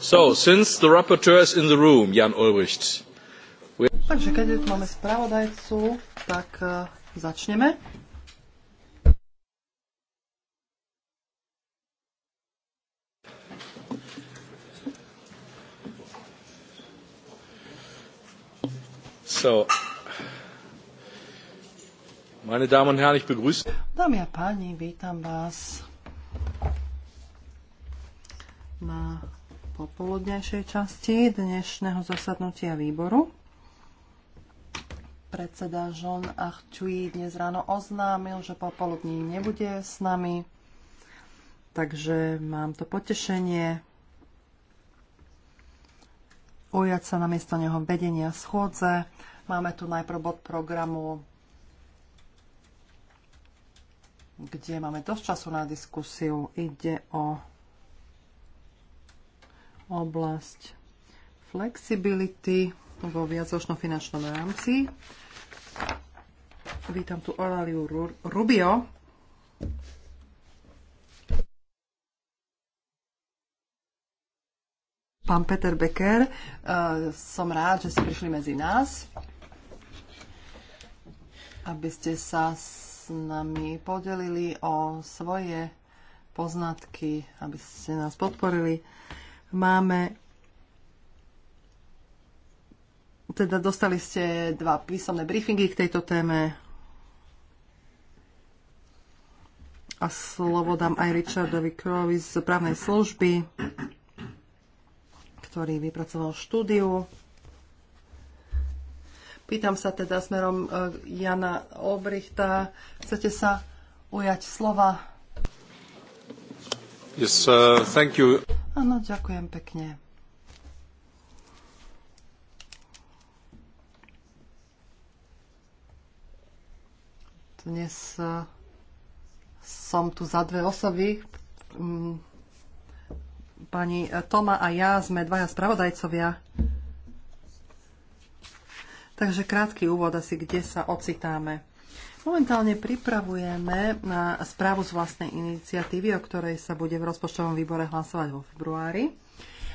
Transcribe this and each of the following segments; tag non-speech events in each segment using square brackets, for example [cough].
So, since the rapporteur is in the room, Jan Ulbricht. We... Takže keď tu máme spravodajcu, tak uh, začneme. So, meine Damen und Herren, ich begrüße... Dámy a páni, vítam vás popoludnejšej časti dnešného zasadnutia výboru. Predseda Jean Achtui dnes ráno oznámil, že popoludní nebude s nami, takže mám to potešenie ujať sa na miesto neho vedenia schôdze. Máme tu najprv bod programu, kde máme dosť času na diskusiu. Ide o oblasť flexibility vo viacročnom finančnom rámci. Vítam tu Oraliu Rubio. Pán Peter Becker, eh, som rád, že ste prišli medzi nás, aby ste sa s nami podelili o svoje poznatky, aby ste nás podporili. Máme teda dostali ste dva písomné briefingy k tejto téme. A slovo dám aj Richardovi Krovi z právnej služby, ktorý vypracoval štúdiu. Pýtam sa teda smerom e, Jana Obrichta. Chcete sa ujať slova? Yes, uh, thank you. Áno, ďakujem pekne. Dnes e, som tu za dve osoby. Mm, pani Toma a ja sme dvaja spravodajcovia. Takže krátky úvod asi, kde sa ocitáme. Momentálne pripravujeme na správu z vlastnej iniciatívy, o ktorej sa bude v rozpočtovom výbore hlasovať vo februári.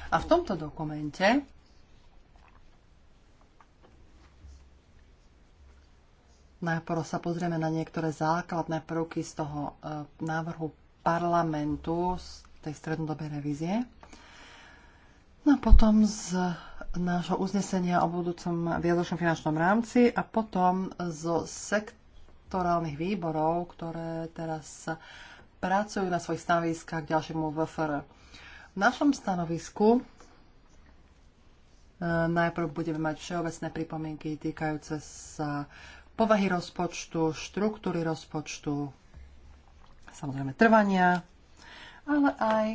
A v tomto dokumente najprv sa pozrieme na niektoré základné prvky z toho e, návrhu parlamentu z tej strednodobej revízie. No a potom z nášho uznesenia o budúcom viadočnom finančnom rámci a potom zo sekt sektorálnych výborov, ktoré teraz pracujú na svojich stanoviskách k ďalšiemu VFR. V našom stanovisku e, najprv budeme mať všeobecné pripomienky týkajúce sa povahy rozpočtu, štruktúry rozpočtu, samozrejme trvania, ale aj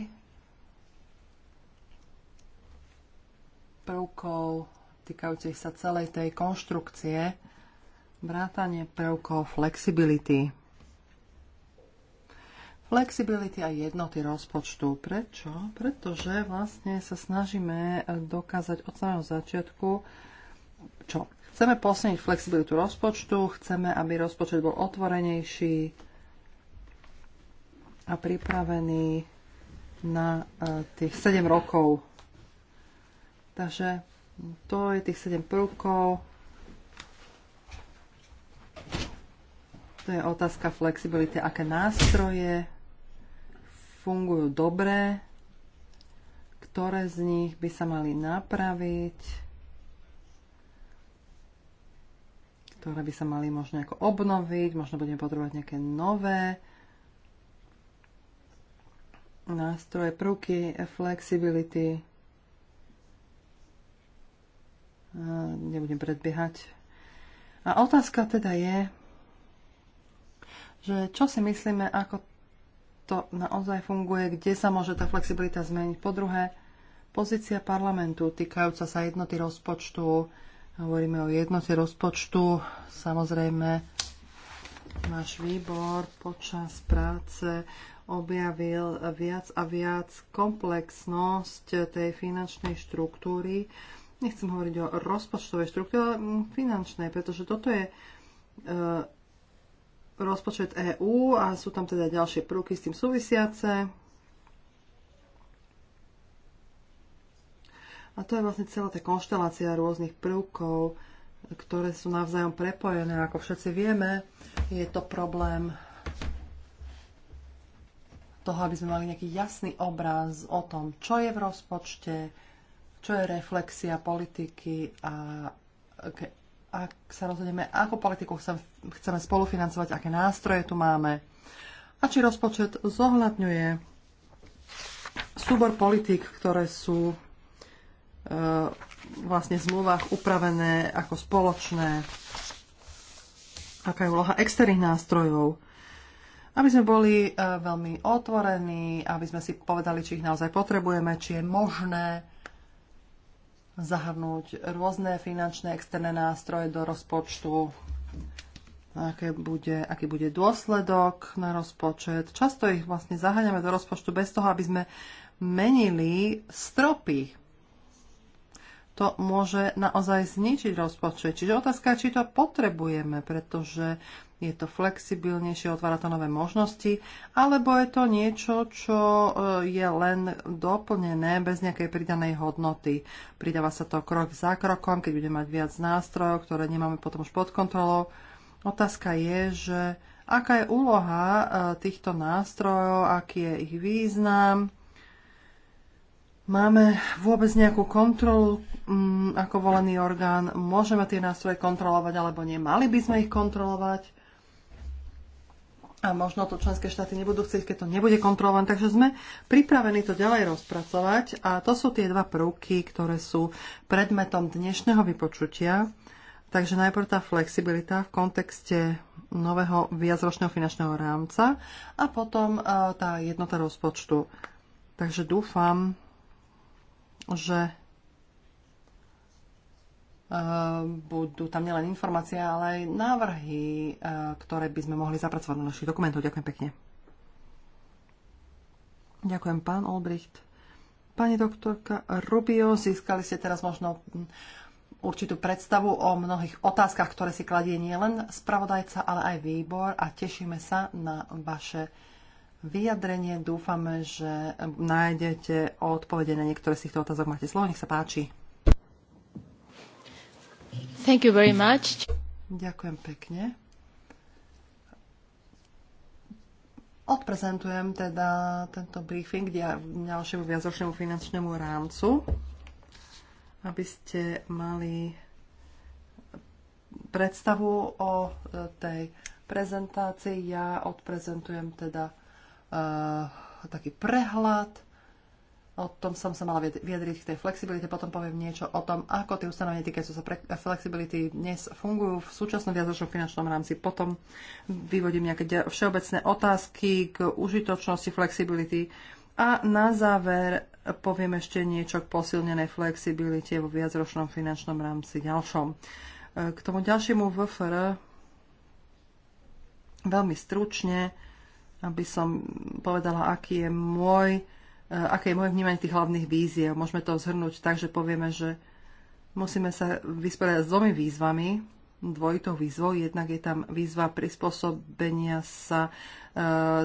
prvkov týkajúcich sa celej tej konštrukcie vrátanie prvkov flexibility. Flexibility a jednoty rozpočtu. Prečo? Pretože vlastne sa snažíme dokázať od samého začiatku, čo? Chceme posilniť flexibilitu rozpočtu, chceme, aby rozpočet bol otvorenejší a pripravený na e, tých 7 rokov. Takže to je tých 7 prvkov, To je otázka flexibility, aké nástroje fungujú dobre, ktoré z nich by sa mali napraviť, ktoré by sa mali možno ako obnoviť, možno budeme potrebovať nejaké nové nástroje, prvky flexibility. Nebudem predbiehať. A otázka teda je, že čo si myslíme, ako to naozaj funguje, kde sa môže tá flexibilita zmeniť. Po druhé, pozícia parlamentu týkajúca sa jednoty rozpočtu, hovoríme o jednote rozpočtu, samozrejme náš výbor počas práce objavil viac a viac komplexnosť tej finančnej štruktúry. Nechcem hovoriť o rozpočtovej štruktúre, ale finančnej, pretože toto je e, rozpočet EÚ a sú tam teda ďalšie prvky s tým súvisiace. A to je vlastne celá tá konštelácia rôznych prvkov, ktoré sú navzájom prepojené. Ako všetci vieme, je to problém toho, aby sme mali nejaký jasný obraz o tom, čo je v rozpočte, čo je reflexia politiky a ak sa rozhodneme, ako politiku chceme spolufinancovať, aké nástroje tu máme a či rozpočet zohľadňuje súbor politik, ktoré sú e, vlastne v zmluvách upravené ako spoločné, aká je úloha externých nástrojov, aby sme boli e, veľmi otvorení, aby sme si povedali, či ich naozaj potrebujeme, či je možné zahrnúť rôzne finančné externé nástroje do rozpočtu, aké bude, aký bude dôsledok na rozpočet. Často ich vlastne zaháňame do rozpočtu bez toho, aby sme menili stropy. To môže naozaj zničiť rozpočet. Čiže otázka je, či to potrebujeme, pretože je to flexibilnejšie, otvára to nové možnosti, alebo je to niečo, čo e, je len doplnené bez nejakej pridanej hodnoty. Pridáva sa to krok za krokom, keď budeme mať viac nástrojov, ktoré nemáme potom už pod kontrolou. Otázka je, že aká je úloha e, týchto nástrojov, aký je ich význam, Máme vôbec nejakú kontrolu um, ako volený orgán? Môžeme tie nástroje kontrolovať alebo nie? Mali by sme ich kontrolovať? a možno to členské štáty nebudú chcieť, keď to nebude kontrolované. Takže sme pripravení to ďalej rozpracovať a to sú tie dva prvky, ktoré sú predmetom dnešného vypočutia. Takže najprv tá flexibilita v kontexte nového viacročného finančného rámca a potom e, tá jednota rozpočtu. Takže dúfam, že Eh, budú tam nielen informácie, ale aj návrhy, eh, ktoré by sme mohli zapracovať do našich dokumentov. Ďakujem pekne. Ďakujem, pán Olbricht. Pani doktorka Rubio, získali ste teraz možno určitú predstavu o mnohých otázkach, ktoré si kladie nielen spravodajca, ale aj výbor a tešíme sa na vaše vyjadrenie. Dúfame, že nájdete odpovede na niektoré z týchto otázok. Máte slovo, nech sa páči. Thank you very much. Ďakujem pekne. Odprezentujem teda tento briefing ďalšiemu viacročnému finančnému rámcu, aby ste mali predstavu o e, tej prezentácii. Ja odprezentujem teda uh, taký prehľad O tom som sa mala vyjadriť k tej flexibilite, potom poviem niečo o tom, ako tie ustanovenia týkajú sa pre- flexibility dnes fungujú v súčasnom viacročnom finančnom rámci. Potom vyvodím nejaké všeobecné otázky k užitočnosti flexibility a na záver poviem ešte niečo k posilnenej flexibilite vo viacročnom finančnom rámci ďalšom. E, k tomu ďalšiemu VFR veľmi stručne, aby som povedala, aký je môj Eh, aké je moje vnímanie tých hlavných víziev. Môžeme to zhrnúť tak, že povieme, že musíme sa vysporiadať s dvomi výzvami, dvojitou výzvou. Jednak je tam výzva prispôsobenia sa eh,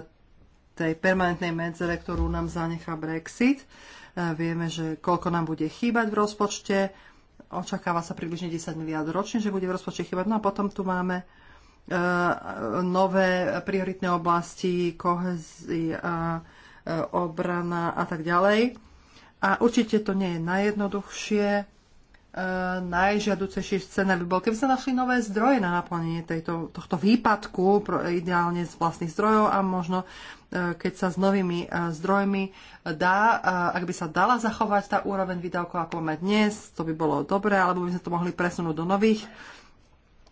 tej permanentnej medzere, ktorú nám zanechá Brexit. Eh, vieme, že koľko nám bude chýbať v rozpočte. Očakáva sa približne 10 miliard ročne, že bude v rozpočte chýbať. No a potom tu máme nové prioritné oblasti, kohezie, E, obrana a tak ďalej. A určite to nie je najjednoduchšie, e, najžiaducejší scenár by bol, keby sa našli nové zdroje na naplnenie tejto, tohto výpadku, ideálne z vlastných zdrojov a možno e, keď sa s novými zdrojmi dá, ak by sa dala zachovať tá úroveň výdavkov, ako máme dnes, to by bolo dobré, alebo by sme to mohli presunúť do nových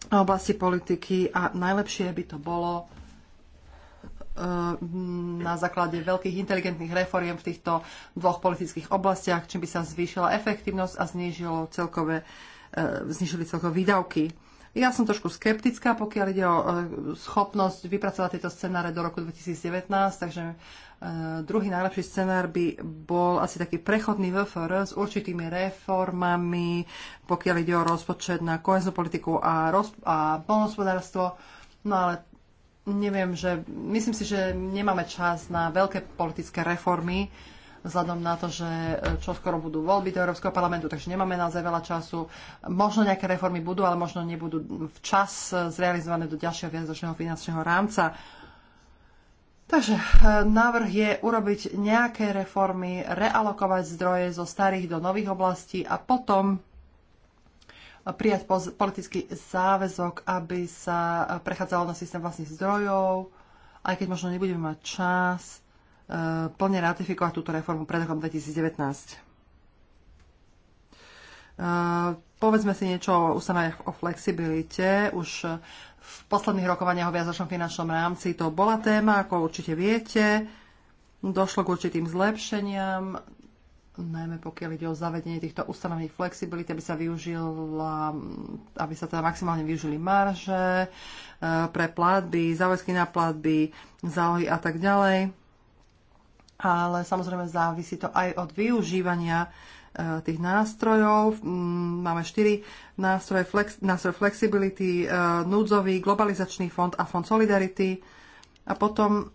oblasti politiky a najlepšie by to bolo na základe veľkých inteligentných reforiem v týchto dvoch politických oblastiach, čím by sa zvýšila efektívnosť a znížilo celkové, e, znižili celkové výdavky. Ja som trošku skeptická, pokiaľ ide o e, schopnosť vypracovať tieto scenáre do roku 2019, takže e, druhý najlepší scenár by bol asi taký prechodný VFR er s určitými reformami, pokiaľ ide o rozpočet na koheznú politiku a, roz- a polnospodárstvo. No ale neviem, že myslím si, že nemáme čas na veľké politické reformy, vzhľadom na to, že e, čo skoro budú voľby do Európskeho parlamentu, takže nemáme naozaj veľa času. Možno nejaké reformy budú, ale možno nebudú včas e, zrealizované do ďalšieho viacročného finančného rámca. Takže e, návrh je urobiť nejaké reformy, realokovať zdroje zo starých do nových oblastí a potom prijať politický záväzok, aby sa prechádzalo na systém vlastných zdrojov, aj keď možno nebudeme mať čas e, plne ratifikovať túto reformu pred rokom 2019. E, povedzme si niečo o ustanoveniach o flexibilite. Už v posledných rokovaniach o viazačnom finančnom rámci to bola téma, ako určite viete. Došlo k určitým zlepšeniam, najmä pokiaľ ide o zavedenie týchto ustanovení flexibility, aby sa využila, aby sa teda maximálne využili marže e, pre platby, záväzky na platby, zálohy a tak ďalej. Ale samozrejme závisí to aj od využívania e, tých nástrojov. Máme štyri nástroje, flex, nástroj flexibility, e, núdzový, globalizačný fond a fond solidarity. A potom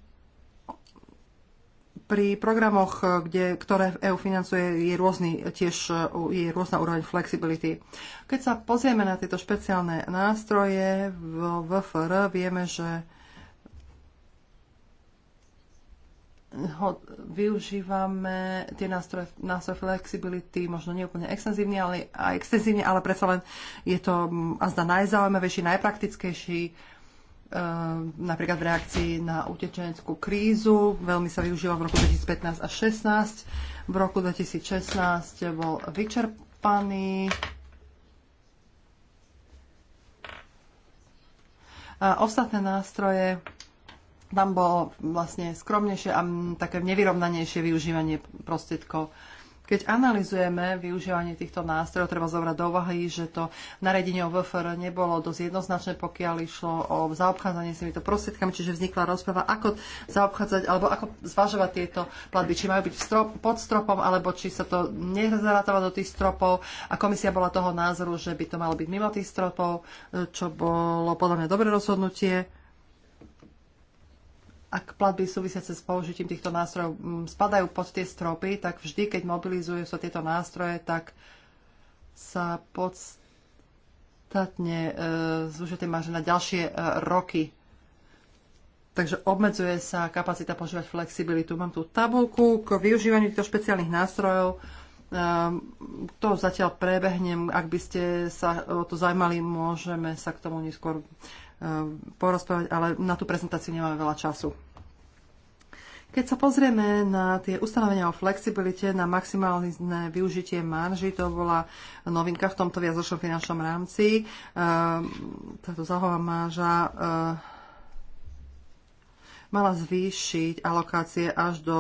pri programoch, eh, kde, ktoré EU financuje, je, rôzny, tiež eh, je rôzna úroveň flexibility. Keď sa pozrieme na tieto špeciálne nástroje v VFR, vieme, že ho využívame tie nástroje, nástroje flexibility, možno neúplne extenzívne, ale, extenzívne, ale predsa len je to mm, azda najzaujímavejší, najpraktickejší Ehm, napríklad v reakcii na utečeneckú krízu. Veľmi sa využíval v roku 2015 a 2016. V roku 2016 bol vyčerpaný. A ostatné nástroje, tam bolo vlastne skromnejšie a také nevyrovnanejšie využívanie prostriedkov. Keď analizujeme využívanie týchto nástrojov, treba zobrať do úvahy, že to naredenie o VFR nebolo dosť jednoznačné, pokiaľ išlo o zaobchádzanie s týmito prostriedkami, čiže vznikla rozprava, ako zaobchádzať alebo ako zvažovať tieto platby, či majú byť strop, pod stropom, alebo či sa to nezaratáva do tých stropov. A komisia bola toho názoru, že by to malo byť mimo tých stropov, čo bolo podľa mňa dobré rozhodnutie ak platby súvisiace s použitím týchto nástrojov mm, spadajú pod tie stropy, tak vždy, keď mobilizujú sa tieto nástroje, tak sa podstatne e, zúžite marže na ďalšie e, roky. Takže obmedzuje sa kapacita požívať flexibilitu. Mám tu tabulku k využívaniu týchto špeciálnych nástrojov. E, to zatiaľ prebehnem. Ak by ste sa o to zaujímali, môžeme sa k tomu neskôr porozprávať, ale na tú prezentáciu nemáme veľa času. Keď sa pozrieme na tie ustanovenia o flexibilite, na maximálne využitie marží, to bola novinka v tomto viacročnom finančnom rámci. Ehm, táto zahová máža ehm, mala zvýšiť alokácie až do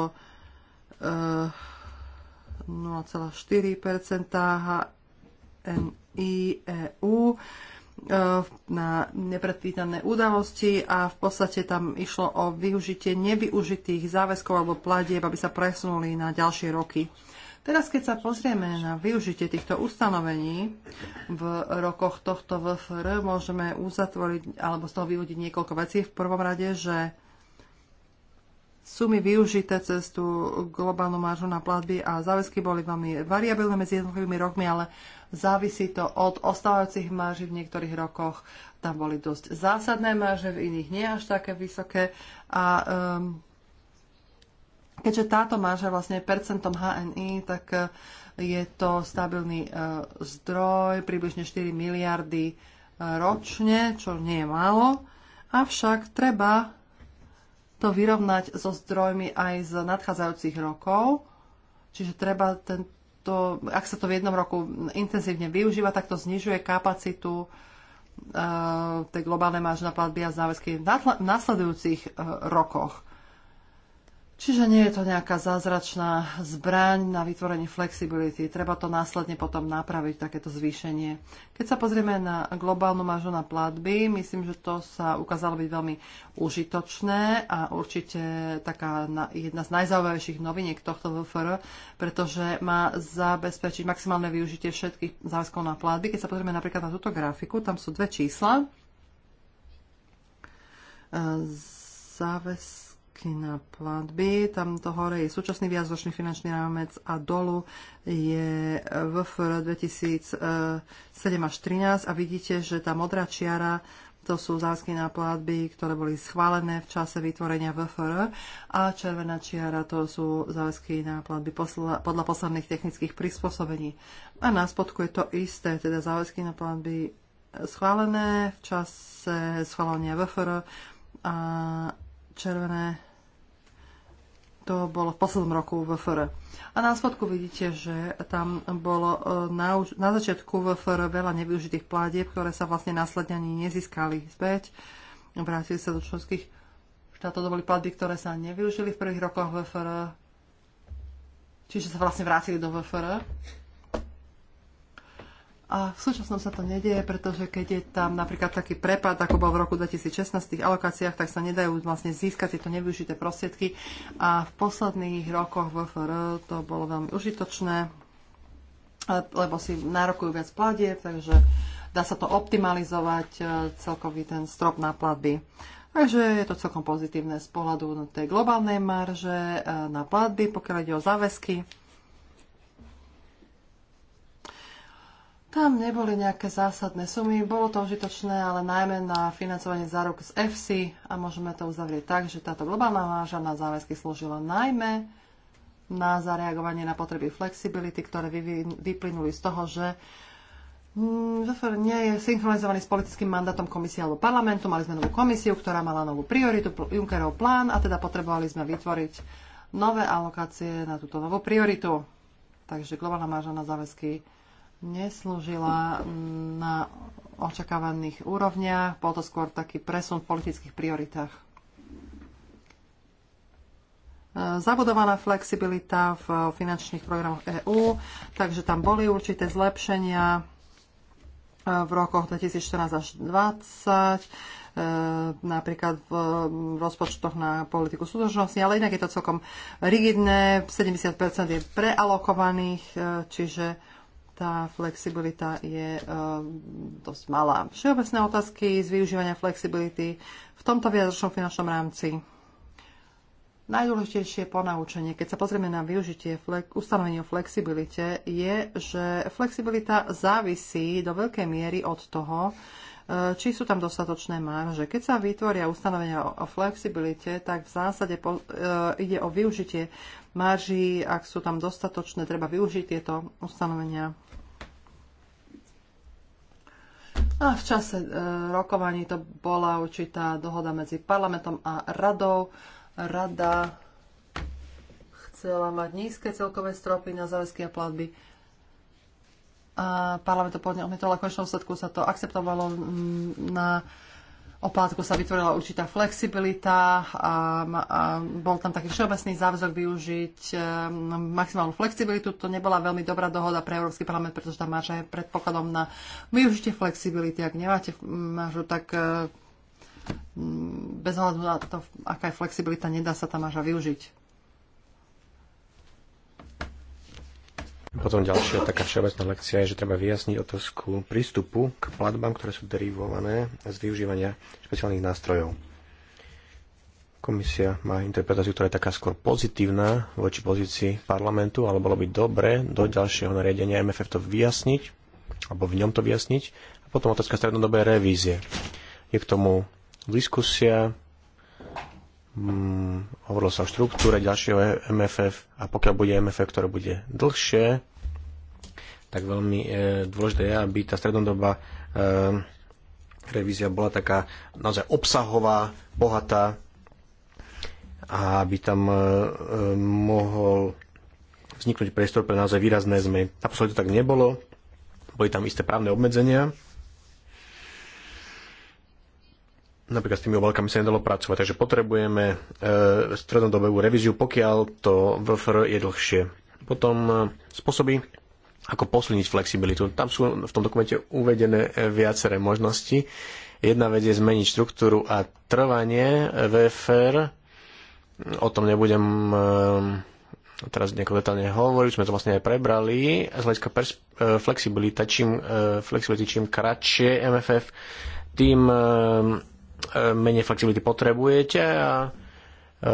0,4 HNI EU. Eh, na nepredvídané udalosti a v podstate tam išlo o využitie nevyužitých záväzkov alebo platieb, aby sa presunuli na ďalšie roky. Teraz, keď sa pozrieme na využitie týchto ustanovení v rokoch tohto VFR, môžeme uzatvoriť alebo z toho vyvodiť niekoľko vecí. V prvom rade, že sumy využité cez tú globálnu maržu na platby a záväzky boli veľmi variabilné medzi jednotlivými rokmi, ale Závisí to od ostávajúcich máží v niektorých rokoch. Tam boli dosť zásadné máže, v iných nie až také vysoké. A um, keďže táto máža vlastne je percentom HNI, tak e, je to stabilný uh, zdroj, približne 4 miliardy e, ročne, čo nie je málo. Avšak treba to vyrovnať so zdrojmi aj z nadchádzajúcich rokov. Čiže treba ten to, ak sa to v jednom roku intenzívne využíva, tak to znižuje kapacitu e, tej globálnej máže na platby a záväzky v nasledujúcich e, rokoch. Čiže nie je to nejaká zázračná zbraň na vytvorenie flexibility. Treba to následne potom napraviť, takéto zvýšenie. Keď sa pozrieme na globálnu maržu na platby, myslím, že to sa ukázalo byť veľmi užitočné a určite taká jedna z najzaujímavejších noviniek tohto VFR, pretože má zabezpečiť maximálne využitie všetkých záväzkov na platby. Keď sa pozrieme napríklad na túto grafiku, tam sú dve čísla. Záväz záväzky na platby. Tam to hore je súčasný viacročný finančný rámec a dolu je VFR 2007 až 2013 a vidíte, že tá modrá čiara to sú záväzky na platby, ktoré boli schválené v čase vytvorenia VFR a červená čiara to sú záväzky na platby posla, podľa posledných technických prispôsobení. A na spodku je to isté, teda záväzky na platby schválené v čase schválenia VFR a červené to bolo v poslednom roku v FR. A na spodku vidíte, že tam bolo e, na, na začiatku v FR veľa nevyužitých pládieb, ktoré sa vlastne následne ani nezískali späť. Vrátili sa do členských štátov, to boli platby, ktoré sa nevyužili v prvých rokoch VFR, čiže sa vlastne vrátili do VFR. A v súčasnom sa to nedieje, pretože keď je tam napríklad taký prepad, ako bol v roku 2016 v tých alokáciách, tak sa nedajú vlastne získať tieto nevyužité prostriedky. A v posledných rokoch VFR to bolo veľmi užitočné, lebo si nárokujú viac platieb, takže dá sa to optimalizovať e, celkový ten strop na platby. Takže je to celkom pozitívne z pohľadu tej globálnej marže e, na platby, pokiaľ ide o záväzky. Tam neboli nejaké zásadné sumy, bolo to užitočné, ale najmä na financovanie záruk z FC a môžeme to uzavrieť tak, že táto globálna váža na záväzky slúžila najmä na zareagovanie na potreby flexibility, ktoré vyplynuli z toho, že mm, nie je synchronizovaný s politickým mandátom komisie alebo parlamentu. Mali sme novú komisiu, ktorá mala novú prioritu, Junckerov plán a teda potrebovali sme vytvoriť nové alokácie na túto novú prioritu. Takže globálna máža na záväzky neslúžila na očakávaných úrovniach, bol to skôr taký presun v politických prioritách. Zabudovaná flexibilita v finančných programoch EÚ, takže tam boli určité zlepšenia v rokoch 2014 až 2020 eh, napríklad v rozpočtoch na politiku súdržnosti, ale inak je to celkom rigidné, 70% je prealokovaných, eh, čiže tá flexibilita je uh, dosť malá. Všeobecné otázky z využívania flexibility v tomto viacročnom finančnom rámci. Najdôležitejšie ponaučenie, keď sa pozrieme na využitie flek- ustanovení o flexibilite, je, že flexibilita závisí do veľkej miery od toho, eh, či sú tam dostatočné marže. Keď sa vytvoria ustanovenia o, o flexibilite, tak v zásade po, e, ide o využitie marží, ak sú tam dostatočné, treba využiť tieto ustanovenia A v čase e, rokovaní to bola určitá dohoda medzi parlamentom a radou. Rada chcela mať nízke celkové stropy na záväzky a platby. A parlament to podne odmietol a v konečnom sa to akceptovalo mm, na O pátku sa vytvorila určitá flexibilita a, a bol tam taký všeobecný záväzok využiť ehm, maximálnu flexibilitu. To nebola veľmi dobrá dohoda pre Európsky parlament, pretože tá máš aj predpokladom na využitie flexibility. Ak nemáte maržu, mm, tak e, mm, bez hľadu na to, aká je flexibilita, nedá sa tam až využiť. Potom ďalšia taká všeobecná lekcia je, že treba vyjasniť otázku prístupu k platbám, ktoré sú derivované z využívania špeciálnych nástrojov. Komisia má interpretáciu, ktorá je taká skôr pozitívna voči pozícii parlamentu, ale bolo by dobre do ďalšieho nariadenia MFF to vyjasniť, alebo v ňom to vyjasniť. A potom otázka strednodobej revízie. Je k tomu diskusia, hm, hovorilo sa o štruktúre ďalšieho MFF a pokiaľ bude MFF, ktoré bude dlhšie, tak veľmi e, dôležité je, aby tá strednodobá e, revízia bola taká naozaj obsahová, bohatá a aby tam e, e mohol vzniknúť priestor pre naozaj výrazné zmeny. Naposledy to tak nebolo, boli tam isté právne obmedzenia, napríklad s tými obalkami sa nedalo pracovať, takže potrebujeme e, strednodobovú revíziu, pokiaľ to VFR je dlhšie. Potom e, spôsoby, ako posilniť flexibilitu. Tam sú v tom dokumente uvedené e, viaceré možnosti. Jedna vec je zmeniť štruktúru a trvanie e, VFR. O tom nebudem e, teraz nejako detálne hovoriť, sme to vlastne aj prebrali. Z hľadiska pers- e, flexibilita, čím, e, flexibility, čím kratšie MFF, tým e, E, menej flexibility potrebujete a e,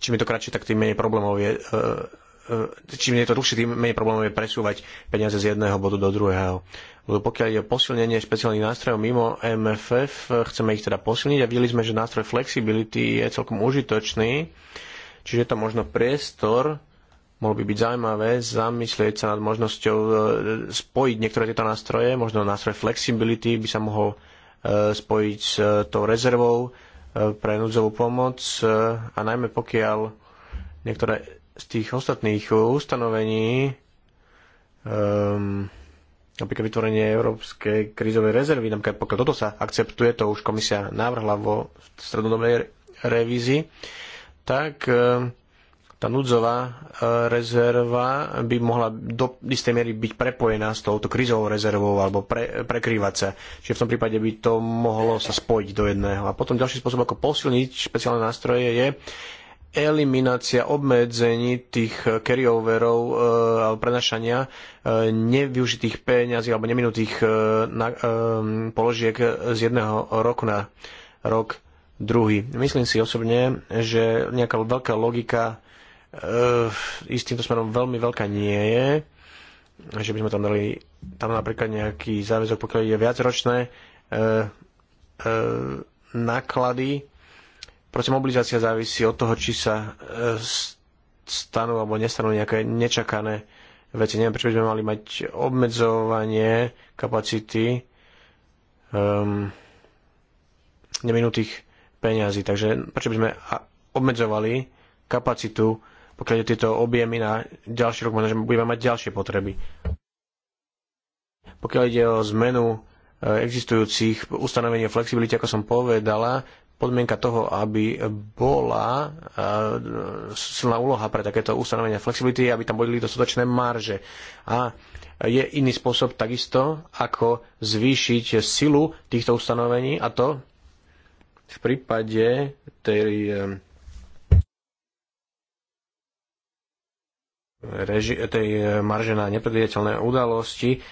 čím je to kratšie, tak tým menej problémov je e, čím je to dlhšie, tým menej problémov je presúvať peniaze z jedného bodu do druhého. Lebo pokiaľ je posilnenie špeciálnych nástrojov mimo MFF, chceme ich teda posilniť a videli sme, že nástroj flexibility je celkom užitočný, čiže je to možno priestor mohlo by byť zaujímavé zamyslieť sa nad možnosťou e, spojiť niektoré tieto nástroje, možno nástroj flexibility by sa mohol e, spojiť s e, tou rezervou pre núdzovú pomoc a najmä pokiaľ niektoré z tých ostatných ustanovení um, napríklad vytvorenie Európskej krízovej rezervy, napríklad pokiaľ toto sa akceptuje, to už komisia navrhla vo strednodobnej revízii, tak um, tá núdzová e, rezerva by mohla do istej miery byť prepojená s touto krizovou rezervou alebo pre, prekrývať sa. Čiže v tom prípade by to mohlo sa spojiť do jedného. A potom ďalší spôsob, ako posilniť špeciálne nástroje, je eliminácia obmedzení tých carryoverov e, alebo prenašania e, nevyužitých peňazí alebo neminutých položiek z jedného roku na rok druhý. Myslím si osobne, že nejaká veľká logika ísť ehm, týmto smerom veľmi veľká nie je. Že by sme tam dali tam napríklad nejaký záväzok, pokiaľ je viacročné e, e, náklady. Proste mobilizácia závisí od toho, či sa e, stanú alebo nestanú nejaké nečakané veci. Neviem, prečo by sme mali mať obmedzovanie kapacity um, neminutých peňazí. Takže prečo by sme obmedzovali kapacitu pokiaľ je tieto objemy na ďalší rok, možno, že budeme mať ďalšie potreby. Pokiaľ ide o zmenu e, existujúcich ustanovení o flexibilite, ako som povedala, podmienka toho, aby bola e, silná úloha pre takéto ustanovenia flexibility, aby tam boli dostatočné marže. A je iný spôsob takisto, ako zvýšiť silu týchto ustanovení a to v prípade tej e, reži- tej eh, marže na nepredvidateľné udalosti, eh,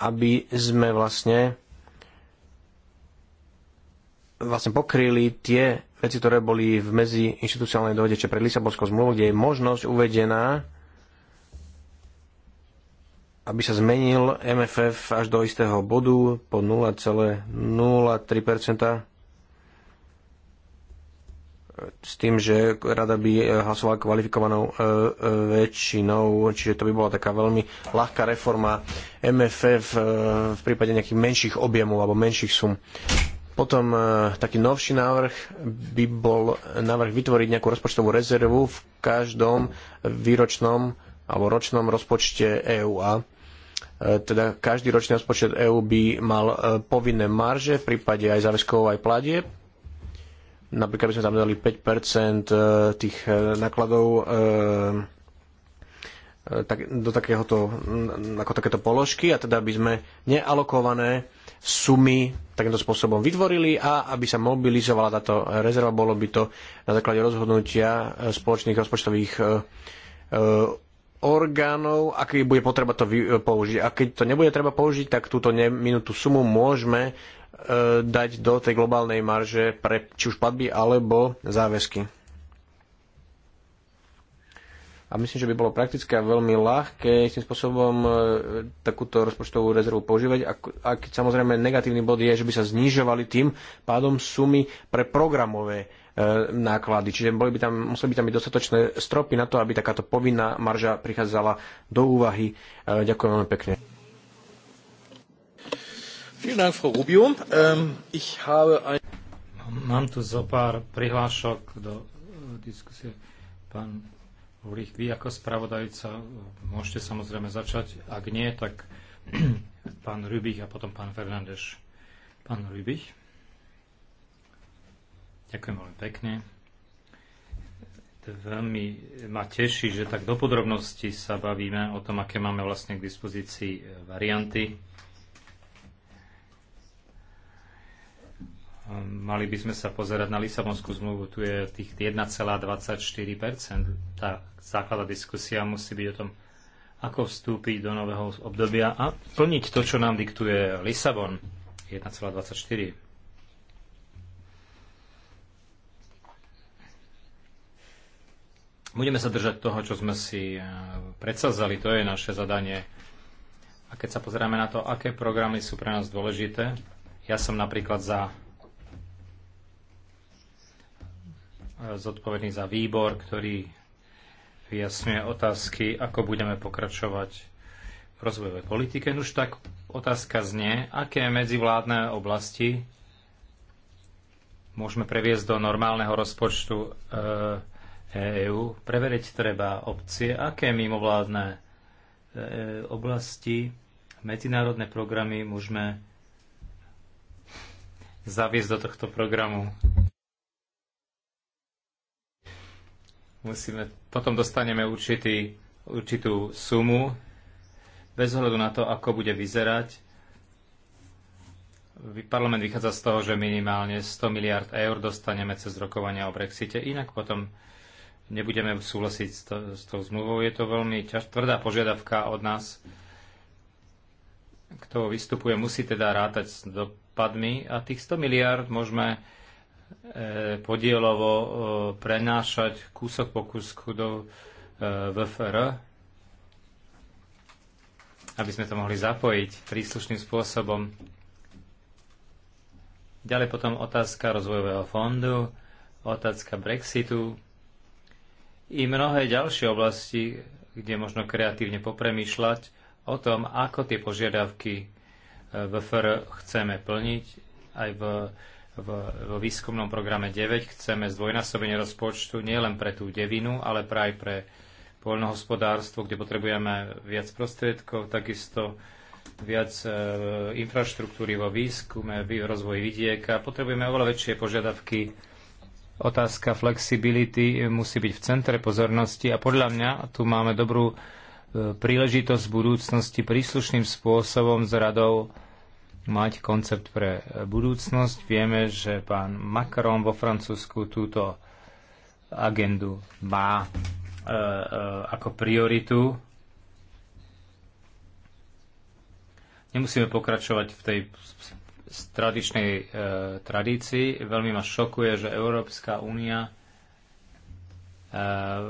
aby sme vlastne vlastne pokryli tie veci, ktoré boli v medziinstitucionálnej dohode, či pred Lisabonskou zmluvou, kde je možnosť uvedená, aby sa zmenil MFF až do istého bodu po 0,03% s tým, že rada by eh, hlasovala kvalifikovanou eh, eh, väčšinou, čiže to by bola taká veľmi ľahká reforma MFF v prípade nejakých menších objemov alebo menších sum. Potom taký novší návrh by bol návrh vytvoriť nejakú rozpočtovú rezervu v každom výročnom alebo ročnom rozpočte EU. a teda každý ročný rozpočet EÚ by mal povinné marže v prípade aj záväzkov, aj platieb Napríklad by sme tam dali 5% e, tých e, nákladov e, do takéhoto, ako takéto položky a teda by sme nealokované sumy takýmto spôsobom vytvorili a aby sa mobilizovala táto rezerva, bolo by to na základe rozhodnutia spoločných rozpočtových orgánov, aký bude potreba to použiť. A keď to nebude treba použiť, tak túto neminutú sumu môžeme E, dať do tej globálnej marže pre či už platby alebo záväzky. A myslím, že by bolo praktické a veľmi ľahké tým spôsobom e, takúto rozpočtovú rezervu používať. A, keď samozrejme negatívny bod je, že by sa znižovali tým pádom sumy pre programové e, náklady. Čiže boli by tam, museli by tam byť dostatočné stropy na to, aby takáto povinná marža prichádzala do úvahy. Ďakujem veľmi pekne. Dank, Frau Rubio. Ähm, ich habe ein... Mám tu zo pár prihlášok do eh, diskusie. Pán Ulrich, vy ako spravodajca eh, môžete samozrejme začať. Ak nie, tak [clears throat] pán Rubich a potom pán Fernández. Pán Rubich. Ďakujem veľmi pekne. Veľmi ma teší, že tak do podrobnosti sa bavíme o tom, aké máme vlastne k dispozícii eh, varianty Mali by sme sa pozerať na Lisabonskú zmluvu, tu je tých 1,24%. Tá základná diskusia musí byť o tom, ako vstúpiť do nového obdobia a plniť to, čo nám diktuje Lisabon 1,24. Budeme sa držať toho, čo sme si eh, predsazali, to je naše zadanie. A keď sa pozeráme na to, aké programy sú pre nás dôležité, ja som napríklad za zodpovedný za výbor, ktorý vyjasňuje otázky, ako budeme pokračovať v rozvojovej politike. Už tak otázka znie, aké medzivládne oblasti môžeme previesť do normálneho rozpočtu EÚ. E Preveriť treba obcie, aké mimovládne e, oblasti, medzinárodné programy môžeme zaviesť do tohto programu. musíme, potom dostaneme určitý, určitú sumu, bez ohľadu na to, ako bude vyzerať. Parlament vychádza z toho, že minimálne 100 miliard eur dostaneme cez rokovania o Brexite, inak potom nebudeme súhlasiť s, to, s tou zmluvou. Je to veľmi ťaž, tvrdá požiadavka od nás. Kto vystupuje, musí teda rátať s dopadmi a tých 100 miliard môžeme Eh, podielovo eh, prenášať kúsok po kúsku do eh, VFR, aby sme to mohli zapojiť príslušným spôsobom. Ďalej potom otázka rozvojového fondu, otázka Brexitu i mnohé ďalšie oblasti, kde možno kreatívne popremýšľať o tom, ako tie požiadavky VFR chceme plniť aj v vo výskumnom programe 9 chceme zdvojnásobenie rozpočtu nielen pre tú devinu, ale aj pre poľnohospodárstvo, kde potrebujeme viac prostriedkov, takisto viac e, infraštruktúry vo výskume, v rozvoji vidieka. Potrebujeme oveľa väčšie požiadavky. Otázka flexibility musí byť v centre pozornosti a podľa mňa tu máme dobrú e, príležitosť v budúcnosti príslušným spôsobom s radou mať koncept pre budúcnosť. Vieme, že pán Macron vo Francúzsku túto agendu má e, e, ako prioritu. Nemusíme pokračovať v tej tradičnej e, tradícii. Veľmi ma šokuje, že Európska únia e,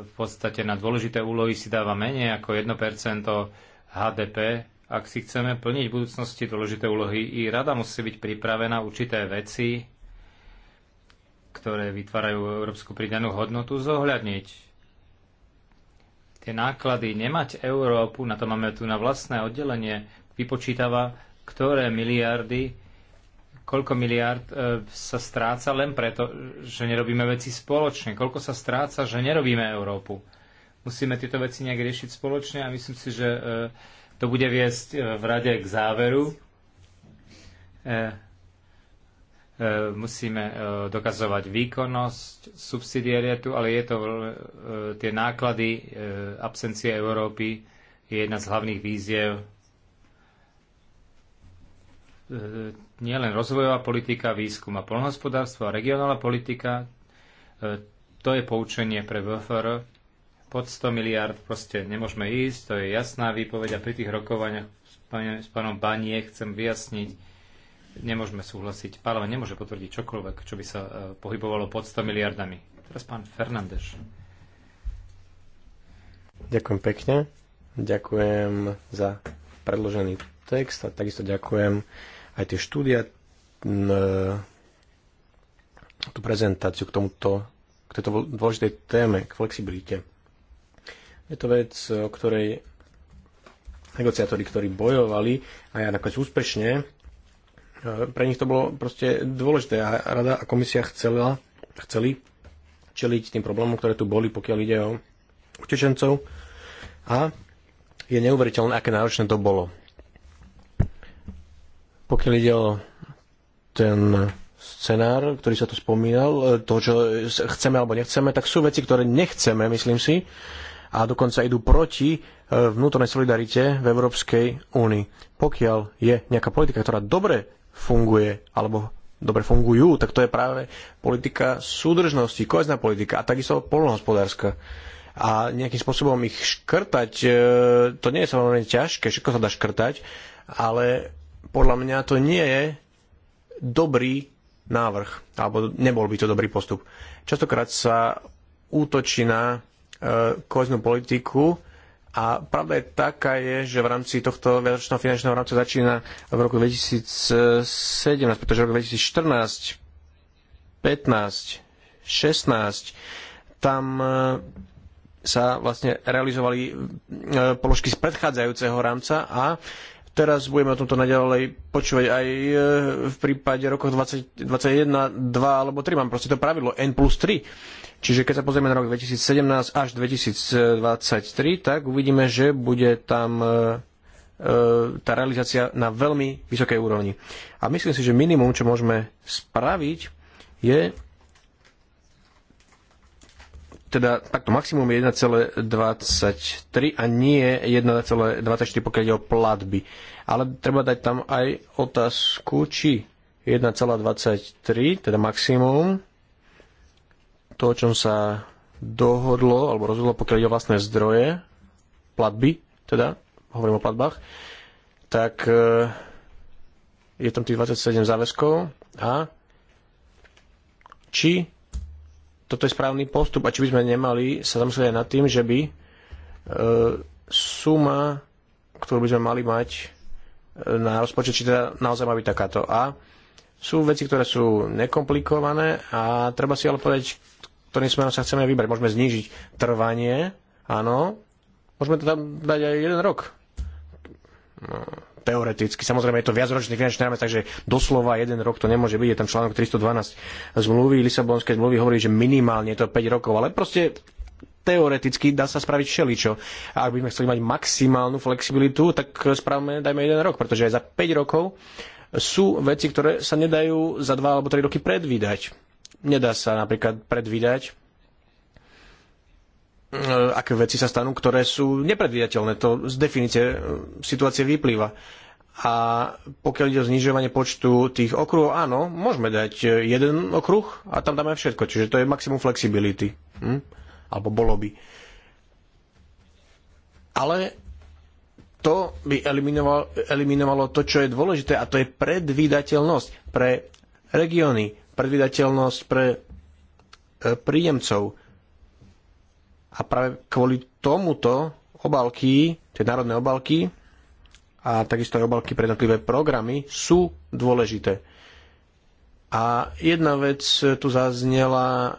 v podstate na dôležité úlohy si dáva menej ako 1% HDP ak si chceme plniť v budúcnosti dôležité úlohy, i rada musí byť pripravená určité veci, ktoré vytvárajú európsku pridanú hodnotu, zohľadniť tie náklady, nemať Európu, na to máme tu na vlastné oddelenie, vypočítava, ktoré miliardy, koľko miliard e, sa stráca len preto, že nerobíme veci spoločne, koľko sa stráca, že nerobíme Európu. Musíme tieto veci nejak riešiť spoločne a myslím si, že e, to bude viesť e, v rade k záveru. E, e, musíme dokazovať výkonnosť, subsidiarietu, ale je to, tie náklady absencie Európy je jedna z hlavných víziev len rozvojová politika, výskum a polnohospodárstvo a regionálna politika, to je poučenie pre VFR, pod 100 miliard proste nemôžeme ísť, to je jasná výpoveď a pri tých rokovaniach s pánom Banie chcem vyjasniť, nemôžeme súhlasiť. Parlament nemôže potvrdiť čokoľvek, čo by sa e, pohybovalo pod 100 miliardami. Teraz pán Fernández. Ďakujem pekne. Ďakujem za predložený text a takisto ďakujem aj tie štúdia, tú prezentáciu k tomuto, k tejto dôležitej téme, k flexibilite. Je to vec, o ktorej negociátori, ktorí bojovali a ja nakoniec úspešne, e, pre nich to bolo proste dôležité a rada a komisia chcela, chceli čeliť tým problémom, ktoré tu boli, pokiaľ ide o utečencov a je neuveriteľné, aké náročné to bolo. Pokiaľ ide o ten scenár, ktorý sa tu spomínal, e, to, čo chceme alebo nechceme, tak sú veci, ktoré nechceme, myslím si, a dokonca idú proti e, vnútornej solidarite v Európskej únii. Pokiaľ je nejaká politika, ktorá dobre funguje alebo dobre fungujú, tak to je práve politika súdržnosti, kohezná politika a takisto polnohospodárska a nejakým spôsobom ich škrtať, e, to nie je samozrejme ťažké, všetko sa dá škrtať, ale podľa mňa to nie je dobrý návrh, alebo nebol by to dobrý postup. Častokrát sa útočí na Eh, koheznú politiku. A pravda je taká je, že v rámci tohto viacročného finančného rámca začína v roku 2017, pretože v roku 2014, 15, 16, tam eh, sa vlastne realizovali eh, položky z predchádzajúceho rámca a teraz budeme o tomto naďalej počúvať aj v prípade rokov 2021, 2 alebo 3. Mám proste to pravidlo N plus 3 Čiže keď sa pozrieme na rok 2017 až 2023, tak uvidíme, že bude tam e, e, tá realizácia na veľmi vysokej úrovni. A myslím si, že minimum, čo môžeme spraviť, je teda takto maximum je 1,23 a nie 1,24 pokiaľ ide o platby. Ale treba dať tam aj otázku, či 1,23, teda maximum, to, o čom sa dohodlo alebo rozhodlo, pokiaľ ide o vlastné zdroje, platby, teda hovorím o platbách, tak e, je tam tých 27 záväzkov a či toto je správny postup a či by sme nemali sa zamyslieť aj nad tým, že by e, suma, ktorú by sme mali mať e, na rozpočet, či teda naozaj má byť takáto. A sú veci, ktoré sú nekomplikované a treba si ale povedať, ktorým smerom sa chceme vybrať. Môžeme znížiť trvanie, áno, môžeme to tam dať aj jeden rok. No, teoreticky. Samozrejme je to viacročný finančný rámec, takže doslova jeden rok to nemôže byť. Je tam článok 312 zmluvy, Lisabonskej zmluvy hovorí, že minimálne je to 5 rokov, ale proste teoreticky dá sa spraviť všeličo. A ak by sme chceli mať maximálnu flexibilitu, tak spravme, dajme jeden rok, pretože aj za 5 rokov sú veci, ktoré sa nedajú za 2 alebo 3 roky predvídať Nedá sa napríklad predvídať, eh, aké veci sa stanú, ktoré sú nepredvídateľné. To z definície eh, situácie vyplýva. A pokiaľ ide o znižovanie počtu tých okruhov, áno, môžeme dať eh, jeden okruh a tam dáme všetko. Čiže to je maximum flexibility. Hm? Alebo bolo by. Ale to by eliminovalo, eliminovalo to, čo je dôležité, a to je predvídateľnosť pre regióny, predvydateľnosť pre e, príjemcov. A práve kvôli tomuto obálky, tie národné obálky a takisto aj obálky pre jednotlivé programy sú dôležité. A jedna vec tu zaznela,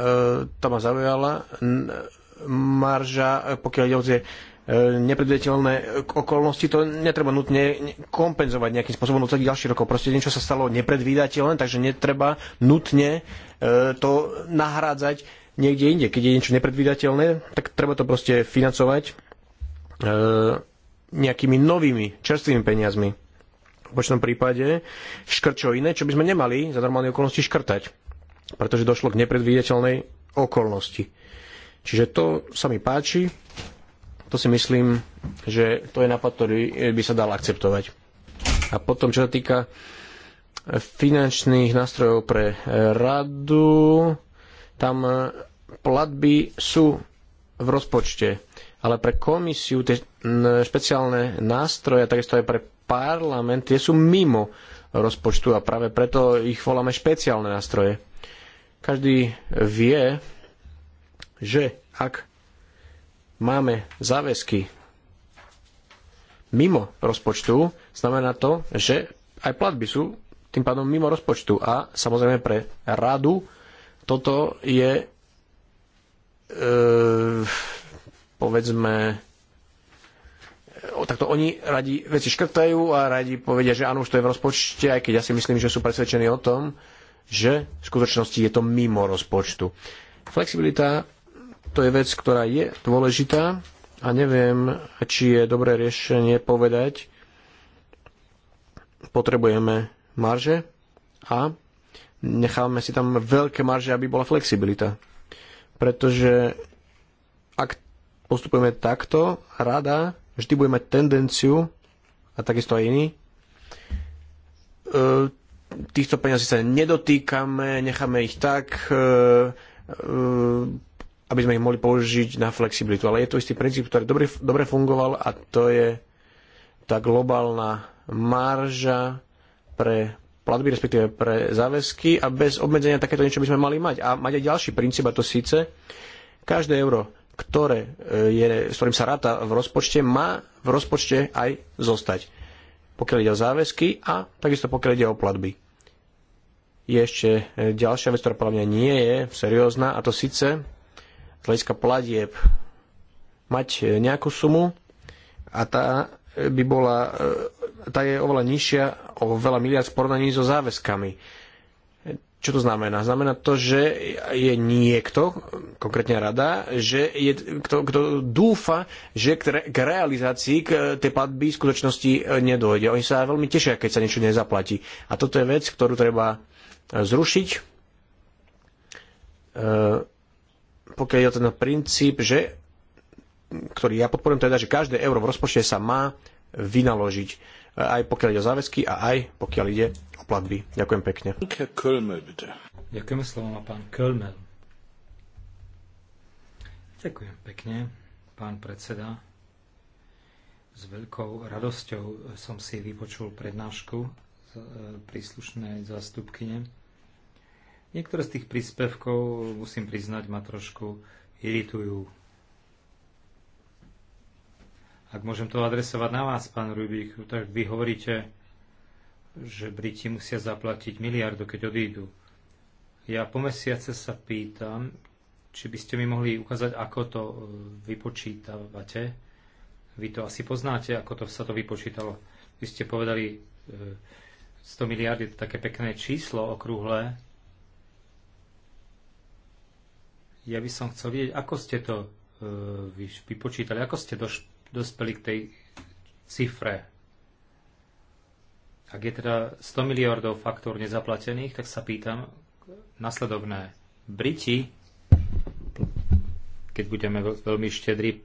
e, tá ma zaujala, marža, pokiaľ ide o tie E, nepredvidateľné okolnosti, to netreba nutne kompenzovať nejakým spôsobom do no tých ďalších rokov. Proste niečo sa stalo nepredvídateľné, takže netreba nutne e, to nahrádzať niekde inde. Keď je niečo nepredvídateľné, tak treba to proste financovať e, nejakými novými, čerstvými peniazmi. V počnom prípade škrt čo iné, čo by sme nemali za normálne okolnosti škrtať, pretože došlo k nepredvídateľnej okolnosti. Čiže to sa mi páči, to si myslím, že to je nápad, ktorý eh, by sa dal akceptovať. A potom, čo sa týka eh, finančných nástrojov pre eh, radu, tam platby sú v rozpočte, ale pre komisiu tie špeciálne nástroje, takisto aj pre parlament, tie sú mimo rozpočtu a práve preto ich voláme špeciálne nástroje. Každý vie, že ak máme záväzky mimo rozpočtu, znamená to, že aj platby sú tým pádom mimo rozpočtu a samozrejme pre radu toto je e, povedzme o, takto oni radi veci škrtajú a radi povedia, že áno, už to je v rozpočte, aj keď ja si myslím, že sú presvedčení o tom, že v skutočnosti je to mimo rozpočtu. Flexibilita to je vec, ktorá je dôležitá a neviem, či je dobré riešenie povedať, potrebujeme marže a nechávame si tam veľké marže, aby bola flexibilita. Pretože ak postupujeme takto, rada vždy budeme mať tendenciu, a takisto aj iní, e, týchto peňazí sa nedotýkame, necháme ich tak, e, e, aby sme ich mohli použiť na flexibilitu. Ale je to istý princíp, ktorý dobre, dobre fungoval a to je tá globálna marža pre platby, respektíve pre záväzky a bez obmedzenia takéto niečo by sme mali mať. A mať aj ďalší princíp a to síce každé euro, ktoré e, je, s ktorým sa ráta v rozpočte, má v rozpočte aj zostať. Pokiaľ ide o záväzky a takisto pokiaľ ide o platby. Je ešte e, ďalšia vec, ktorá podľa mňa nie je seriózna a to síce z hľadiska platieb mať e, nejakú sumu a tá e, by bola, e, tá je oveľa nižšia o veľa miliard v porovnaní so záväzkami. Čo to znamená? Znamená to, že je niekto, konkrétne rada, že je, kto, kto dúfa, že k, re, k realizácii k tej platby v skutočnosti nedôjde. Oni sa veľmi tešia, keď sa niečo nezaplatí. A toto je vec, ktorú treba zrušiť. E pokiaľ je o ten princíp, že, ktorý ja podporujem, teda, že každé euro v rozpočte sa má vynaložiť, e, aj pokiaľ ide o záväzky a aj pokiaľ ide o platby. Ďakujem pekne. Ďakujeme slovo na pán Kölmel. Ďakujem pekne, pán predseda. S veľkou radosťou som si vypočul prednášku e, príslušnej zastupkyne. Niektoré z tých príspevkov, musím priznať, ma trošku iritujú. Ak môžem to adresovať na vás, pán Rubik, tak vy hovoríte, že Briti musia zaplatiť miliardu, keď odídu. Ja po mesiace sa pýtam, či by ste mi mohli ukázať, ako to e, vypočítavate. Vy to asi poznáte, ako to sa to vypočítalo. Vy ste povedali, 100 e, miliard je to také pekné číslo okrúhle, Ja by som chcel vidieť, ako ste to e, vypočítali, ako ste doš- dospeli k tej cifre. Ak je teda 100 miliardov faktúr nezaplatených, tak sa pýtam nasledovné. Briti, keď budeme veľmi štedri,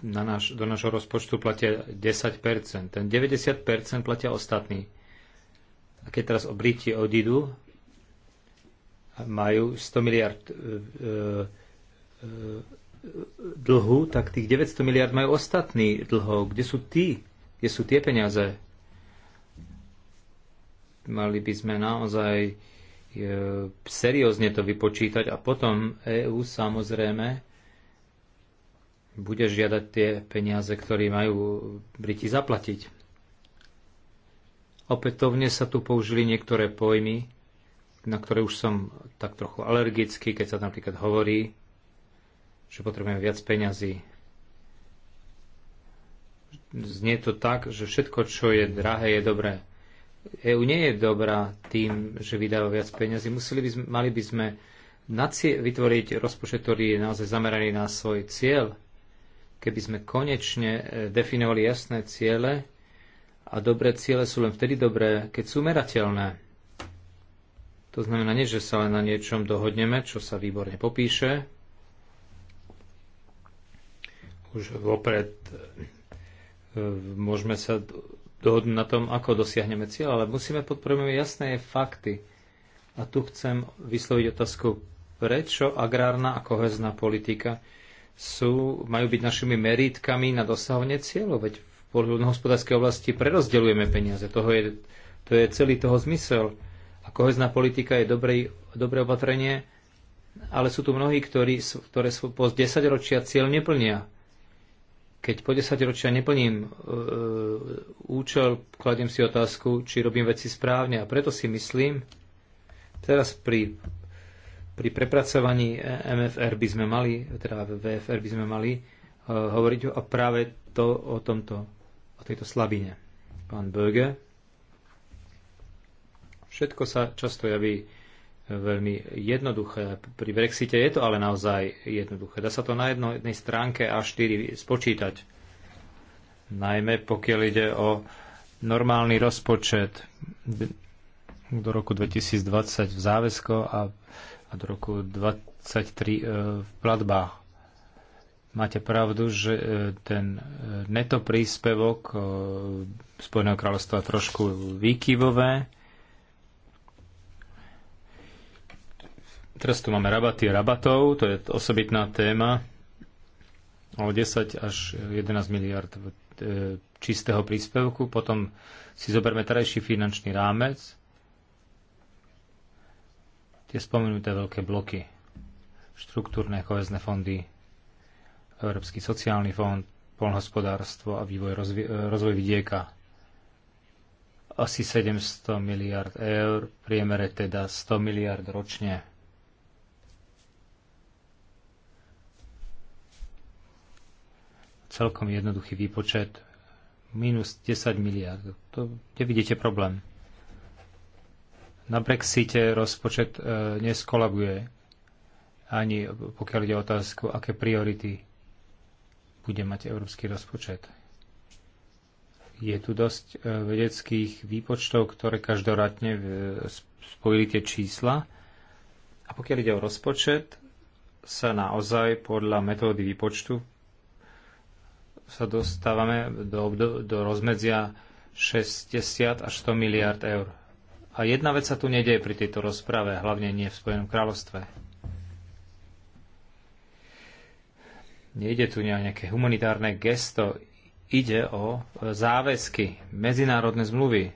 na naš, do nášho rozpočtu platia 10%. Ten 90% platia ostatní. A keď teraz o Briti odídu, majú 100 miliard e, e, e, dlhu, tak tých 900 miliard majú ostatný dlhov. Kde sú tí? Kde sú tie peniaze? Mali by sme naozaj seriózne to vypočítať a potom EÚ samozrejme bude žiadať tie peniaze, ktoré majú Briti zaplatiť. Opätovne sa tu použili niektoré pojmy, na ktoré už som tak trochu alergický, keď sa napríklad hovorí, že potrebujem viac peňazí. Znie to tak, že všetko, čo je drahé, je dobré. EU nie je dobrá tým, že vydáva viac peňazí. Museli by sme, mali by sme vytvoriť rozpočet, ktorý je naozaj zameraný na svoj cieľ. Keby sme konečne e, definovali jasné ciele, a dobré ciele sú len vtedy dobré, keď sú merateľné to znamená nie, že sa len na niečom dohodneme, čo sa výborne popíše. Už vopred e, môžeme sa dohodnúť na tom, ako dosiahneme cieľ, ale musíme podporovať jasné fakty. A tu chcem vysloviť otázku, prečo agrárna a kohezná politika sú, majú byť našimi merítkami na dosahovanie cieľov, veď v poľnohospodárskej oblasti prerozdeľujeme peniaze. Toho je, to je celý toho zmysel kohezná politika je dobrý, dobré opatrenie, ale sú tu mnohí, ktorí, ktoré po 10 ročia cieľ neplnia. Keď po 10 ročia neplním e, e, účel, kladiem si otázku, či robím veci správne. A preto si myslím, teraz pri, pri prepracovaní MFR by sme mali, teda VFR by sme mali e, hovoriť o práve to, o tomto, o tejto slabine. Pán Böge. Všetko sa často javí e, veľmi jednoduché. Pri Brexite je to ale naozaj jednoduché. Dá sa to na jednej stránke A4 spočítať. Najmä pokiaľ ide o normálny rozpočet do roku 2020 v záväzko a, a do roku 2023 e, v platbách. Máte pravdu, že e, ten e, neto príspevok e, Spojeného kráľovstva trošku výkyvové Teraz tu máme rabaty rabatov, to je osobitná téma o 10 až 11 miliard e, čistého príspevku. Potom si zoberme terajší finančný rámec, tie spomenuté veľké bloky, štruktúrne kohezné fondy, Európsky sociálny fond, polnohospodárstvo a vývoj rozvi- e, rozvoj vidieka. Asi 700 miliard eur, priemere teda 100 miliard ročne celkom jednoduchý výpočet, minus 10 miliard. To, kde vidíte problém? Na Brexite rozpočet e, neskolabuje, ani pokiaľ ide o otázku, aké priority bude mať európsky rozpočet. Je tu dosť e, vedeckých výpočtov, ktoré každoradne e, spojili tie čísla. A pokiaľ ide o rozpočet, sa naozaj podľa metódy výpočtu sa dostávame do, do, do rozmedzia 60 až 100 miliard eur. A jedna vec sa tu nedeje pri tejto rozprave, hlavne nie v Spojenom kráľovstve. Nejde tu o nejaké humanitárne gesto, ide o záväzky, medzinárodné zmluvy.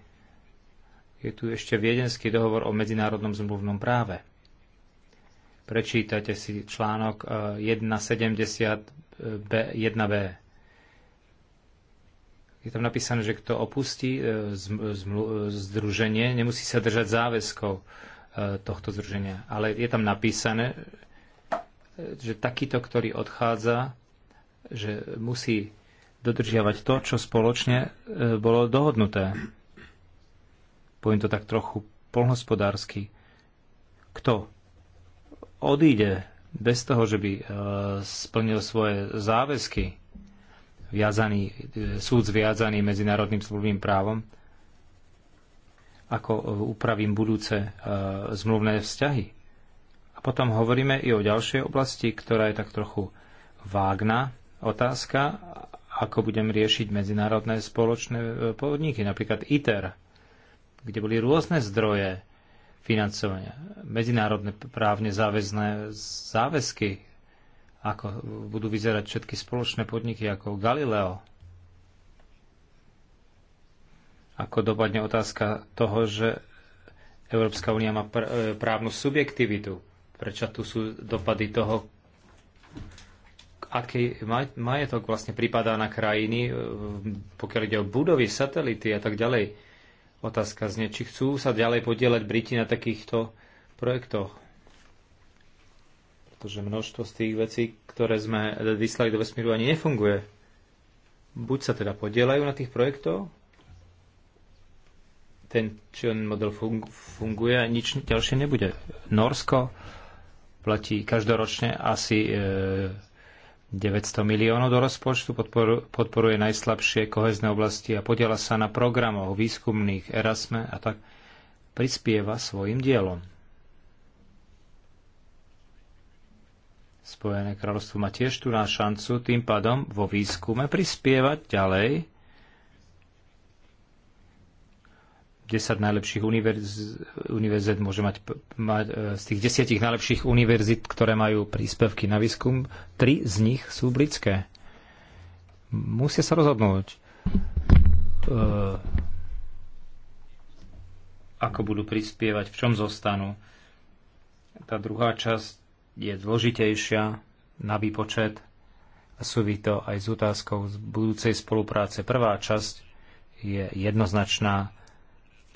Je tu ešte viedenský dohovor o medzinárodnom zmluvnom práve. Prečítajte si článok 170b, eh, eh, 1b je tam napísané, že kto opustí e, združenie, nemusí sa držať záväzkov e, tohto združenia. Ale je tam napísané, e, že takýto, ktorý odchádza, že musí dodržiavať to, čo spoločne bolo dohodnuté. Poviem to tak trochu polnospodársky. Kto odíde bez toho, že by splnil svoje záväzky, viazaný, súd zviazaný medzinárodným zmluvným právom, ako upravím budúce e, zmluvné vzťahy. A potom hovoríme i o ďalšej oblasti, ktorá je tak trochu vágna otázka, ako budem riešiť medzinárodné spoločné e, podniky, napríklad ITER, kde boli rôzne zdroje financovania, medzinárodné právne záväzné záväzky ako budú vyzerať všetky spoločné podniky ako Galileo. Ako dopadne otázka toho, že Európska únia má pr- e, právnu subjektivitu. Prečo tu sú dopady toho, aký majetok vlastne pripadá na krajiny, e, pokiaľ ide o budovy, satelity a tak ďalej. Otázka znie, či chcú sa ďalej podielať Briti na takýchto projektoch pretože množstvo z tých vecí, ktoré sme vyslali do vesmíru, ani nefunguje. Buď sa teda podielajú na tých projektoch, ten či on model funguje a nič ďalšie nebude. Norsko platí každoročne asi 900 e, miliónov do rozpočtu, podporuje najslabšie kohezné oblasti a podiela sa na programoch výskumných Erasme a tak prispieva svojim dielom. Spojené kráľovstvo má tiež tu na šancu tým pádom vo výskume prispievať ďalej 10 najlepších univerz, univerzit môže mať, mať e, z tých 10 najlepších univerzit, ktoré majú príspevky na výskum, 3 z nich sú britské. Musia sa rozhodnúť, e, ako budú prispievať, v čom zostanú. Tá druhá časť je zložitejšia na výpočet a súvisí to aj s otázkou z budúcej spolupráce. Prvá časť je jednoznačná,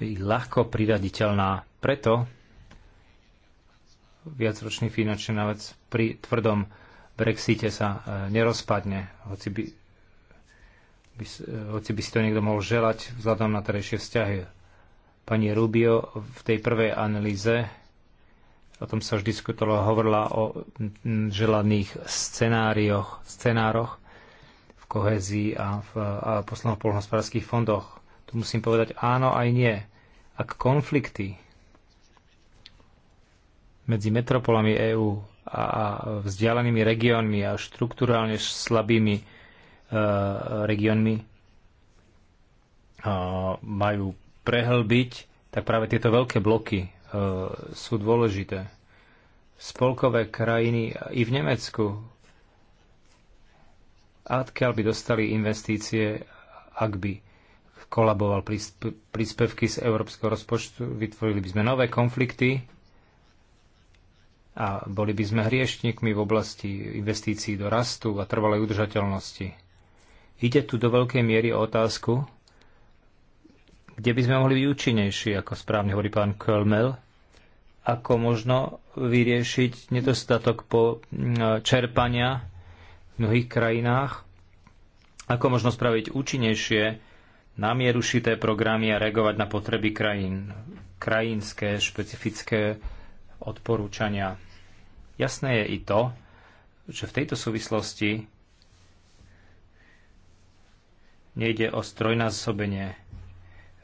ľahko priraditeľná, preto viacročný finančný návec pri tvrdom Brexite sa e, nerozpadne, hoci by, by, e, hoci by si to niekto mohol želať vzhľadom na terejšie vzťahy. Pani Rubio v tej prvej analýze o tom sa už diskutovalo, hovorila o želaných scenárioch, scenároch v kohezii a v poslednom polnohospodárských fondoch. Tu musím povedať áno aj nie. Ak konflikty medzi metropolami EÚ a vzdialenými regiónmi a štruktúrálne slabými e, regiónmi e, majú prehlbiť, tak práve tieto veľké bloky E, sú dôležité. Spolkové krajiny i v Nemecku, odkiaľ by dostali investície, ak by kolaboval príspevky z európskeho rozpočtu, vytvorili by sme nové konflikty a boli by sme hriešnikmi v oblasti investícií do rastu a trvalej udržateľnosti. Ide tu do veľkej miery o otázku, kde by sme mohli byť účinnejší, ako správne hovorí pán Kölmel, ako možno vyriešiť nedostatok po čerpania v mnohých krajinách, ako možno spraviť účinnejšie namierušité programy a reagovať na potreby krajín, krajinské špecifické odporúčania. Jasné je i to, že v tejto súvislosti nejde o strojnásobenie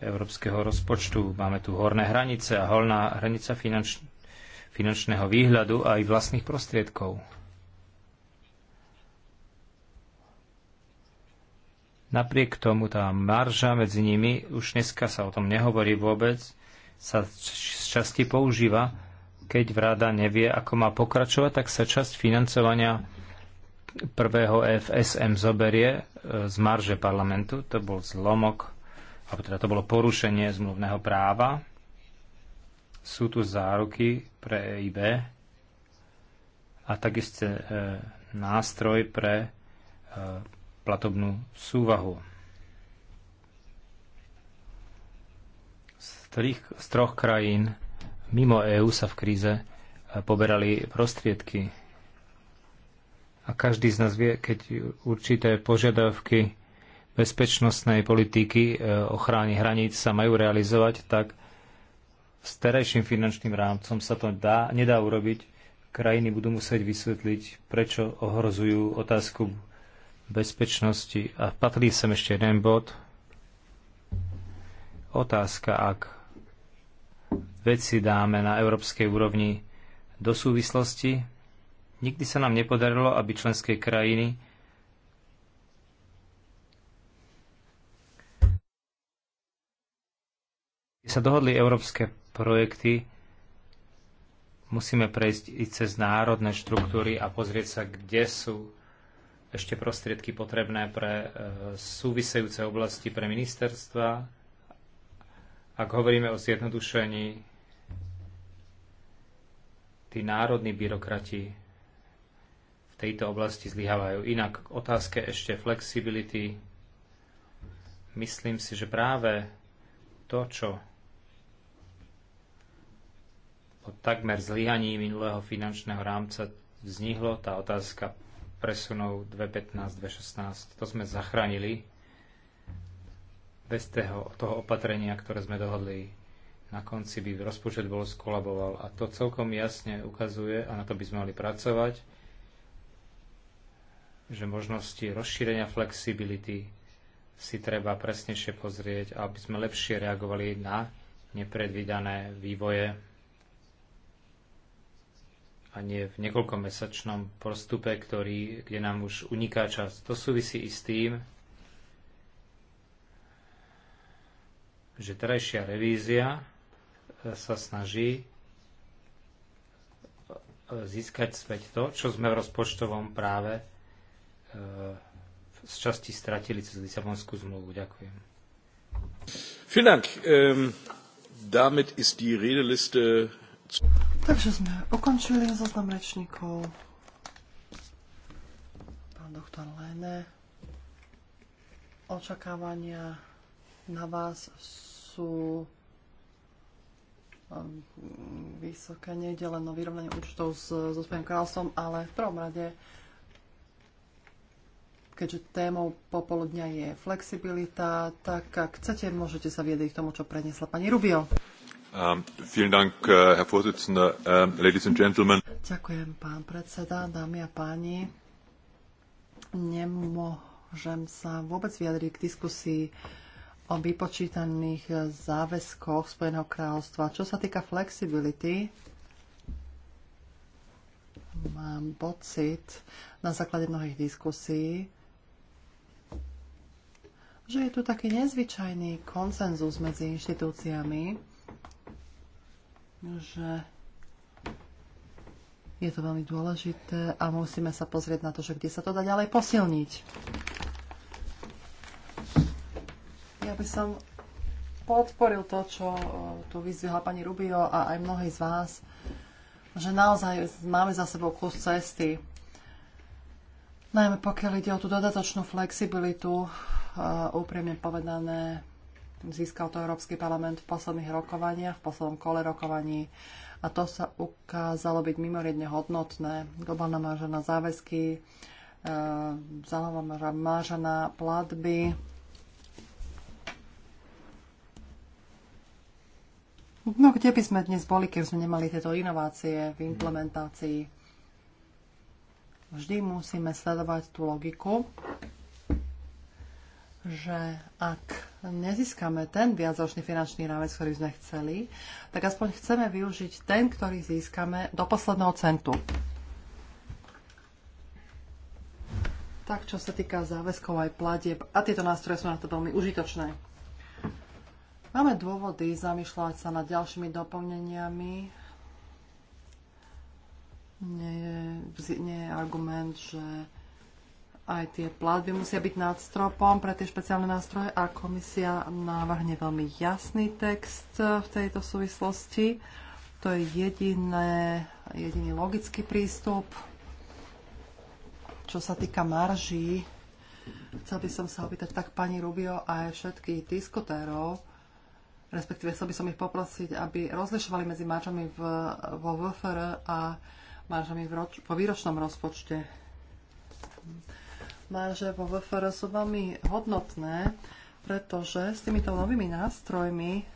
európskeho rozpočtu. Máme tu horné hranice a horná hranica finanč, finančného výhľadu a aj vlastných prostriedkov. Napriek tomu tá marža medzi nimi, už dneska sa o tom nehovorí vôbec, sa z časti používa, keď vráda nevie, ako má pokračovať, tak sa časť financovania prvého FSM zoberie e, z marže parlamentu. To bol zlomok alebo teda to bolo porušenie zmluvného práva. Sú tu záruky pre EIB a takisto e, nástroj pre e, platobnú súvahu. Z, trých, z troch krajín mimo EÚ sa v kríze e, poberali prostriedky. A každý z nás vie, keď určité požiadavky bezpečnostnej politiky e, ochrany hraníc sa majú realizovať, tak s terajším finančným rámcom sa to dá, nedá urobiť. Krajiny budú musieť vysvetliť, prečo ohrozujú otázku bezpečnosti. A patrí sem ešte jeden bod. Otázka, ak veci dáme na európskej úrovni do súvislosti, nikdy sa nám nepodarilo, aby členské krajiny sa dohodli európske projekty, musíme prejsť i cez národné štruktúry a pozrieť sa, kde sú ešte prostriedky potrebné pre e, súvisejúce oblasti pre ministerstva. Ak hovoríme o zjednodušení, tí národní byrokrati v tejto oblasti zlyhávajú. Inak k otázke ešte flexibility. Myslím si, že práve to, čo po takmer zlyhaní minulého finančného rámca vznihlo tá otázka presunov 215-2.16. To sme zachránili bez toho, toho opatrenia, ktoré sme dohodli na konci by rozpočet bol skolaboval. A to celkom jasne ukazuje, a na to by sme mali pracovať, že možnosti rozšírenia flexibility si treba presnejšie pozrieť, aby sme lepšie reagovali na nepredvídané vývoje a nie v niekoľkomesačnom prostupe, ktorý, kde nám už uniká čas. To súvisí i s tým, že terajšia revízia e, sa snaží e, získať späť to, čo sme v rozpočtovom práve e, z časti stratili cez Lisabonskú zmluvu. Ďakujem. Vielen Dank. Ähm, damit ist die Redeliste Takže sme ukončili zoznam rečníkov. Pán doktor Lene, očakávania na vás sú um, vysoké. Nejde len o vyrovnanie účtov so Spojeným kráľstvom, ale v prvom rade keďže témou popoludňa je flexibilita, tak ak chcete, môžete sa viedieť k tomu, čo predniesla pani Rubio. Um, äh, ähm, Ďakujem, pán predseda, dámy a páni. Nemôžem sa vôbec vyjadriť k diskusii o vypočítaných záväzkoch Spojeného kráľovstva. Čo sa týka flexibility, mám pocit na základe mnohých diskusí, že je tu taký nezvyčajný konsenzus medzi inštitúciami, že je to veľmi dôležité a musíme sa pozrieť na to, že kde sa to dá ďalej posilniť. Ja by som podporil to, čo e, tu vyzvihla pani Rubio a aj mnohí z vás, že naozaj máme za sebou kus cesty. Najmä pokiaľ ide o tú dodatočnú flexibilitu, e, úprimne povedané, Získal to Európsky parlament v posledných rokovaniach, v poslednom kole rokovaní a to sa ukázalo byť mimoriadne hodnotné. Globálna marža na záväzky, e, zálohová marža na platby, No kde by sme dnes boli, keby sme nemali tieto inovácie v implementácii? Vždy musíme sledovať tú logiku že ak nezískame ten viacročný finančný rámec, ktorý sme chceli, tak aspoň chceme využiť ten, ktorý získame do posledného centu. Tak, čo sa týka záväzkov aj platieb, a tieto nástroje sú na to veľmi užitočné. Máme dôvody zamýšľať sa nad ďalšími doplneniami. Nie je, nie je argument, že aj tie platby musia byť nad stropom pre tie špeciálne nástroje a komisia navrhne veľmi jasný text v tejto súvislosti. To je jediné, jediný logický prístup. Čo sa týka marží, chcel by som sa opýtať tak pani Rubio a aj všetkých diskutérov, respektíve chcel by som ich poprosiť, aby rozlišovali medzi maržami v, vo VFR a maržami v roč, po výročnom rozpočte marže vo VFR sú veľmi hodnotné, pretože s týmito novými nástrojmi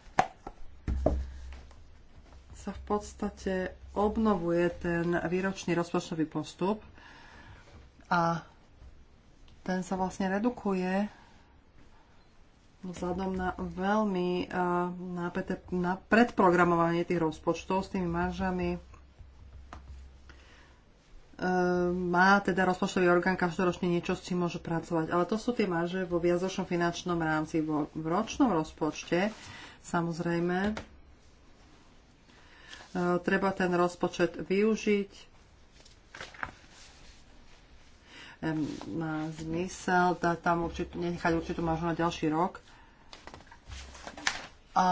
sa v podstate obnovuje ten výročný rozpočtový postup a ten sa vlastne redukuje vzhľadom na veľmi eh, na, PT, na predprogramovanie tých rozpočtov s tými maržami Ehm, má teda rozpočtový orgán každoročne niečo, s čím môže pracovať. Ale to sú tie marže vo viazočnom finančnom rámci, vo, v ročnom rozpočte. Samozrejme, e, treba ten rozpočet využiť na ehm, zmysel, dá tam určit- nechať určitú maržu na ďalší rok a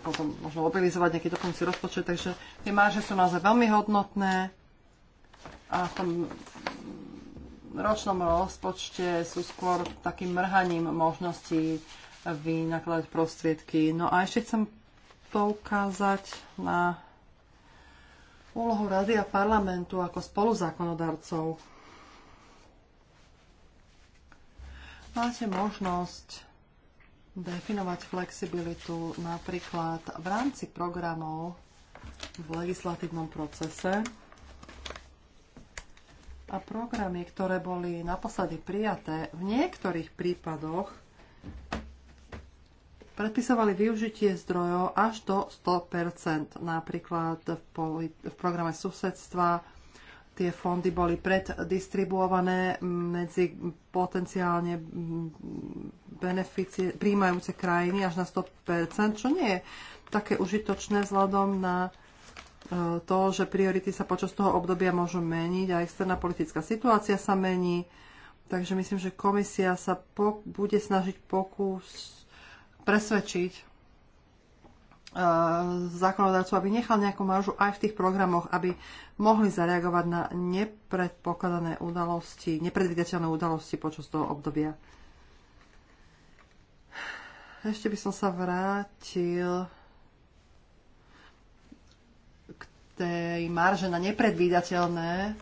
potom možno mobilizovať nejaký dokonci rozpočet. Takže tie marže sú naozaj veľmi hodnotné a v tom ročnom rozpočte sú skôr takým mrhaním možností vynakladať prostriedky. No a ešte chcem poukázať na úlohu Rady a parlamentu ako spoluzákonodarcov. Máte možnosť definovať flexibilitu napríklad v rámci programov v legislatívnom procese a programy, ktoré boli naposledy prijaté, v niektorých prípadoch predpisovali využitie zdrojov až do 100%. Napríklad v, poli- v programe susedstva tie fondy boli preddistribuované medzi potenciálne beneficie, príjmajúce krajiny až na 100%, čo nie je také užitočné vzhľadom na E, to, že priority sa počas toho obdobia môžu meniť a externá politická situácia sa mení. Takže myslím, že komisia sa po, bude snažiť pokus presvedčiť uh, zákonodarcu, aby nechal nejakú maržu aj v tých programoch, aby mohli zareagovať na nepredpokladané udalosti, nepredvidateľné udalosti počas toho obdobia. Ešte by som sa vrátil tej marže na nepredvídateľné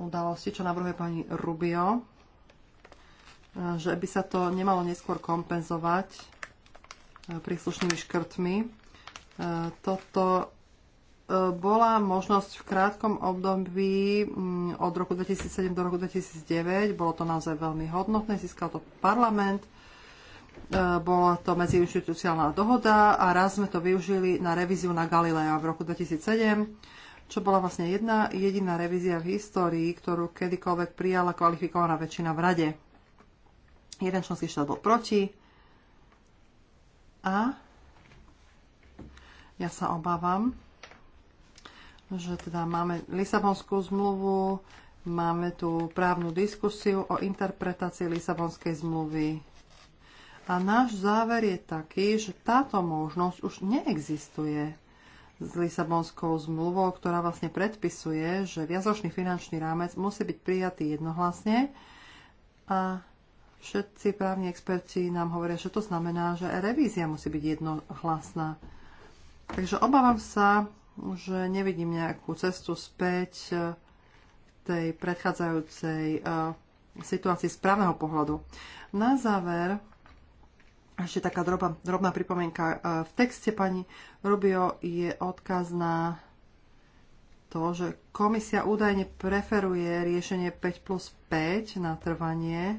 udalosti, čo navrhuje pani Rubio, e, že by sa to nemalo neskôr kompenzovať e, príslušnými škrtmi. E, toto bola možnosť v krátkom období mm, od roku 2007 do roku 2009. Bolo to naozaj veľmi hodnotné, získal to parlament, bola to medziinstitucionálna dohoda a raz sme to využili na revíziu na Galilea v roku 2007 čo bola vlastne jedna jediná revízia v histórii, ktorú kedykoľvek prijala kvalifikovaná väčšina v rade. Jeden členský štát bol proti a ja sa obávam, že teda máme Lisabonskú zmluvu, máme tu právnu diskusiu o interpretácii Lisabonskej zmluvy. A náš záver je taký, že táto možnosť už neexistuje s Lisabonskou zmluvou, ktorá vlastne predpisuje, že viacročný finančný rámec musí byť prijatý jednohlasne a všetci právni experti nám hovoria, že to znamená, že revízia musí byť jednohlasná. Takže obávam sa, že nevidím nejakú cestu späť tej predchádzajúcej eh, situácii z právneho pohľadu. Na záver ešte taká drobná, drobná pripomienka. E, v texte pani Rubio je odkaz na to, že komisia údajne preferuje riešenie 5 plus 5 na trvanie.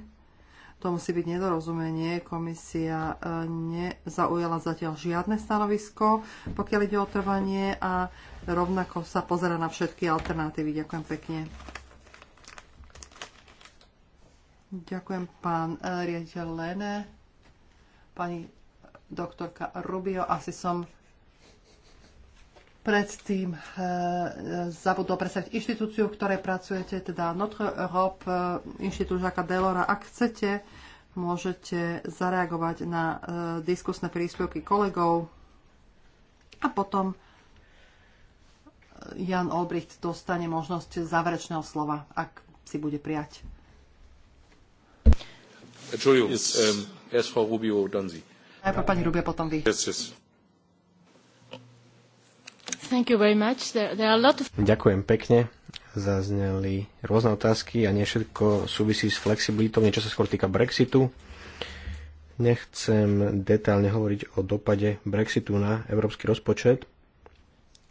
To musí byť nedorozumenie. Komisia e, nezaujala zatiaľ žiadne stanovisko, pokiaľ ide o trvanie a rovnako sa pozera na všetky alternatívy. Ďakujem pekne. Ďakujem pán e, riaditeľ Lene pani doktorka Rubio. Asi som predtým e, zabudol predstaviť inštitúciu, v ktorej pracujete, teda Notre Europe, eh, inštitút Žaka Delora. Ak chcete, môžete zareagovať na e, diskusné príspevky kolegov a potom Jan Olbricht dostane možnosť záverečného slova, ak si bude prijať. Entschuldigung. Yes. Ähm, Frau Rubio, dann Sie. Rubio, potom Yes, yes. Thank you very much. There, there are a lot of... Ďakujem pekne. Zazneli rôzne otázky a nie všetko súvisí s flexibilitou, niečo sa skôr týka Brexitu. Nechcem detailne hovoriť o dopade Brexitu na európsky rozpočet,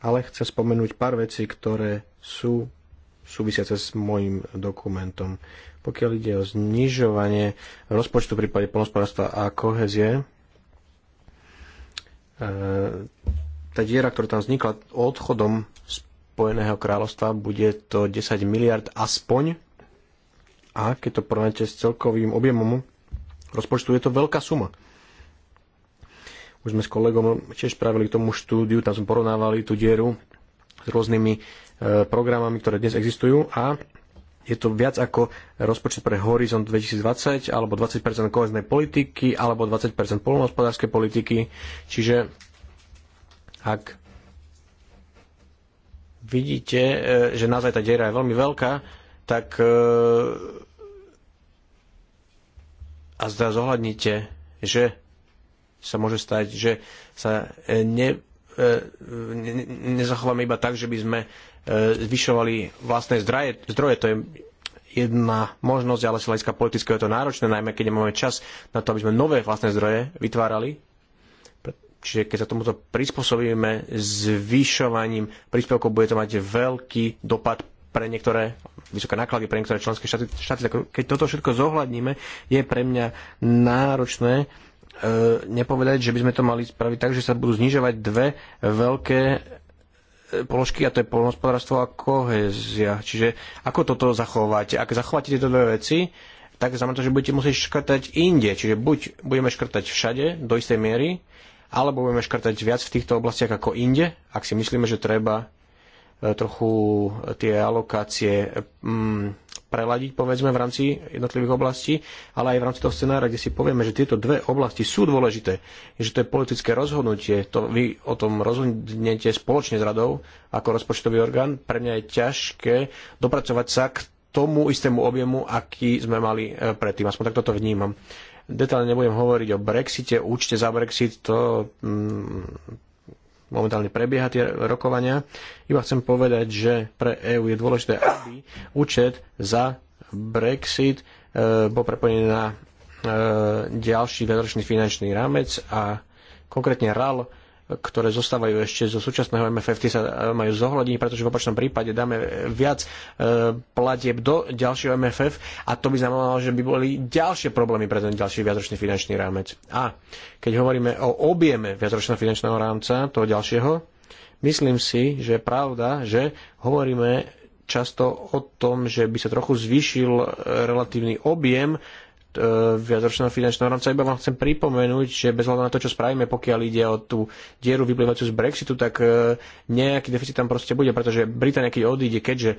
ale chcem spomenúť pár vecí, ktoré sú súvisiace s môjim dokumentom. Pokiaľ ide o znižovanie rozpočtu v prípade polnospodárstva a kohezie, e, tá diera, ktorá tam vznikla odchodom Spojeného kráľovstva, bude to 10 miliard aspoň. A keď to porovnáte s celkovým objemom rozpočtu, je to veľká suma. Už sme s kolegom tiež spravili k tomu štúdiu, tam sme porovnávali tú dieru s rôznymi e, programami, ktoré dnes existujú a je to viac ako rozpočet pre Horizont 2020, alebo 20% koheznej politiky, alebo 20% polnohospodárskej politiky. Čiže ak vidíte, e, že naozaj tá diera je veľmi veľká, tak e, a zda zohľadnite, že sa môže stať, že sa e, ne, ne, nezachováme iba tak, že by sme E, zvyšovali vlastné zdroje, zdroje to je jedna možnosť, ale z hľadiska politického je to náročné, najmä keď nemáme čas na to, aby sme nové vlastné zdroje vytvárali. Čiže keď sa tomuto prispôsobíme zvyšovaním príspevkov, bude to mať veľký dopad pre niektoré vysoké náklady pre niektoré členské štáty. štáty. Keď toto všetko zohľadníme, je pre mňa náročné e, nepovedať, že by sme to mali spraviť tak, že sa budú znižovať dve veľké položky a to je poľnohospodárstvo a kohézia. Čiže ako toto zachovať? Ak zachováte tieto dve veci, tak znamená to, že budete musieť škrtať inde. Čiže buď budeme škrtať všade do istej miery, alebo budeme škrtať viac v týchto oblastiach ako inde, ak si myslíme, že treba eh, trochu eh, tie alokácie mm, preladiť, povedzme, v rámci jednotlivých oblastí, ale aj v rámci toho scenára, kde si povieme, že tieto dve oblasti sú dôležité, že to je politické rozhodnutie, to vy o tom rozhodnete spoločne s radou ako rozpočtový orgán, pre mňa je ťažké dopracovať sa k tomu istému objemu, aký sme mali e, predtým. Aspoň takto toto vnímam. Detálne nebudem hovoriť o Brexite, účte za Brexit, to, mm, momentálne prebieha tie rokovania. Iba chcem povedať, že pre EÚ je dôležité, aby účet za Brexit e, bol prepojený na e, ďalší viacročný finančný rámec a konkrétne RAL ktoré zostávajú ešte zo súčasného MFF, sa e, majú zohľadniť, pretože v opačnom prípade dáme viac e, platieb do ďalšieho MFF a to by znamenalo, že by boli ďalšie problémy pre ten ďalší viacročný finančný rámec. A keď hovoríme o objeme viacročného finančného rámca, toho ďalšieho, myslím si, že je pravda, že hovoríme často o tom, že by sa trochu zvýšil e, relatívny objem E, viacročného finančného rámca. Iba vám chcem pripomenúť, že bez hľadu na to, čo spravíme, pokiaľ ide o tú dieru vyplývajúcu z Brexitu, tak e, nejaký deficit tam proste bude, pretože Británia, keď odíde, keďže e,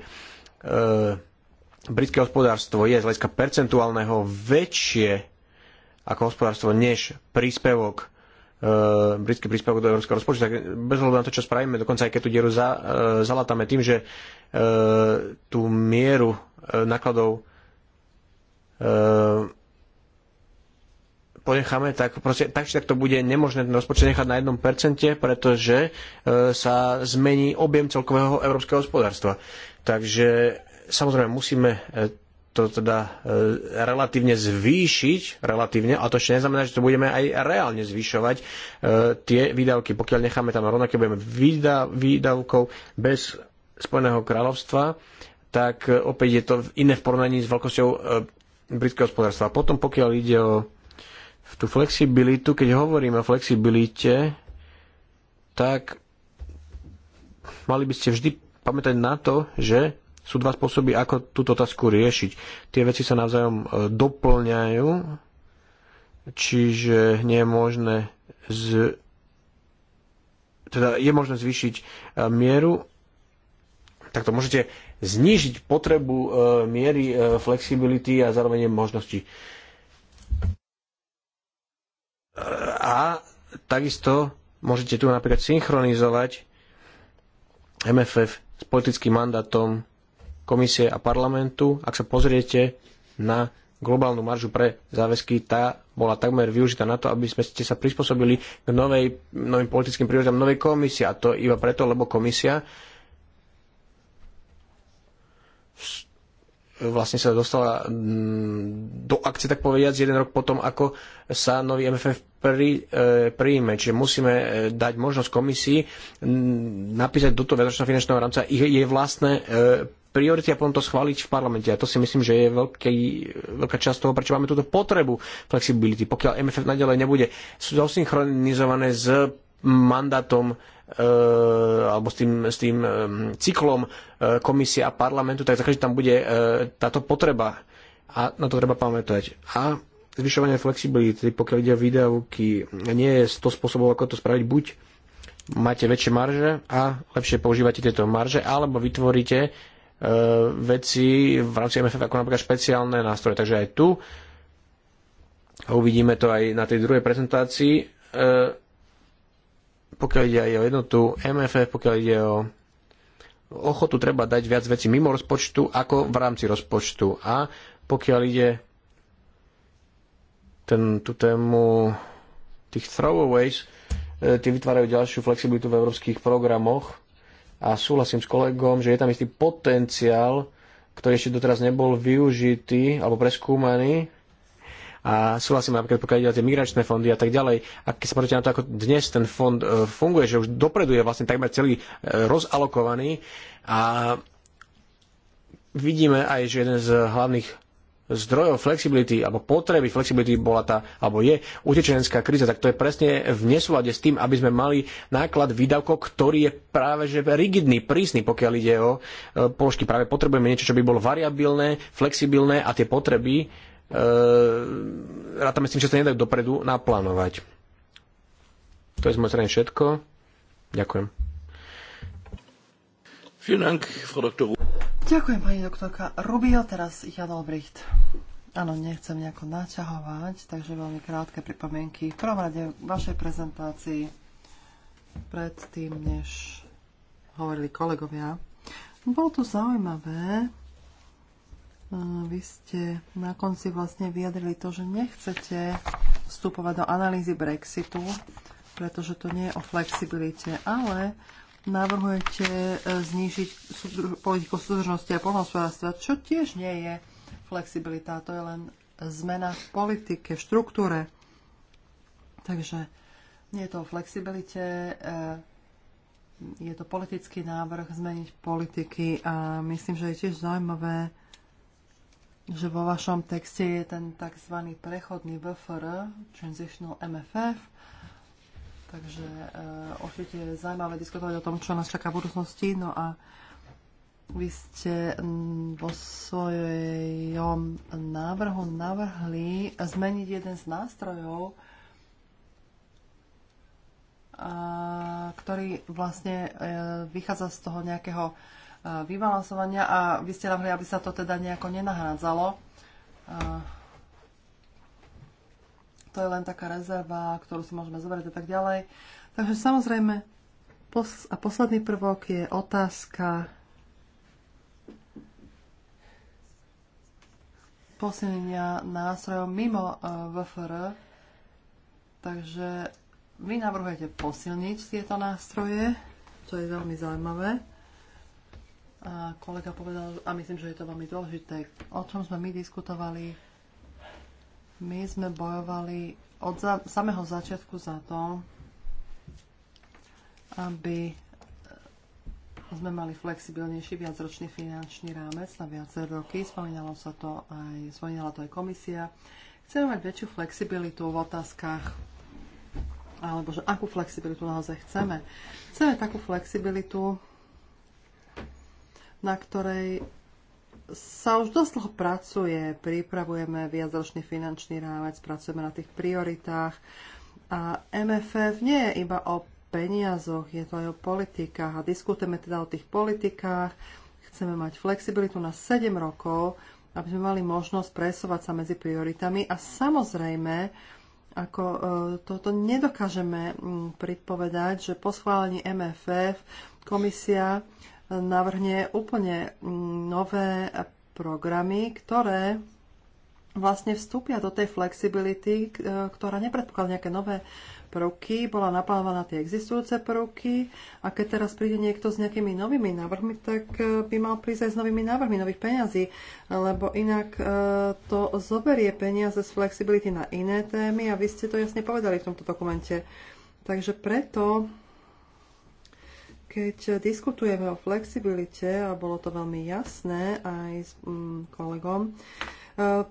britské hospodárstvo je z hľadiska percentuálneho väčšie ako hospodárstvo než príspevok britský príspevok do európskeho rozpočtu, tak bez hľadu na to, čo spravíme, dokonca aj keď tú dieru za, e, zalatáme tým, že e, tú mieru e, nákladov e, ponecháme, tak proste, tak či tak to bude nemožné ten rozpočet nechať na jednom percente, pretože e, sa zmení objem celkového európskeho hospodárstva. Takže samozrejme musíme e, to teda e, relatívne zvýšiť, relatívne, a to ešte neznamená, že to budeme aj reálne zvyšovať tie výdavky, pokiaľ necháme tam rovnaké budeme výda, výdavkov bez Spojeného kráľovstva, tak opäť je to iné v porovnaní s veľkosťou britského hospodárstva. A potom, pokiaľ ide o v tú flexibilitu, keď hovorím o flexibilite, tak mali by ste vždy pamätať na to, že sú dva spôsoby, ako túto otázku riešiť. Tie veci sa navzájom e, doplňajú, čiže nie je možné z... teda je možné zvýšiť e, mieru, tak to môžete znížiť potrebu e, miery flexibility a zároveň možnosti a takisto môžete tu napríklad synchronizovať MFF s politickým mandátom komisie a parlamentu. Ak sa pozriete na globálnu maržu pre záväzky, tá bola takmer využitá na to, aby sme ste sa prispôsobili k novej, novým politickým prioritám novej komisie. A to iba preto, lebo komisia vlastne sa dostala mm, do akcie, tak povediať, jeden rok potom, ako sa nový MFF pri, e, príjme. Čiže musíme e, dať možnosť komisii mm, napísať do toho viacročného finančného rámca ich, jej vlastné e, priority a potom to schváliť v parlamente. A to si myslím, že je veľký, veľká časť toho, prečo máme túto potrebu flexibility. Pokiaľ MFF nadalej nebude zosynchronizované s mandátom Eh, alebo s tým, s tým eh, cyklom eh, komisie a parlamentu, tak za každým tam bude táto potreba. A na to treba pamätať. A zvyšovanie flexibility, pokiaľ ide o výdavky, nie je 100 spôsobov, ako to spraviť. Buď máte väčšie marže a lepšie používate tieto marže, alebo vytvoríte veci v rámci MFF ako napríklad špeciálne nástroje. Takže aj tu uvidíme to aj na tej druhej prezentácii pokiaľ ide aj o jednotu MFF, pokiaľ ide o ochotu treba dať viac veci mimo rozpočtu ako v rámci rozpočtu. A pokiaľ ide ten, tú tému tých throwaways, e, tie vytvárajú ďalšiu flexibilitu v európskych programoch a súhlasím s kolegom, že je tam istý potenciál, ktorý ešte doteraz nebol využitý alebo preskúmaný a súhlasím napríklad, pokiaľ ide o tie migračné fondy a tak ďalej. A keď sa pozrite na to, ako dnes ten fond e, funguje, že už dopredu je vlastne takmer celý e, rozalokovaný a vidíme aj, že jeden z hlavných zdrojov flexibility alebo potreby flexibility bola tá, alebo je utečenská kríza, tak to je presne v nesúlade s tým, aby sme mali náklad výdavkov, ktorý je práve že rigidný, prísny, pokiaľ ide o e, položky. Práve potrebujeme niečo, čo by bolo variabilné, flexibilné a tie potreby E, rátame s tým, že sa nedá dopredu naplánovať. To je z mojej strany všetko. Ďakujem. Ďakujem, pani doktorka Rubio, teraz Jan Albrecht. Áno, nechcem nejako naťahovať, takže veľmi krátke pripomienky. V prvom rade vašej prezentácii predtým, než hovorili kolegovia. Bolo tu zaujímavé vy ste na konci vlastne vyjadrili to, že nechcete vstupovať do analýzy Brexitu, pretože to nie je o flexibilite, ale navrhujete e, znižiť politiku súdržnosti a poľnohospodárstva, čo tiež nie je flexibilita, to je len zmena v politike, v štruktúre. Takže nie je to o flexibilite, e, je to politický návrh zmeniť politiky a myslím, že je tiež zaujímavé, že vo vašom texte je ten tzv. prechodný VFR, Transitional MFF, takže uh, určite je zaujímavé diskutovať o tom, čo nás čaká v budúcnosti. No a vy ste mm, vo svojom návrhu navrhli zmeniť jeden z nástrojov, eh, ktorý vlastne eh, vychádza z toho nejakého vybalansovania a vy ste navrhli, aby sa to teda nejako nenahrádzalo. To je len taká rezerva, ktorú si môžeme zobrať a tak ďalej. Takže samozrejme, a posledný prvok je otázka posilnenia nástrojov mimo e, VFR. Takže vy navrhujete posilniť tieto nástroje, čo je veľmi zaujímavé. A kolega povedal, a myslím, že je to veľmi dôležité, o čom sme my diskutovali. My sme bojovali od za- samého začiatku za to, aby sme mali flexibilnejší viacročný finančný rámec na viaceré roky. Spomínalo sa to aj, spomínala to aj komisia. Chceme mať väčšiu flexibilitu v otázkach alebo že akú flexibilitu naozaj chceme. Chceme takú flexibilitu, na ktorej sa už dosť dlho pracuje. Pripravujeme viacročný finančný rámec, pracujeme na tých prioritách. A MFF nie je iba o peniazoch, je to aj o politikách. A diskutujeme teda o tých politikách. Chceme mať flexibilitu na 7 rokov, aby sme mali možnosť presovať sa medzi prioritami. A samozrejme, ako e, toto nedokážeme mm, predpovedať, že po schválení MFF komisia navrhne úplne nové programy, ktoré vlastne vstúpia do tej flexibility, e, ktorá nepredpokladá nejaké nové prvky, bola naplánovaná tie existujúce prvky a keď teraz príde niekto s nejakými novými návrhmi, tak e, by mal prísť aj s novými návrhmi nových peňazí, lebo inak e, to zoberie peniaze z flexibility na iné témy a vy ste to jasne povedali v tomto dokumente. Takže preto keď diskutujeme o flexibilite, a bolo to veľmi jasné aj s mm, kolegom, e,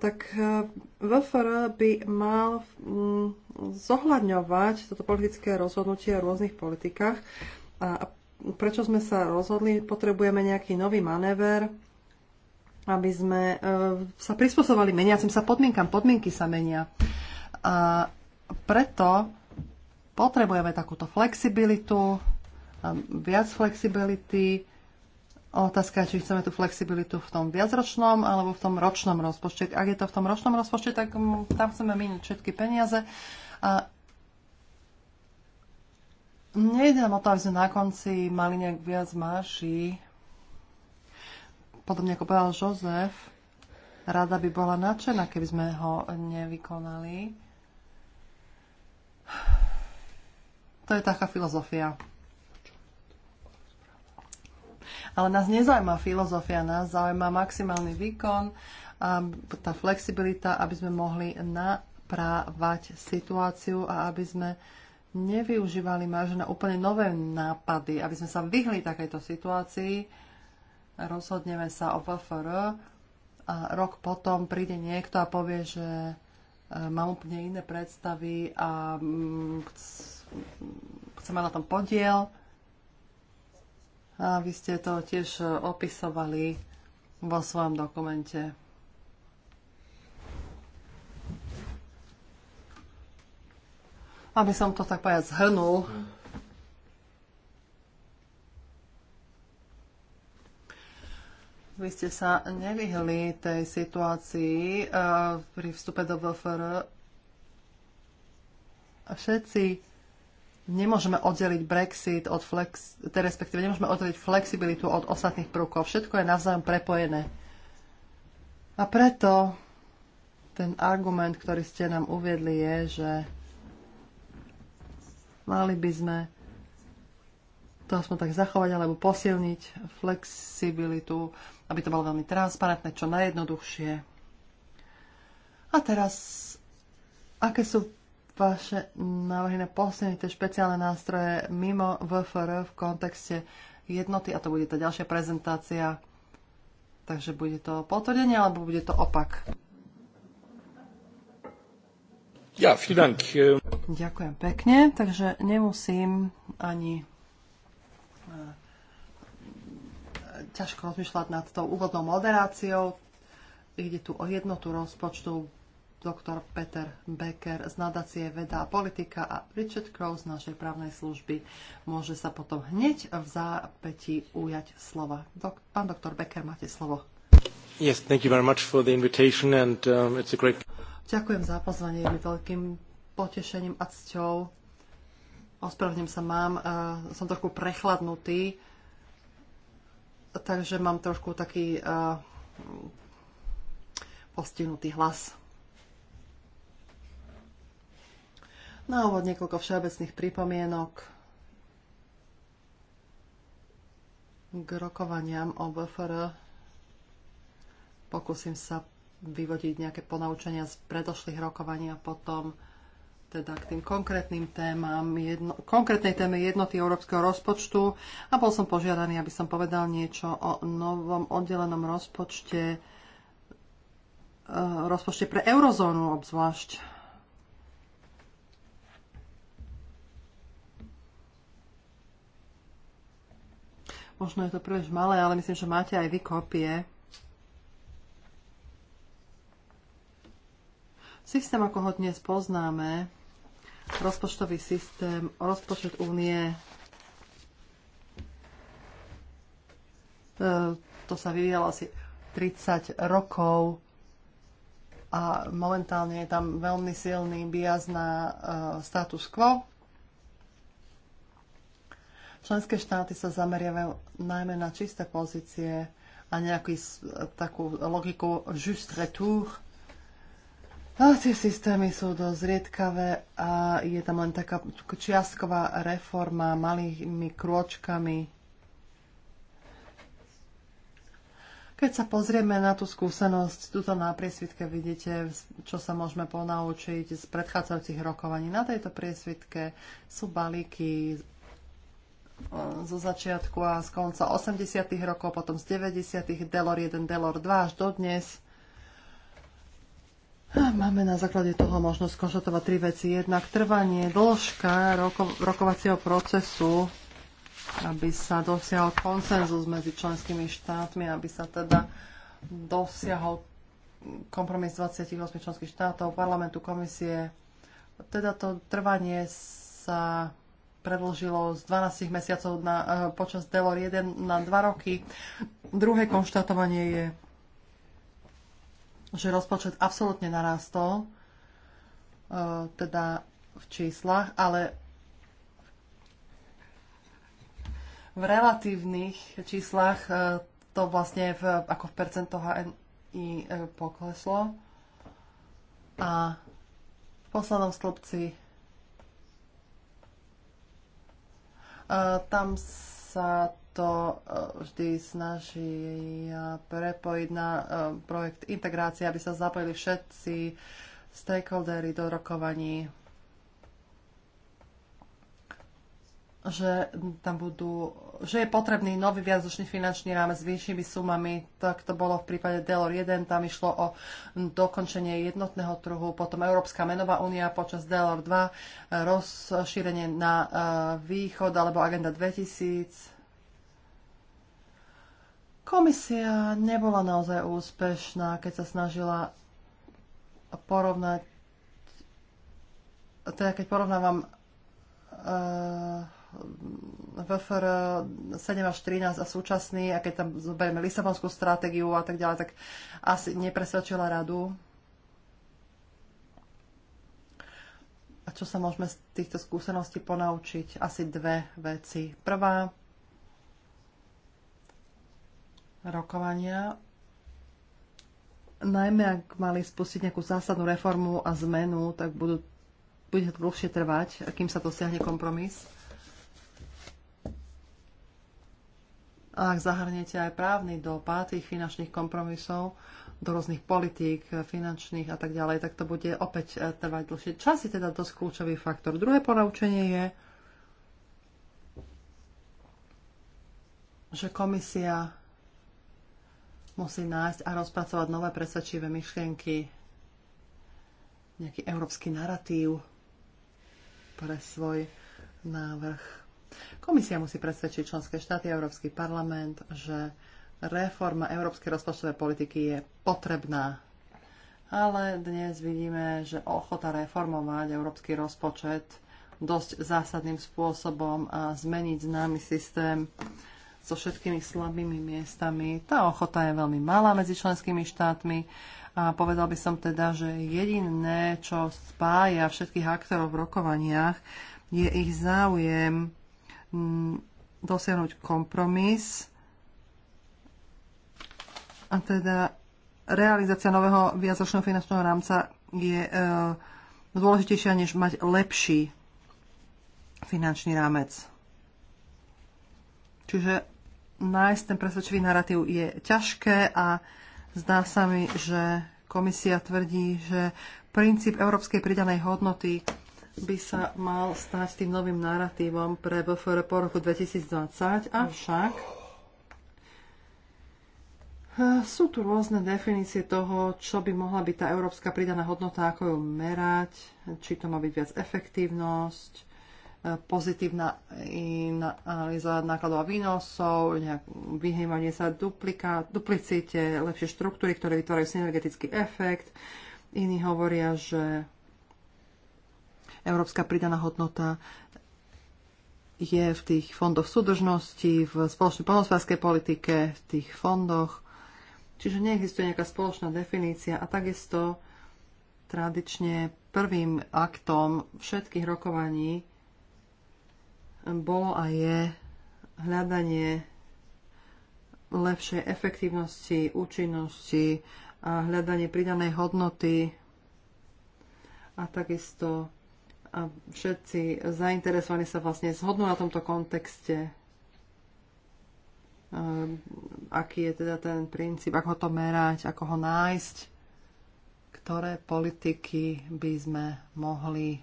tak e, VFR er by mal mm, zohľadňovať toto politické rozhodnutie o rôznych politikách. A prečo sme sa rozhodli? Potrebujeme nejaký nový manéver, aby sme e, sa prispôsobovali meniacim sa podmienkam. Podmienky sa menia. A preto potrebujeme takúto flexibilitu, viac flexibility. Otázka je, či chceme tú flexibilitu v tom viacročnom alebo v tom ročnom rozpočte. Ak je to v tom ročnom rozpočte, tak tam chceme míniť všetky peniaze. A nejde nám o to, aby sme na konci mali nejak viac máši. Podobne ako povedal Jozef, rada by bola nadšená, keby sme ho nevykonali. To je taká filozofia ale nás nezaujíma filozofia, nás zaujíma maximálny výkon, a tá flexibilita, aby sme mohli naprávať situáciu a aby sme nevyužívali máže na úplne nové nápady, aby sme sa vyhli takejto situácii. Rozhodneme sa o VFR a rok potom príde niekto a povie, že e, mám úplne iné predstavy a mm, chcem mať na tom podiel. A vy ste to tiež e, opisovali vo svojom dokumente. Aby som to tak povedať zhrnul, Vy ste sa nevyhli tej situácii uh, pri vstupe do VFR. Všetci nemôžeme oddeliť Brexit od flex, respektíve nemôžeme oddeliť flexibilitu od ostatných prvkov. Všetko je navzájom prepojené. A preto ten argument, ktorý ste nám uviedli, je, že mali by sme to aspoň tak zachovať alebo posilniť flexibilitu, aby to bolo veľmi transparentné, čo najjednoduchšie. A teraz, aké sú vaše návrhy na posilnenie tie špeciálne nástroje mimo VFR v kontexte jednoty a to bude tá ďalšia prezentácia. Takže bude to potvrdenie alebo bude to opak? Ja, vielen Ďakujem pekne, takže nemusím ani eh, ťažko rozmýšľať nad tou úvodnou moderáciou. Ide tu o jednotu rozpočtu doktor Peter Becker z nadácie Veda a politika a Richard Crow z našej právnej služby môže sa potom hneď v zápäti ujať slova. Dok- pán doktor Becker, máte slovo. Yes, thank you very much for the invitation and um, it's a great... Ďakujem za pozvanie, je mi veľkým potešením a cťou. Ospravedlňujem sa, mám, uh, som trošku prechladnutý, takže mám trošku taký uh, postihnutý hlas. Na úvod niekoľko všeobecných pripomienok k rokovaniam o VFR. Pokúsim sa vyvodiť nejaké ponaučenia z predošlých rokovania a potom teda k tým konkrétnym témam, jedno, konkrétnej téme jednoty európskeho rozpočtu a bol som požiadaný, aby som povedal niečo o novom oddelenom rozpočte, eh, rozpočte pre eurozónu obzvlášť. Možno je to príliš malé, ale myslím, že máte aj vy kopie. Systém, ako ho dnes poznáme, rozpočtový systém, rozpočet únie, e, to sa vyvíjalo asi 30 rokov a momentálne je tam veľmi silný bias na e, status quo. Členské štáty sa zameriavajú najmä na čisté pozície a nejakú takú logiku just retour. A tie systémy sú dosť riedkavé a je tam len taká čiastková reforma malými krôčkami. Keď sa pozrieme na tú skúsenosť, tuto na priesvitke vidíte, čo sa môžeme ponaučiť z predchádzajúcich rokovaní. Na tejto priesvitke sú balíky Eh, zo začiatku a z konca 80. rokov, potom z 90. Delor 1, Delor 2 až do dnes. Máme na základe toho možnosť skonštatovať tri veci. Jednak trvanie, dĺžka roko, rokovacieho procesu, aby sa dosiahol konsenzus medzi členskými štátmi, aby sa teda dosiahol kompromis 28 členských štátov, parlamentu, komisie. Teda to trvanie sa predlžilo z 12 mesiacov na, eh, počas Delor 1 na 2 roky. Druhé konštatovanie je, že rozpočet absolútne narastol, eh, teda v číslach, ale v relatívnych číslach eh, to vlastne v, ako v percentoch HNI pokleslo. A v poslednom stĺpci Tam sa to e, vždy snaží e, prepojiť na e, projekt integrácie, aby sa zapojili všetci stakeholdery do rokovaní že tam budú, že je potrebný nový viacročný finančný rámec s vyššími sumami, tak to bolo v prípade Delor 1, tam išlo o dokončenie jednotného trhu, potom Európska menová únia počas Delor 2, rozšírenie na eh, východ alebo agenda 2000. Komisia nebola naozaj úspešná, keď sa snažila porovnať, teda keď porovnávam uh, VFR 7 až 13 a súčasný, a keď tam zoberieme Lisabonskú stratégiu a tak ďalej, tak asi nepresvedčila radu. A čo sa môžeme z týchto skúseností ponaučiť? Asi dve veci. Prvá, rokovania, najmä ak mali spustiť nejakú zásadnú reformu a zmenu, tak budú, bude dlhšie trvať, kým sa dosiahne kompromis. ak zahrniete aj právny dopad tých finančných kompromisov do rôznych politík, finančných a tak ďalej, tak to bude opäť eh, trvať dlhšie. Čas je teda dosť kľúčový faktor. Druhé poraučenie je, že komisia musí nájsť a rozpracovať nové presvedčivé myšlienky, nejaký európsky narratív pre svoj návrh Komisia musí presvedčiť členské štáty a Európsky parlament, že reforma európskej rozpočtovej politiky je potrebná. Ale dnes vidíme, že ochota reformovať európsky rozpočet dosť zásadným spôsobom a zmeniť známy systém so všetkými slabými miestami. Tá ochota je veľmi malá medzi členskými štátmi a povedal by som teda, že jediné, čo spája všetkých aktorov v rokovaniach, je ich záujem dosiahnuť kompromis a teda realizácia nového viacročného finančného rámca je e, dôležitejšia, než mať lepší finančný rámec. Čiže nájsť ten presvedčivý narratív je ťažké a zdá sa mi, že komisia tvrdí, že princíp európskej pridanej hodnoty by sa mal stať tým novým narratívom pre BFR po roku 2020, avšak eh, sú tu rôzne definície toho, čo by mohla byť tá európska pridaná hodnota, ako ju merať, či to má byť viac efektívnosť, eh, pozitívna analýza nákladov a výnosov, vyhýmanie sa duplika, duplicite, lepšie štruktúry, ktoré vytvárajú synergetický efekt. Iní hovoria, že Európska pridaná hodnota je v tých fondoch súdržnosti, v spoločnej polnospodárskej politike, v tých fondoch. Čiže neexistuje nejaká spoločná definícia a takisto tradične prvým aktom všetkých rokovaní bolo a je hľadanie lepšej efektívnosti, účinnosti a hľadanie pridanej hodnoty a takisto a všetci zainteresovaní sa vlastne zhodnú na tomto kontexte, aký je teda ten princíp, ako to merať, ako ho nájsť, ktoré politiky by sme mohli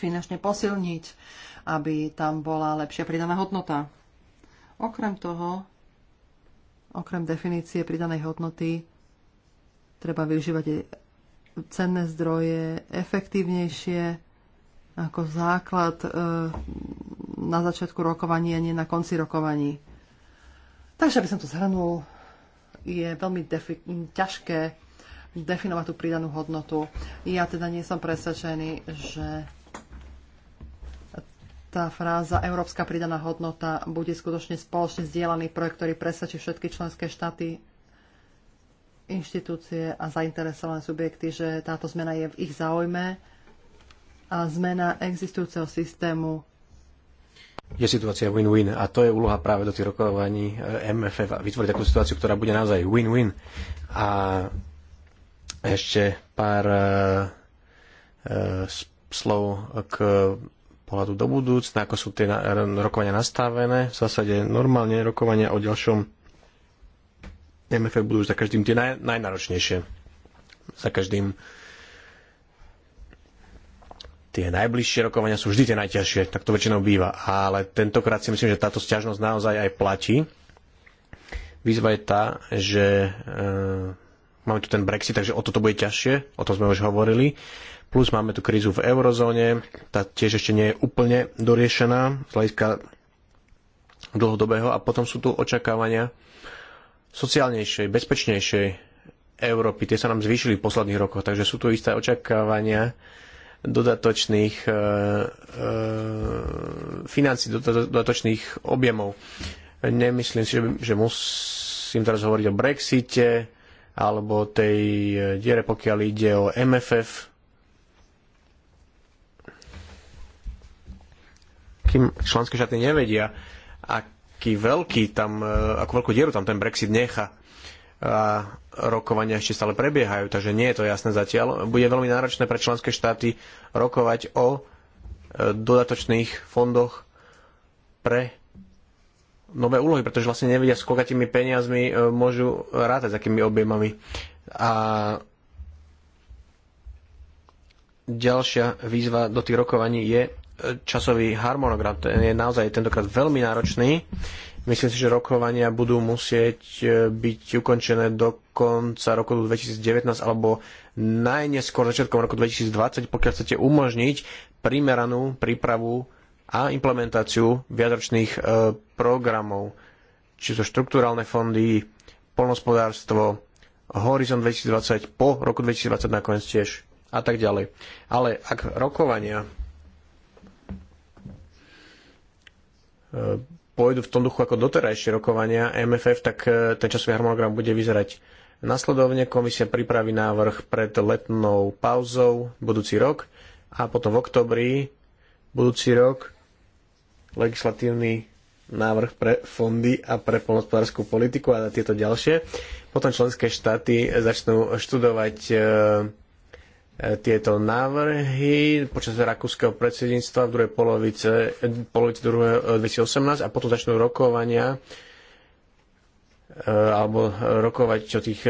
finančne posilniť, aby tam bola lepšia pridaná hodnota. Okrem toho, okrem definície pridanej hodnoty, treba využívať cenné zdroje efektívnejšie ako základ e, na začiatku rokovaní a nie na konci rokovaní. Takže, aby som to zhrnul, je veľmi ťažké definovať tú pridanú hodnotu. Ja teda nie som presvedčený, že tá fráza Európska pridaná hodnota bude skutočne spoločne zdieľaný projekt, ktorý presvedčí všetky členské štáty inštitúcie a zainteresované subjekty, že táto zmena je v ich záujme a zmena existujúceho systému je situácia win-win a to je úloha práve do tých rokovaní eh, MFF a vytvoriť takú situáciu, ktorá bude naozaj win-win. A ešte pár uh, slov k pohľadu do budúcna, ako sú tie rokovania nastavené. V zásade normálne rokovania o ďalšom MFF budú za každým tie naj, najnáročnejšie. Za každým tie najbližšie rokovania sú vždy tie najťažšie, tak to väčšinou býva. Ale tentokrát si myslím, že táto sťažnosť naozaj aj platí. Výzva je tá, že e, máme tu ten Brexit, takže o toto bude ťažšie, o tom sme už hovorili. Plus máme tu krízu v eurozóne, tá tiež ešte nie je úplne doriešená z hľadiska dlhodobého a potom sú tu očakávania sociálnejšej, bezpečnejšej Európy. Tie sa nám zvýšili v posledných rokoch, takže sú tu isté očakávania dodatočných e, e, financí, dodatočných objemov. Nemyslím si, že, že musím teraz hovoriť o Brexite alebo o tej e, diere, pokiaľ ide o MFF. Kým členské štáty nevedia, ak aký veľký tam, e, akú veľkú dieru tam ten Brexit nechá. A rokovania ešte stále prebiehajú, takže nie je to jasné zatiaľ. Bude veľmi náročné pre členské štáty rokovať o e, dodatočných fondoch pre nové úlohy, pretože vlastne nevedia, s tými peniazmi e, môžu rátať, s akými objemami. A ďalšia výzva do tých rokovaní je časový harmonogram ten je naozaj tentokrát veľmi náročný. Myslím si, že rokovania budú musieť e, byť ukončené do konca roku 2019 alebo najneskôr začiatkom roku 2020, pokiaľ chcete umožniť primeranú prípravu a implementáciu viacročných e, programov, či sú štruktúralne fondy, polnospodárstvo, Horizon 2020 po roku 2020 nakoniec tiež a tak ďalej. Ale ak rokovania E, pôjdu v tom duchu ako doterajšie rokovania MFF, tak e, ten časový harmonogram bude vyzerať Nasledovne komisia pripraví návrh pred letnou pauzou budúci rok a potom v oktobri budúci rok legislatívny návrh pre fondy a pre polnospodárskú politiku a tieto ďalšie. Potom členské štáty začnú študovať e, E, tieto návrhy počas rakúskeho predsedníctva v druhej polovice, e, polovici 2018 e, a potom začnú rokovania alebo rokovať o tých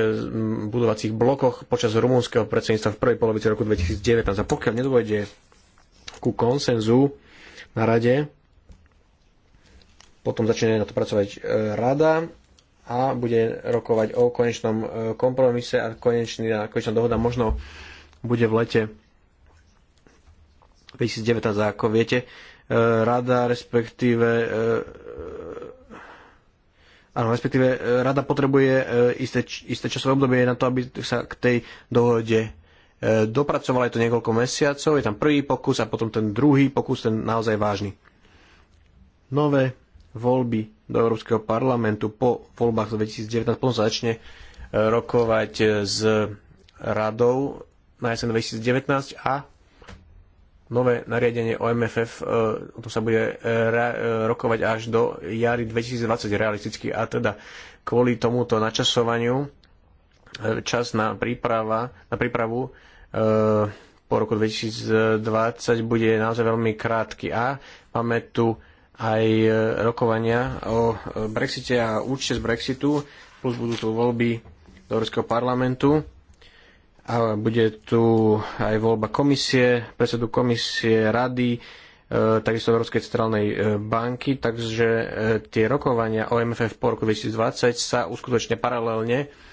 budovacích blokoch počas rumúnskeho predsedníctva v prvej polovici roku 2019. A pokiaľ nedôjde ku konsenzu na rade, potom začne na to pracovať rada a bude rokovať o konečnom kompromise a konečná, konečná dohoda možno bude v lete 2019, ako viete. E, rada, respektíve e, e, Áno, respektíve rada potrebuje isté, isté časové obdobie na to, aby sa k tej dohode dopracovala je to niekoľko mesiacov. Je tam prvý pokus a potom ten druhý pokus, ten naozaj vážny. Nové voľby do Európskeho parlamentu po voľbách 2019, potom sa začne rokovať s radou na jeseň 2019 a nové nariadenie o MFF, e, o tom sa bude e, e, rokovať až do jary 2020 realisticky a teda kvôli tomuto načasovaniu čas na, príprava, na prípravu po roku 2020 bude naozaj veľmi krátky a máme tu aj rokovania o Brexite a účte z Brexitu plus budú tu voľby do Európskeho parlamentu a bude tu aj voľba komisie, predsedu komisie, rady, e, takisto Európskej centrálnej e, banky, takže e, tie rokovania o MFF po roku 2020 sa uskutočne paralelne,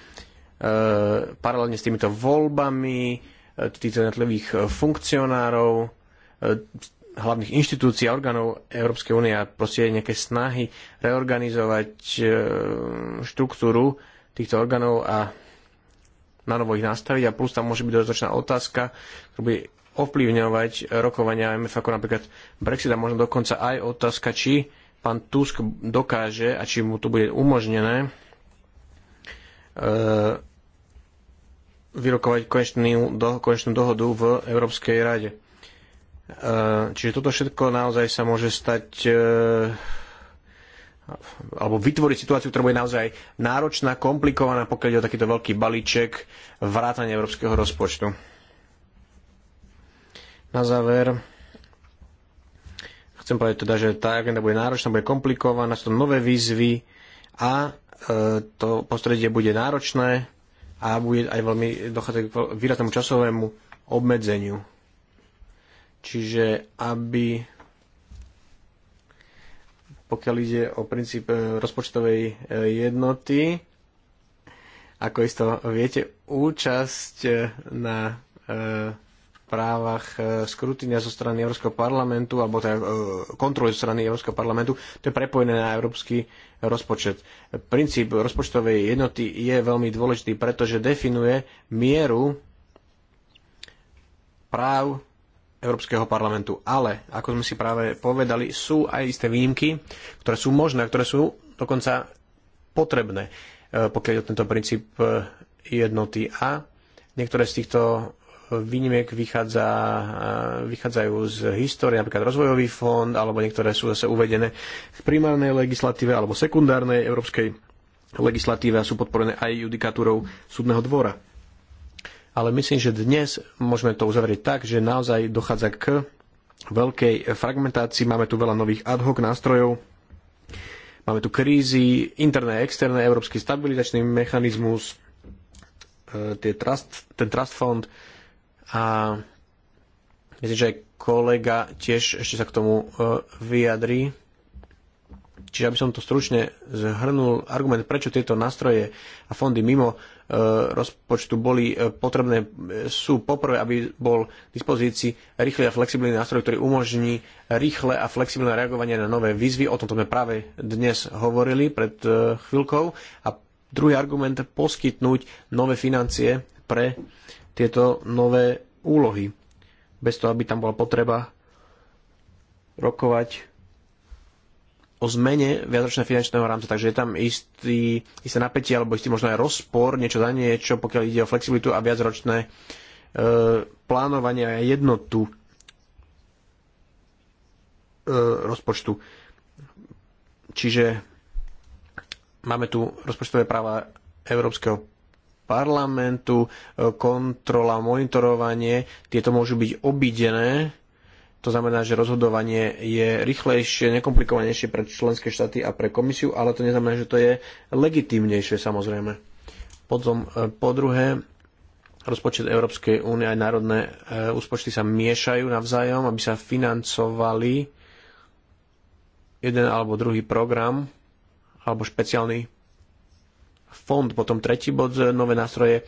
paralelne s týmito voľbami týchto jednotlivých funkcionárov, hlavných inštitúcií a orgánov Európskej únie a proste nejaké snahy reorganizovať štruktúru týchto orgánov a na novo ich nastaviť a plus tam môže byť dodatočná otázka, ktorá bude ovplyvňovať rokovania MF ako napríklad Brexit a možno dokonca aj otázka, či pán Tusk dokáže a či mu to bude umožnené e, vyrokovať konečnú, do, konečnú dohodu v Európskej rade. E, čiže toto všetko naozaj sa môže stať e, alebo vytvoriť situáciu, ktorá bude naozaj náročná, komplikovaná, pokiaľ ide o takýto veľký balíček vrátania európskeho rozpočtu. Na záver chcem povedať teda, že tá agenda bude náročná, bude komplikovaná, sú to nové výzvy a e, to prostredie bude náročné a bude aj veľmi dochádzať k výraznému časovému obmedzeniu. Čiže aby pokiaľ ide o princíp e, rozpočtovej e, jednoty. Ako isto viete, účasť e, na právach skrutínia zo strany Európskeho parlamentu, alebo teda kontroly zo strany Európskeho parlamentu, to je prepojené na európsky rozpočet. Princíp rozpočtovej jednoty je veľmi dôležitý, pretože definuje mieru práv Európskeho parlamentu. Ale, ako sme si práve povedali, sú aj isté výnimky, ktoré sú možné, ktoré sú dokonca potrebné, e, pokiaľ je tento princíp e, jednoty. A niektoré z týchto výnimiek vychádza, e, vychádzajú z histórie, napríklad rozvojový fond, alebo niektoré sú zase uvedené v primárnej legislatíve alebo sekundárnej európskej legislatíve a sú podporené aj judikatúrou súdneho dvora ale myslím, že dnes môžeme to uzavrieť tak, že naozaj dochádza k veľkej fragmentácii, máme tu veľa nových ad hoc nástrojov, máme tu krízy, interné a externé, európsky stabilizačný mechanizmus, e, tie trust, ten trust fond a myslím, že aj kolega tiež ešte sa k tomu e, vyjadrí. Čiže aby som to stručne zhrnul, argument, prečo tieto nástroje a fondy mimo rozpočtu boli e, potrebné, e, sú poprvé, aby bol k dispozícii rýchly a flexibilný nástroj, ktorý umožní rýchle a flexibilné reagovanie na nové výzvy. O tomto sme práve dnes hovorili pred e, chvíľkou. A druhý argument, poskytnúť nové financie pre tieto nové úlohy. Bez toho, aby tam bola potreba rokovať o zmene viacročného finančného rámca, takže je tam istý, isté napätie alebo istý možno aj rozpor, niečo za niečo, pokiaľ ide o flexibilitu a viacročné e, plánovanie a jednotu e, rozpočtu. Čiže máme tu rozpočtové práva Európskeho parlamentu, e, kontrola, monitorovanie, tieto môžu byť obidené to znamená, že rozhodovanie je rýchlejšie, nekomplikovanejšie pre členské štáty a pre komisiu, ale to neznamená, že to je legitímnejšie samozrejme. Potom e, po druhé, rozpočet Európskej únie aj národné e, úspočty sa miešajú navzájom, aby sa financovali jeden alebo druhý program alebo špeciálny fond. Potom tretí bod, nové nástroje e,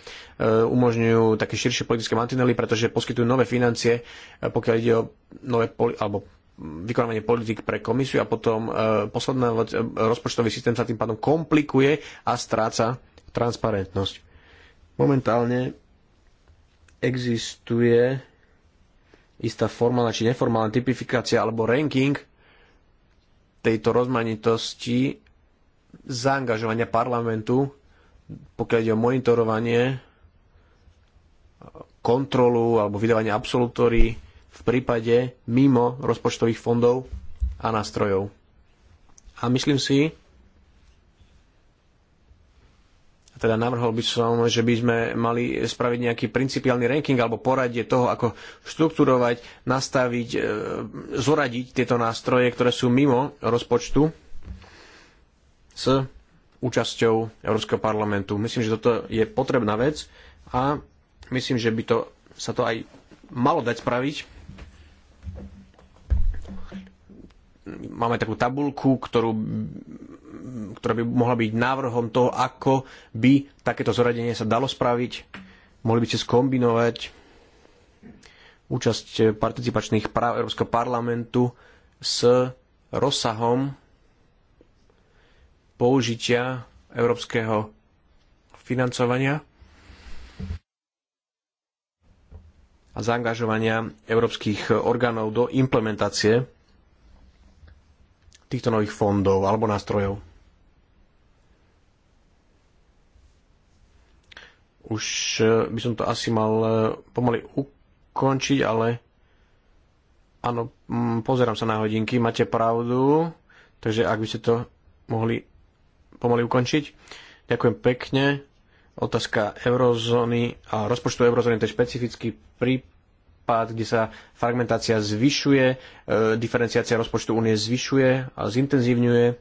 umožňujú také širšie politické mantinely, pretože poskytujú nové financie, e, pokiaľ ide o nové poli- alebo vykonávanie politik pre komisiu a potom posledný posledná e, rozpočtový systém sa tým pádom komplikuje a stráca transparentnosť. Momentálne existuje istá formálna či neformálna typifikácia alebo ranking tejto rozmanitosti zaangažovania parlamentu, pokiaľ ide o monitorovanie, kontrolu alebo vydávanie absolutórií v prípade mimo rozpočtových fondov a nástrojov. A myslím si, teda navrhol by som, že by sme mali spraviť nejaký principiálny ranking alebo poradie toho, ako štrukturovať, nastaviť, e, zoradiť tieto nástroje, ktoré sú mimo rozpočtu s účasťou Európskeho parlamentu. Myslím, že toto je potrebná vec a myslím, že by to, sa to aj malo dať spraviť. Máme takú tabulku, ktorú, ktorá by mohla byť návrhom toho, ako by takéto zoradenie sa dalo spraviť. Mohli by ste skombinovať účasť participačných práv Európskeho parlamentu s rozsahom použitia európskeho financovania a zaangažovania európskych orgánov do implementácie týchto nových fondov alebo nástrojov. Už eh, by som to asi mal eh, pomaly ukončiť, ale áno, mm, pozerám sa na hodinky, máte pravdu, takže ak by ste to mohli pomaly ukončiť. Ďakujem pekne. Otázka eurozóny a rozpočtu eurozóny to je špecifický prípad, kde sa fragmentácia zvyšuje, e, diferenciácia rozpočtu únie zvyšuje a zintenzívňuje. E,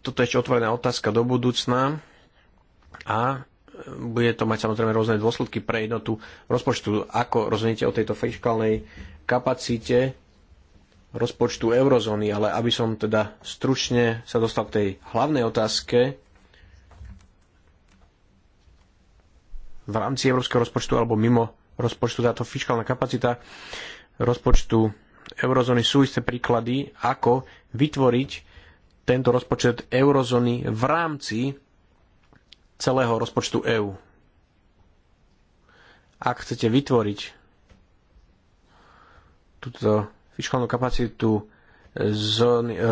toto je ešte otvorená otázka do budúcna a e, bude to mať samozrejme rôzne dôsledky pre jednotu rozpočtu. Ako rozhodnete o tejto fiskálnej kapacite rozpočtu eurozóny, ale aby som teda stručne sa dostal k tej hlavnej otázke, v rámci európskeho rozpočtu alebo mimo rozpočtu táto fiskálna kapacita rozpočtu eurozóny sú isté príklady, ako vytvoriť tento rozpočet eurozóny v rámci celého rozpočtu EÚ. Ak chcete vytvoriť túto fiskálnu kapacitu zóny, e,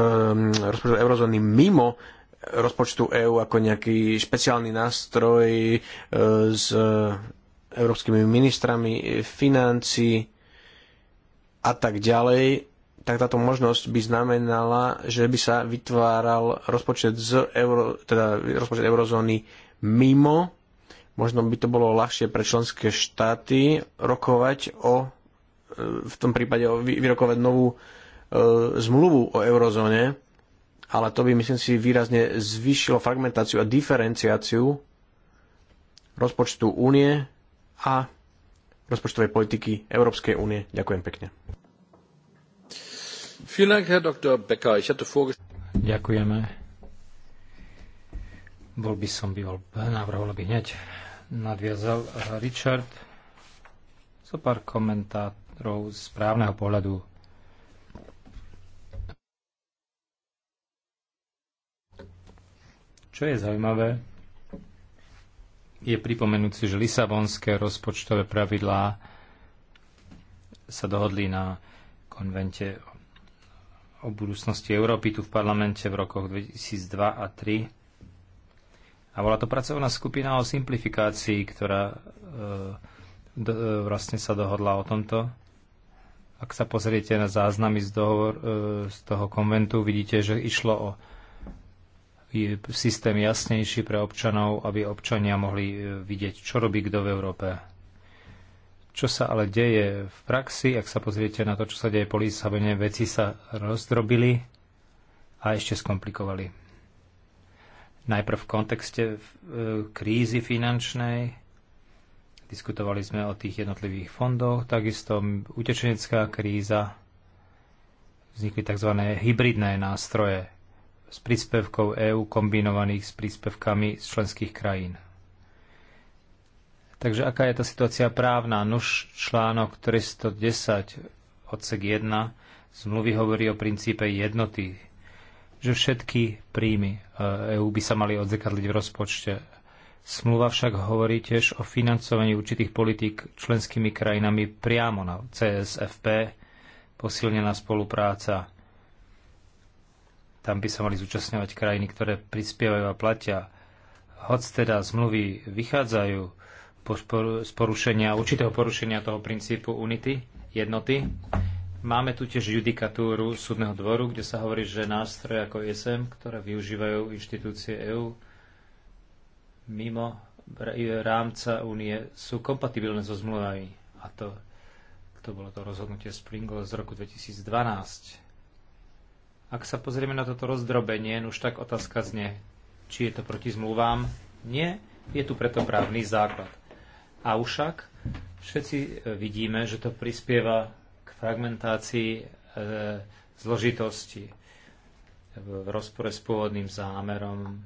rozpočtu eurozóny mimo rozpočtu EÚ ako nejaký špeciálny nástroj e, s európskymi ministrami financí a tak ďalej, tak táto možnosť by znamenala, že by sa vytváral rozpočet, z euro, teda rozpočet eurozóny mimo. Možno by to bolo ľahšie pre členské štáty rokovať o E, v tom prípade vyrokovať novú e, zmluvu o eurozóne, ale to by, myslím si, výrazne zvýšilo fragmentáciu a diferenciáciu rozpočtu únie a rozpočtovej politiky Európskej únie. Ďakujem pekne. Ďakujeme. Bol by som býval, návrhol, aby hneď nadviazal Richard. So pár komentát, ktorou z právneho pohľadu. Čo je zaujímavé, je pripomenúť si, že lisabonské rozpočtové pravidlá sa dohodli na konvente o budúcnosti Európy tu v parlamente v rokoch 2002 a 2003. A bola to pracovná skupina o simplifikácii, ktorá e, do, e, vlastne sa dohodla o tomto. Ak sa pozriete na záznamy z, dohovor, e, z toho konventu, vidíte, že išlo o systém jasnejší pre občanov, aby občania mohli e, vidieť, čo robí kto v Európe. Čo sa ale deje v praxi, ak sa pozriete na to, čo sa deje po Lisabone, veci sa rozdrobili a ešte skomplikovali. Najprv v kontexte e, krízy finančnej, Diskutovali sme o tých jednotlivých fondoch, takisto utečenecká kríza, vznikli tzv. hybridné nástroje s príspevkou EÚ kombinovaných s príspevkami z členských krajín. Takže aká je tá situácia právna? Nuž článok 310 odsek 1 zmluvy hovorí o princípe jednoty, že všetky príjmy EÚ e by sa mali odzekadliť v rozpočte Smluva však hovorí tiež o financovaní určitých politík členskými krajinami priamo na CSFP, posilnená spolupráca. Tam by sa mali zúčastňovať krajiny, ktoré prispievajú a platia. hoď teda zmluvy vychádzajú z porušenia, určitého porušenia toho princípu unity, jednoty. Máme tu tiež judikatúru súdneho dvoru, kde sa hovorí, že nástroje ako ISM, ktoré využívajú inštitúcie EÚ, mimo rámca únie sú kompatibilné so zmluvami. A to, to bolo to rozhodnutie Springle z roku 2012. Ak sa pozrieme na toto rozdrobenie, no už tak otázka znie, či je to proti zmluvám. Nie, je tu preto právny základ. A ušak všetci e, vidíme, že to prispieva k fragmentácii e, zložitosti v rozpore s pôvodným zámerom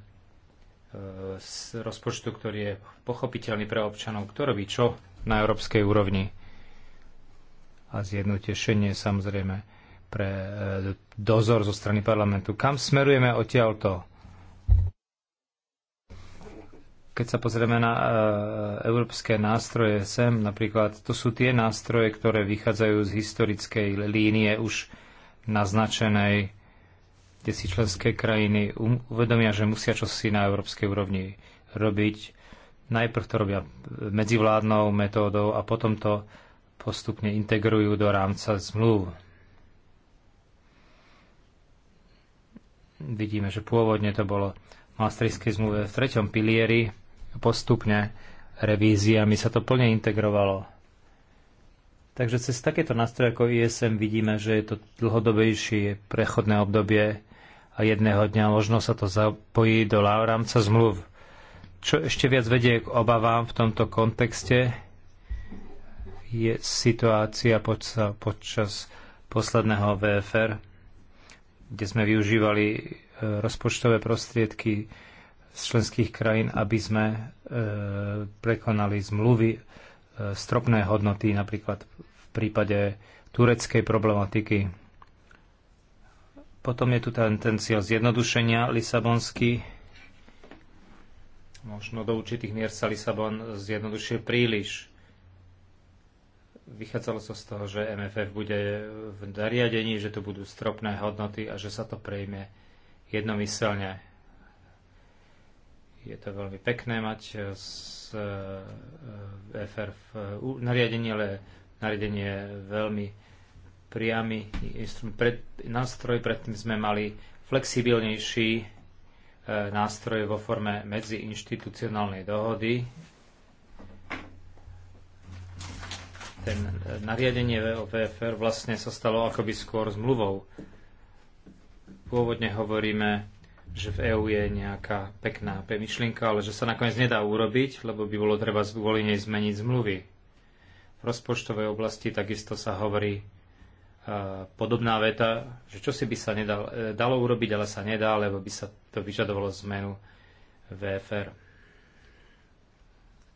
E, z rozpočtu, ktorý je pochopiteľný pre občanov, kto robí čo na európskej úrovni. A zjednotešenie samozrejme pre e, dozor zo strany parlamentu. Kam smerujeme odtiaľto? Keď sa pozrieme na e, európske nástroje sem, napríklad, to sú tie nástroje, ktoré vychádzajú z historickej línie už naznačenej kde si členské krajiny um-, uvedomia, že musia čosi na európskej úrovni robiť. Najprv to robia medzivládnou metódou a potom to postupne integrujú do rámca zmluv. Vidíme, že pôvodne to bolo v Maastrichtskej zmluve v treťom pilieri, postupne revíziami sa to plne integrovalo. Takže cez takéto nástroje ako ISM vidíme, že je to dlhodobejšie prechodné obdobie, a jedného dňa možno sa to zapojí do rámca zmluv. Čo ešte viac vedie k obavám v tomto kontexte, je situácia počas, počas posledného VFR, kde sme využívali e, rozpočtové prostriedky z členských krajín, aby sme e, prekonali zmluvy e, stropné hodnoty, napríklad v prípade tureckej problematiky. Potom je tu ten, ten cieľ zjednodušenia Lisabonsky. Možno do určitých mier sa Lisabon zjednodušuje príliš. Vychádzalo sa z toho, že MFF bude v nariadení, že tu budú stropné hodnoty a že sa to prejme jednomyselne. Je to veľmi pekné mať z eh, eh, FR v eh, nariadení, ale nariadenie je veľmi priamy pred, nástroj, predtým sme mali flexibilnejší e, nástroj vo forme medziinštitucionálnej dohody. Ten e, nariadenie VOPFR vlastne sa stalo akoby skôr zmluvou. Pôvodne hovoríme, že v EÚ je nejaká pekná myšlienka, ale že sa nakoniec nedá urobiť, lebo by bolo treba kvôli nej zmeniť zmluvy. V rozpočtovej oblasti takisto sa hovorí, podobná veta, že čo si by sa nedal, e, dalo urobiť, ale sa nedá, lebo by sa to vyžadovalo zmenu VFR.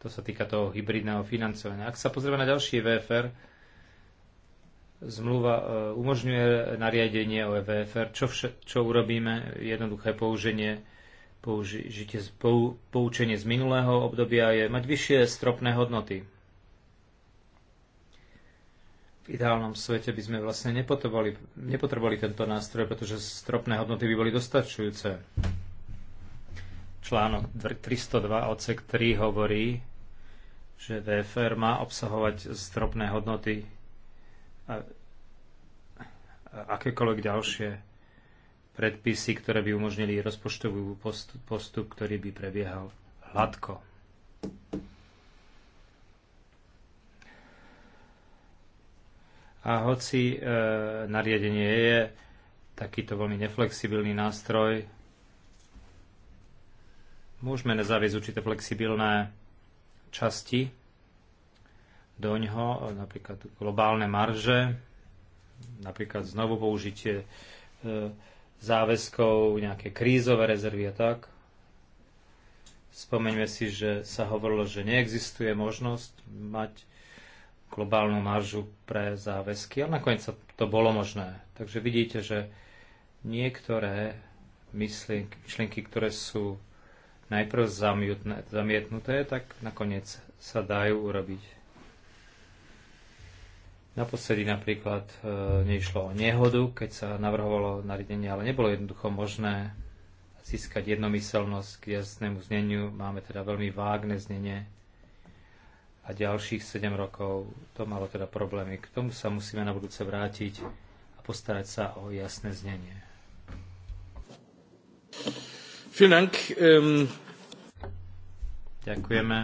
To sa týka toho hybridného financovania. Ak sa pozrieme na ďalší VFR, zmluva e, umožňuje nariadenie o VFR. Čo, vš- čo urobíme? Jednoduché použenie, z- pou, poučenie z minulého obdobia je mať vyššie stropné hodnoty v ideálnom svete by sme vlastne nepotrebovali, nepotrebovali tento nástroj, pretože stropné hodnoty by boli dostačujúce. Článok 302 odsek 3 hovorí, že VFR má obsahovať stropné hodnoty a akékoľvek ďalšie predpisy, ktoré by umožnili rozpočtový postup, postup ktorý by prebiehal hladko. A hoci e, nariadenie je takýto veľmi neflexibilný nástroj, môžeme nezaviesť určité flexibilné časti do ňoho, napríklad globálne marže, napríklad znovu použitie e, záväzkov, nejaké krízové rezervy a tak. Spomeňme si, že sa hovorilo, že neexistuje možnosť mať globálnu maržu pre záväzky, ale nakoniec sa to bolo možné. Takže vidíte, že niektoré myšlienky, ktoré sú najprv zamietnuté, tak nakoniec sa dajú urobiť. Naposledy napríklad e, neišlo o nehodu, keď sa navrhovalo nariadenie, ale nebolo jednoducho možné získať jednomyselnosť k jasnému zneniu. Máme teda veľmi vágne znenie a ďalších 7 rokov to malo teda problémy. K tomu sa musíme na budúce vrátiť a postarať sa o jasné znenie. Ähm, Ďakujeme.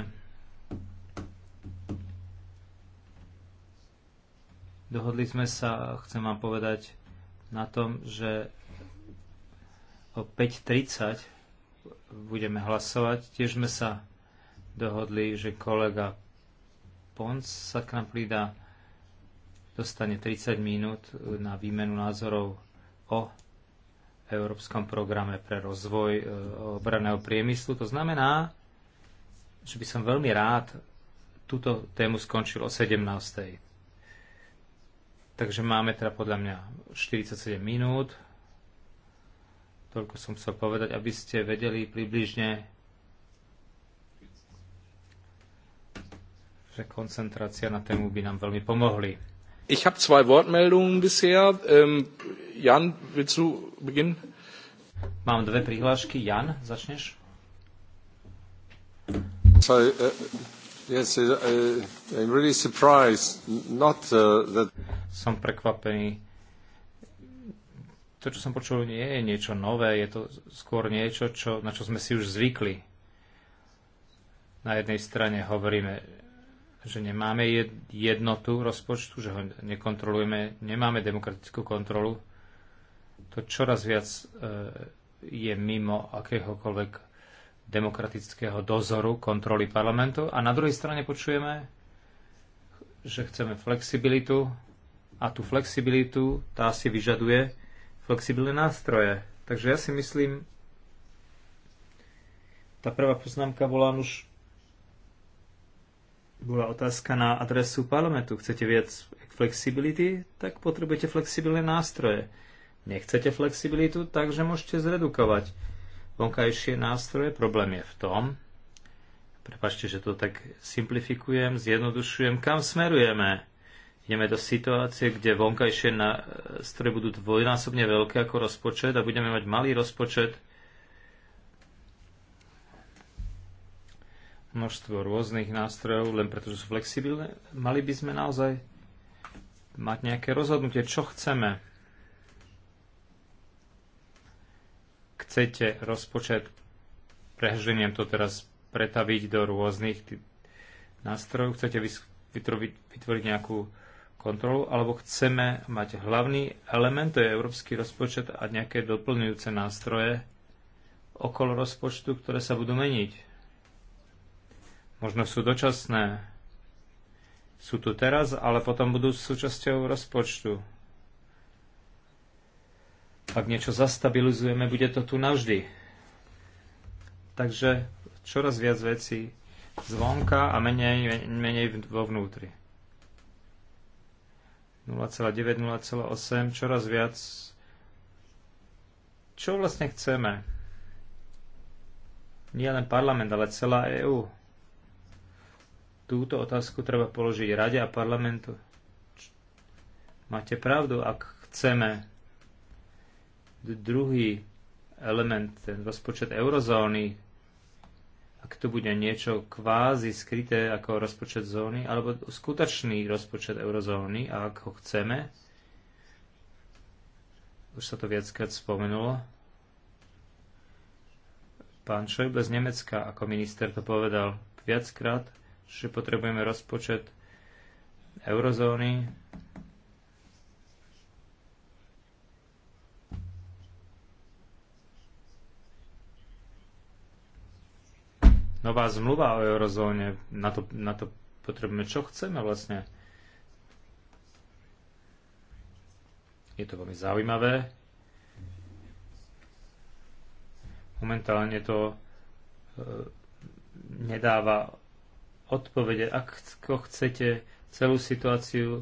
Dohodli sme sa, chcem vám povedať, na tom, že o 5.30 budeme hlasovať. Tiež sme sa dohodli, že kolega Pons sa k nám pridá, dostane 30 minút na výmenu názorov o Európskom programe pre rozvoj e, obraného priemyslu. To znamená, že by som veľmi rád túto tému skončil o 17. Takže máme teda podľa mňa 47 minút. Toľko som chcel povedať, aby ste vedeli približne, že koncentrácia na tému by nám veľmi pomohli. Ich habe zwei Wortmeldungen bisher. Ähm, Jan, willst du beginnen? Mám dve prihlášky. Jan, začneš? So, uh, yes, uh, uh, I'm really surprised. Not, uh, that... Som prekvapený. To, čo som počul, nie je niečo nové. Je to skôr niečo, čo, na čo sme si už zvykli. Na jednej strane hovoríme, že nemáme jednotu rozpočtu, že ho nekontrolujeme, nemáme demokratickú kontrolu. To čoraz viac e, je mimo akéhokoľvek demokratického dozoru, kontroly parlamentu. A na druhej strane počujeme, že chceme flexibilitu a tú flexibilitu tá si vyžaduje flexibilné nástroje. Takže ja si myslím, tá prvá poznámka bola no už bola otázka na adresu parlamentu. Chcete viac flexibility, tak potrebujete flexibilné nástroje. Nechcete flexibilitu, takže môžete zredukovať vonkajšie nástroje. Problém je v tom, prepačte, že to tak simplifikujem, zjednodušujem, kam smerujeme. Ideme do situácie, kde vonkajšie nástroje budú dvojnásobne veľké ako rozpočet a budeme mať malý rozpočet množstvo rôznych nástrojov, len preto, že sú flexibilné. Mali by sme naozaj mať nejaké rozhodnutie, čo chceme. Chcete rozpočet, prehrženiem to teraz pretaviť do rôznych nástrojov? Chcete vytvoriť nejakú kontrolu? Alebo chceme mať hlavný element, to je európsky rozpočet a nejaké doplňujúce nástroje okolo rozpočtu, ktoré sa budú meniť? Možno sú dočasné. Sú tu teraz, ale potom budú súčasťou rozpočtu. Ak niečo zastabilizujeme, bude to tu navždy. Takže čoraz viac vecí zvonka a menej, menej vo vnútri. 0,9, 0,8, čoraz viac. Čo vlastne chceme? Nie len parlament, ale celá EÚ. Túto otázku treba položiť Rade a parlamentu. Máte pravdu, ak chceme druhý element, ten rozpočet eurozóny, ak to bude niečo kvázi skryté ako rozpočet zóny, alebo skutočný rozpočet eurozóny, a ak ho chceme, už sa to viackrát spomenulo, pán Schäuble z Nemecka ako minister to povedal viackrát, že potrebujeme rozpočet eurozóny. Nová zmluva o eurozóne, na to, na to potrebujeme, čo chceme vlastne. Je to veľmi zaujímavé. Momentálne to e, nedáva odpovede, ak chcete celú situáciu e,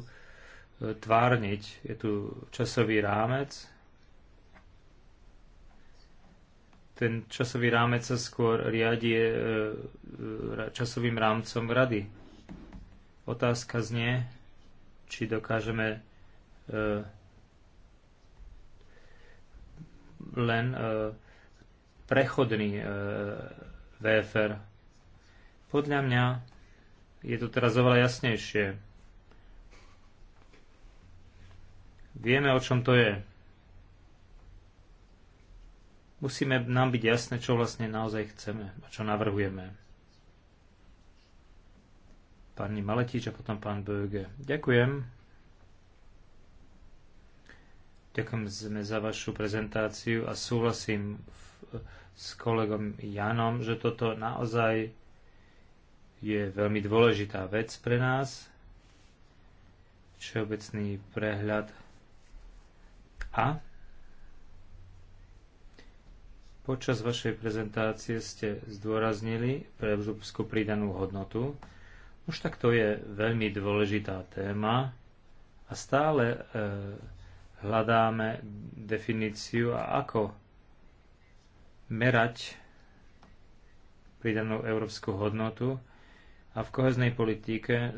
tvárniť. Je tu časový rámec. Ten časový rámec sa skôr riadi e, e, časovým rámcom rady. Otázka znie, či dokážeme len prechodný VFR. Podľa mňa je to teraz oveľa jasnejšie. Vieme, o čom to je. Musíme nám byť jasné, čo vlastne naozaj chceme a čo navrhujeme. Pani Maletič a potom pán Böge. Ďakujem. Ďakujem za vašu prezentáciu a súhlasím s kolegom Janom, že toto naozaj je veľmi dôležitá vec pre nás. Všeobecný prehľad a počas vašej prezentácie ste zdôraznili pre európsku pridanú hodnotu. Už tak to je veľmi dôležitá téma a stále e, hľadáme definíciu a ako merať pridanú európsku hodnotu a v koheznej politike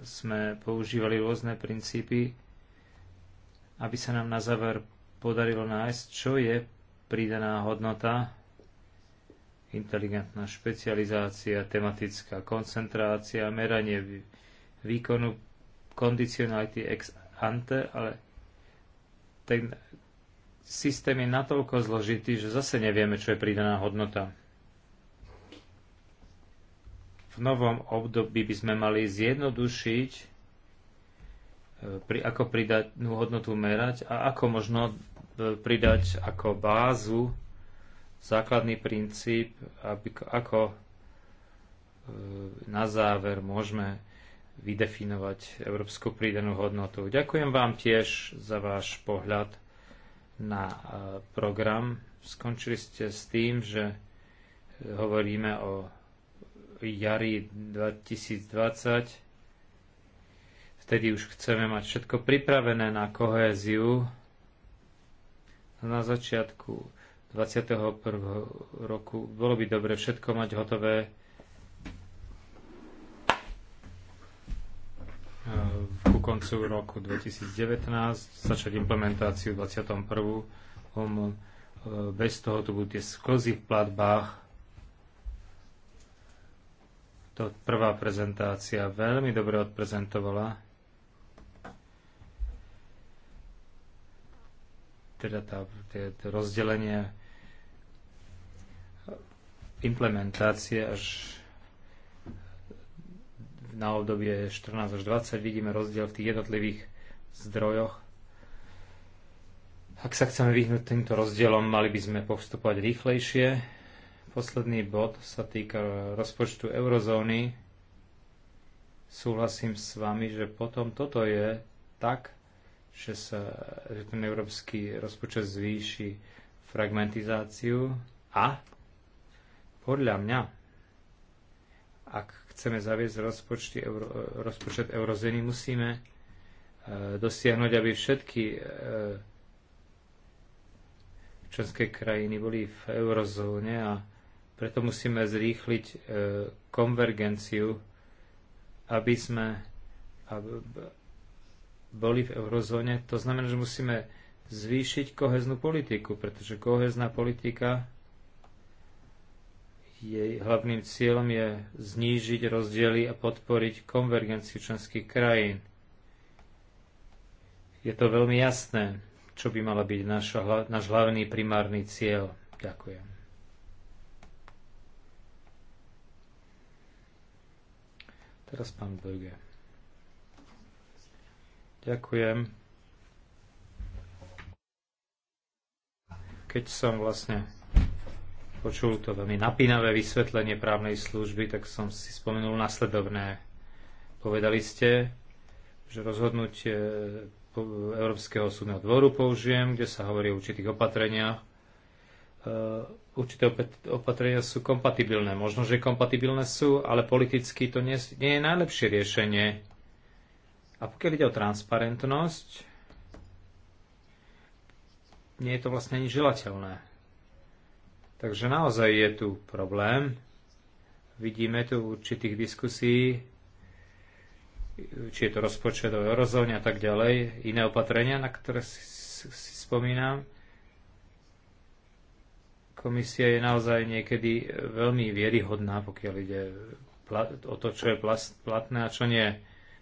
sme používali rôzne princípy, aby sa nám na záver podarilo nájsť, čo je pridaná hodnota, inteligentná špecializácia, tematická koncentrácia, meranie výkonu kondicionality ex ante, ale ten systém je natoľko zložitý, že zase nevieme, čo je pridaná hodnota novom období by sme mali zjednodušiť, e, pri, ako pridanú hodnotu merať a ako možno e, pridať ako bázu základný princíp, aby, ako e, na záver môžeme vydefinovať európsku prídenú hodnotu. Ďakujem vám tiež za váš pohľad na program. Skončili ste s tým, že hovoríme o jari 2020. Vtedy už chceme mať všetko pripravené na kohéziu. Na začiatku 21. roku bolo by dobre všetko mať hotové ku koncu roku 2019, začať implementáciu 21. E, bez toho tu budú tie sklzy v platbách, to prvá prezentácia veľmi dobre odprezentovala. Teda tá, to rozdelenie implementácie až na obdobie 14 až 20 vidíme rozdiel v tých jednotlivých zdrojoch. Ak sa chceme vyhnúť týmto rozdielom, mali by sme postupovať rýchlejšie, Posledný bod sa týka rozpočtu eurozóny. Súhlasím s vami, že potom toto je tak, že, sa, že ten európsky rozpočet zvýši fragmentizáciu a podľa mňa, ak chceme zaviesť rozpočty, euro, rozpočet eurozóny, musíme e, dosiahnuť, aby všetky e, členské krajiny boli v eurozóne a preto musíme zrýchliť e, konvergenciu, aby sme boli v eurozóne. To znamená, že musíme zvýšiť koheznú politiku, pretože kohezná politika, jej hlavným cieľom je znížiť rozdiely a podporiť konvergenciu členských krajín. Je to veľmi jasné, čo by mala byť náš hlavný primárny cieľ. Ďakujem. Teraz pán Böge. Ďakujem. Keď som vlastne počul to veľmi napínavé vysvetlenie právnej služby, tak som si spomenul nasledovné. Povedali ste, že rozhodnutie Európskeho súdneho dvoru použijem, kde sa hovorí o určitých opatreniach, E, určité opatrenia sú kompatibilné. Možno, že kompatibilné sú, ale politicky to nie, nie je najlepšie riešenie. A pokiaľ ide o transparentnosť, nie je to vlastne ani želateľné. Takže naozaj je tu problém. Vidíme tu určitých diskusí, či je to rozpočet o eurozóne a tak ďalej, iné opatrenia, na ktoré si, si spomínam Komisia je naozaj niekedy veľmi vieryhodná, pokiaľ ide o to, čo je platné a čo nie,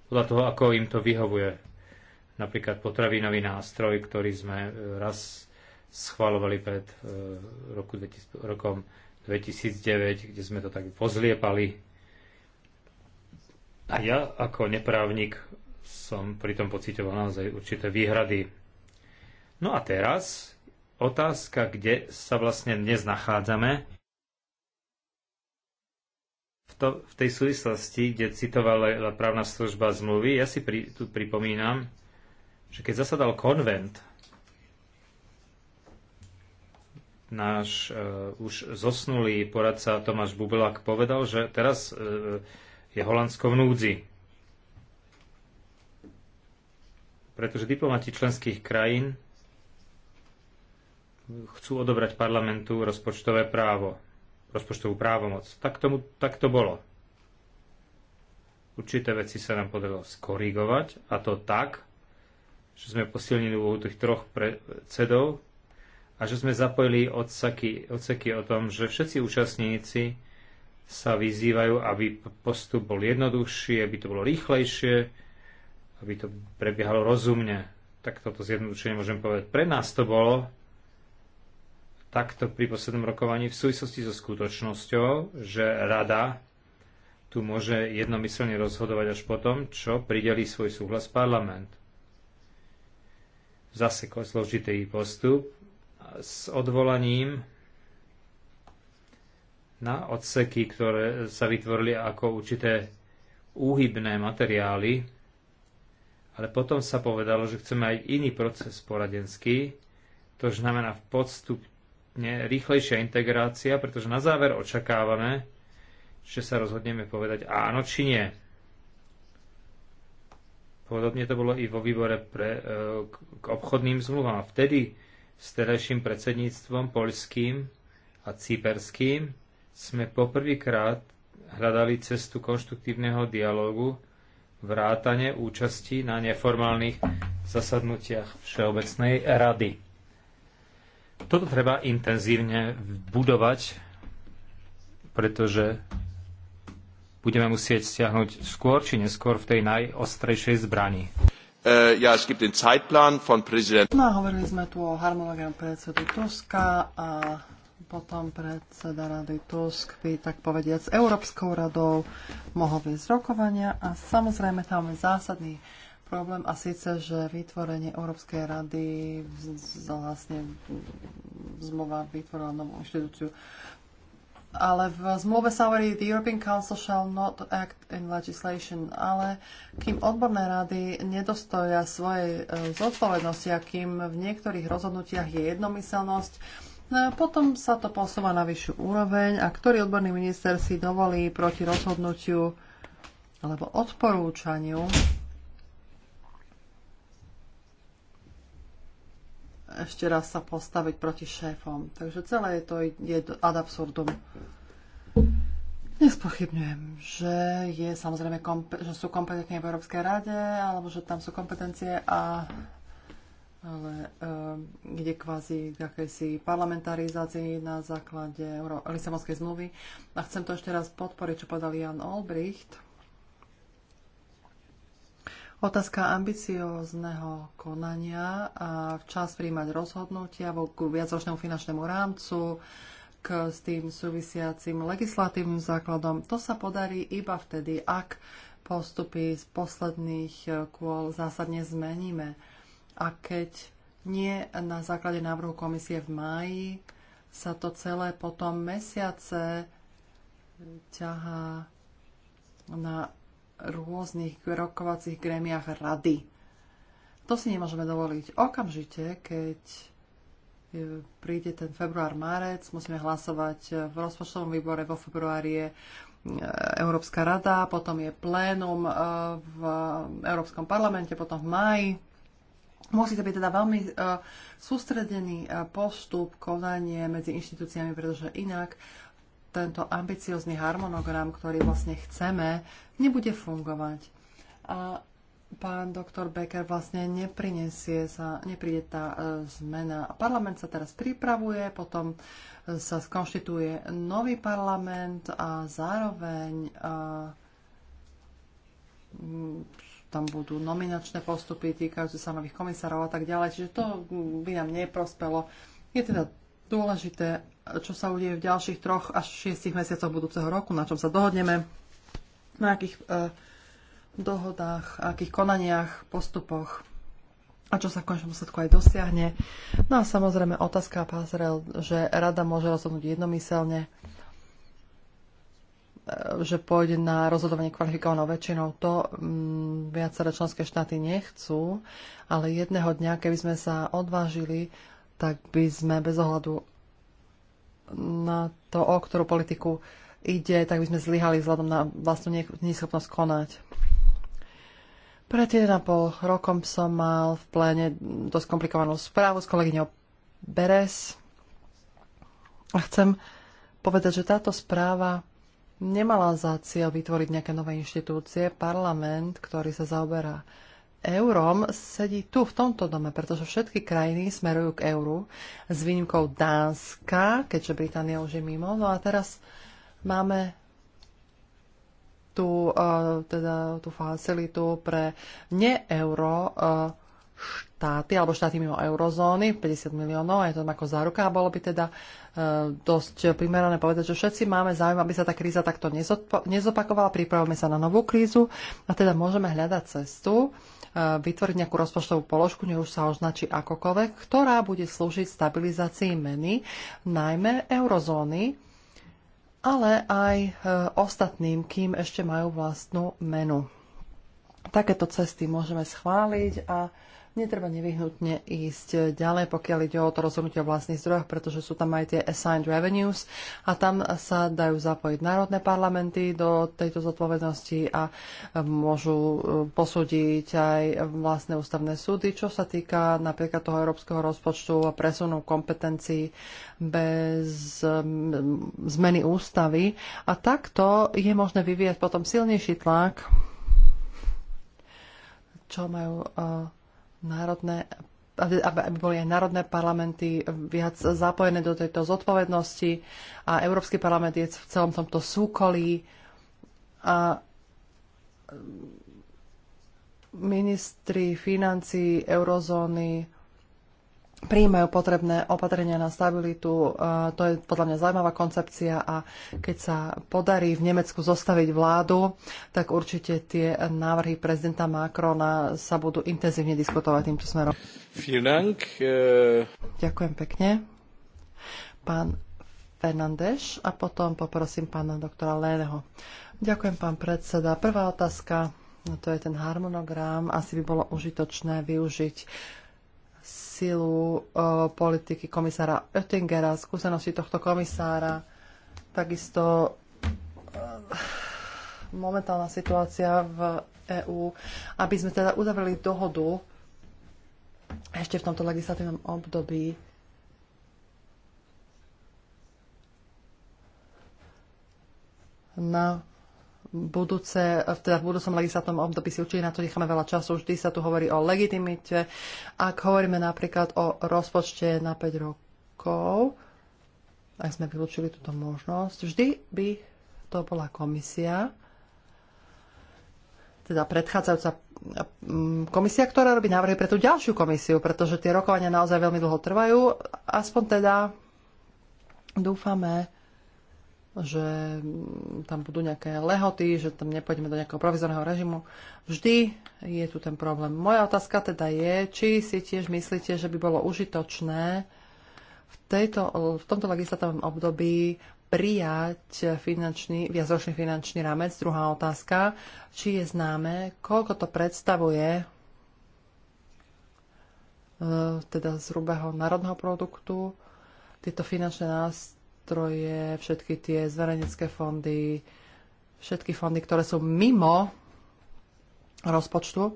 podľa toho, ako im to vyhovuje. Napríklad potravinový nástroj, ktorý sme e, raz schvalovali pred e, roku 2000, rokom 2009, kde sme to tak pozliepali. A ja ako neprávnik som pri tom pocitoval naozaj určité výhrady. No a teraz otázka, kde sa vlastne dnes nachádzame, v, to, v tej súvislosti, kde citovala právna služba zmluvy, ja si pri, tu pripomínam, že keď zasadal konvent, náš e, už zosnulý poradca Tomáš Bubelák povedal, že teraz e, je Holandsko v núdzi. Pretože diplomati členských krajín chcú odobrať parlamentu rozpočtové právo, rozpočtovú právomoc. Tak, tomu, tak to bolo. Určité veci sa nám podarilo skorigovať a to tak, že sme posilnili úlohu tých troch predsedov a že sme zapojili odseky, odseky o tom, že všetci účastníci sa vyzývajú, aby postup bol jednoduchší, aby to bolo rýchlejšie, aby to prebiehalo rozumne. Tak toto zjednodušenie môžem povedať. Pre nás to bolo takto pri poslednom rokovaní v súvislosti so skutočnosťou, že rada tu môže jednomyselne rozhodovať až potom, čo pridelí svoj súhlas parlament. Zase zložitý postup s odvolaním na odseky, ktoré sa vytvorili ako určité úhybné materiály, ale potom sa povedalo, že chceme aj iný proces poradenský, to znamená v podstup nutne rýchlejšia integrácia, pretože na záver očakávame, že sa rozhodneme povedať áno či nie. Podobne to bolo i vo výbore pre, e, k obchodným zmluvám. Vtedy s terajším predsedníctvom poľským a cyperským sme poprvýkrát hľadali cestu konštruktívneho dialógu vrátane účasti na neformálnych zasadnutiach Všeobecnej rady. Toto treba intenzívne budovať, pretože budeme musieť stiahnuť skôr či neskôr v tej najostrejšej zbrani. Uh, ja, es gibt den Zeitplan von Präsident... No, hovorili sme tu o harmonogram predsedu Tuska a potom predseda rady Tusk by, tak povediať, s Európskou radou mohol viesť rokovania a samozrejme tam je zásadný problém a síce, že vytvorenie Európskej rady vlastne zmluva vytvorila novú inštitúciu. Ale v zmluve sa hovorí, the European Council shall not act in legislation, ale kým odborné rady nedostoja svojej e, zodpovednosti a kým v niektorých rozhodnutiach je jednomyselnosť, e, potom sa to posúva na vyššiu úroveň a ktorý odborný minister si dovolí proti rozhodnutiu alebo odporúčaniu ešte raz sa postaviť proti šéfom. Takže celé je to je ad absurdum. Nespochybňujem, že, je, samozrejme, že sú kompetentní v Európskej rade, alebo že tam sú kompetencie a ale uh, ide kvázi k akejsi parlamentarizácii na základe Euro- Lisabonskej zmluvy. A chcem to ešte raz podporiť, čo povedal Jan Olbricht. Otázka ambiciózneho konania a včas príjmať rozhodnutia k viacročnému finančnému rámcu, k s tým súvisiacim legislatívnym základom. To sa podarí iba vtedy, ak postupy z posledných eh, kôl zásadne zmeníme. A keď nie na základe návrhu komisie v máji, sa to celé potom mesiace ťahá na rôznych rokovacích gremiách rady. To si nemôžeme dovoliť. Okamžite, keď e, príde ten február, márec, musíme hlasovať v rozpočtovom výbore, vo februári je e, Európska rada, potom je plénum e, v Európskom parlamente, potom v maji. Musí to byť teda veľmi sústredený postup, konanie medzi inštitúciami, pretože inak tento ambiciózny harmonogram, ktorý vlastne chceme, nebude fungovať. A pán doktor Becker vlastne neprinesie sa, nepríde tá e, zmena. Parlament sa teraz pripravuje, potom e, sa skonštituje nový parlament a zároveň e, tam budú nominačné postupy týkajúce sa nových komisárov a tak ďalej. Čiže to by nám neprospelo. Je teda dôležité, čo sa udeje v ďalších troch až šiestich mesiacoch budúceho roku, na čom sa dohodneme, na akých e, dohodách, akých konaniach, postupoch a čo sa v končnom dôsledku aj dosiahne. No a samozrejme otázka pásrel, že rada môže rozhodnúť jednomyselne, eh, že pôjde na rozhodovanie kvalifikovanou väčšinou. To mm, viaceré členské štáty nechcú, ale jedného dňa, keby sme sa odvážili, tak by sme bez ohľadu na to, o ktorú politiku ide, tak by sme zlyhali vzhľadom na vlastnú neschopnosť konať. Pred 1,5 rokom som mal v pléne dosť komplikovanú správu s kolegyňou Beres. A chcem povedať, že táto správa nemala za cieľ vytvoriť nejaké nové inštitúcie. Parlament, ktorý sa zaoberá eurom sedí tu, v tomto dome, pretože všetky krajiny smerujú k euru s výnimkou Dánska, keďže Británia už je mimo. No a teraz máme tú, uh, eh, teda, tú facilitu pre neeuro uh, eh, štáty alebo štáty mimo eurozóny, 50 miliónov, je to ako záruka a bolo by teda dosť primerané povedať, že všetci máme záujem, aby sa tá kríza takto nezopakovala, pripravujeme sa na novú krízu a teda môžeme hľadať cestu, e, vytvoriť nejakú rozpočtovú položku, nech už sa označí akokoľvek, ktorá bude slúžiť stabilizácii meny, najmä eurozóny, ale aj e, ostatným, kým ešte majú vlastnú menu. Takéto cesty môžeme schváliť a Netreba nevyhnutne ísť ďalej, pokiaľ ide o to rozhodnutie o vlastných zdrojoch, pretože sú tam aj tie assigned revenues a tam sa dajú zapojiť národné parlamenty do tejto zodpovednosti a e, môžu e, posúdiť aj vlastné ústavné súdy, čo sa týka napríklad toho európskeho rozpočtu a presunu kompetencií bez zmeny ústavy. A takto je možné vyvíjať potom silnejší tlak čo majú uh, národné aby boli aj národné parlamenty viac zapojené do tejto zodpovednosti a Európsky parlament je v celom tomto súkolí a ministri financí eurozóny prijímajú potrebné opatrenia na stabilitu. E, to je podľa mňa zaujímavá koncepcia a keď sa podarí v Nemecku zostaviť vládu, tak určite tie návrhy prezidenta Macrona sa budú intenzívne diskutovať týmto smerom. E, Ďakujem pekne. Pán Fernández a potom poprosím pána doktora Léneho. Ďakujem, pán predseda. Prvá otázka, no to je ten harmonogram. Asi by bolo užitočné využiť silu politiky komisára Oettingera, skúsenosti tohto komisára, takisto e, momentálna situácia v EÚ, aby sme teda uzavreli dohodu ešte v tomto legislatívnom období. na budúce, teda v budúcom legislatívnom období si určite na to necháme veľa času. Vždy sa tu hovorí o legitimite. Ak hovoríme napríklad o rozpočte na 5 rokov, ak sme vylúčili túto možnosť, vždy by to bola komisia, teda predchádzajúca mm, komisia, ktorá robí návrhy pre tú ďalšiu komisiu, pretože tie rokovania naozaj veľmi dlho trvajú. Aspoň teda dúfame, že mm, tam budú nejaké lehoty, že tam nepôjdeme do nejakého provizorného režimu. Vždy je tu ten problém. Moja otázka teda je, či si tiež myslíte, že by bolo užitočné v, tejto, v tomto legislatívnom období prijať finančný, viacročný finančný rámec. Druhá otázka, či je známe, koľko to predstavuje e, teda z národného produktu tieto finančné nástroje nástroje, všetky tie zverejnecké fondy, všetky fondy, ktoré sú mimo rozpočtu.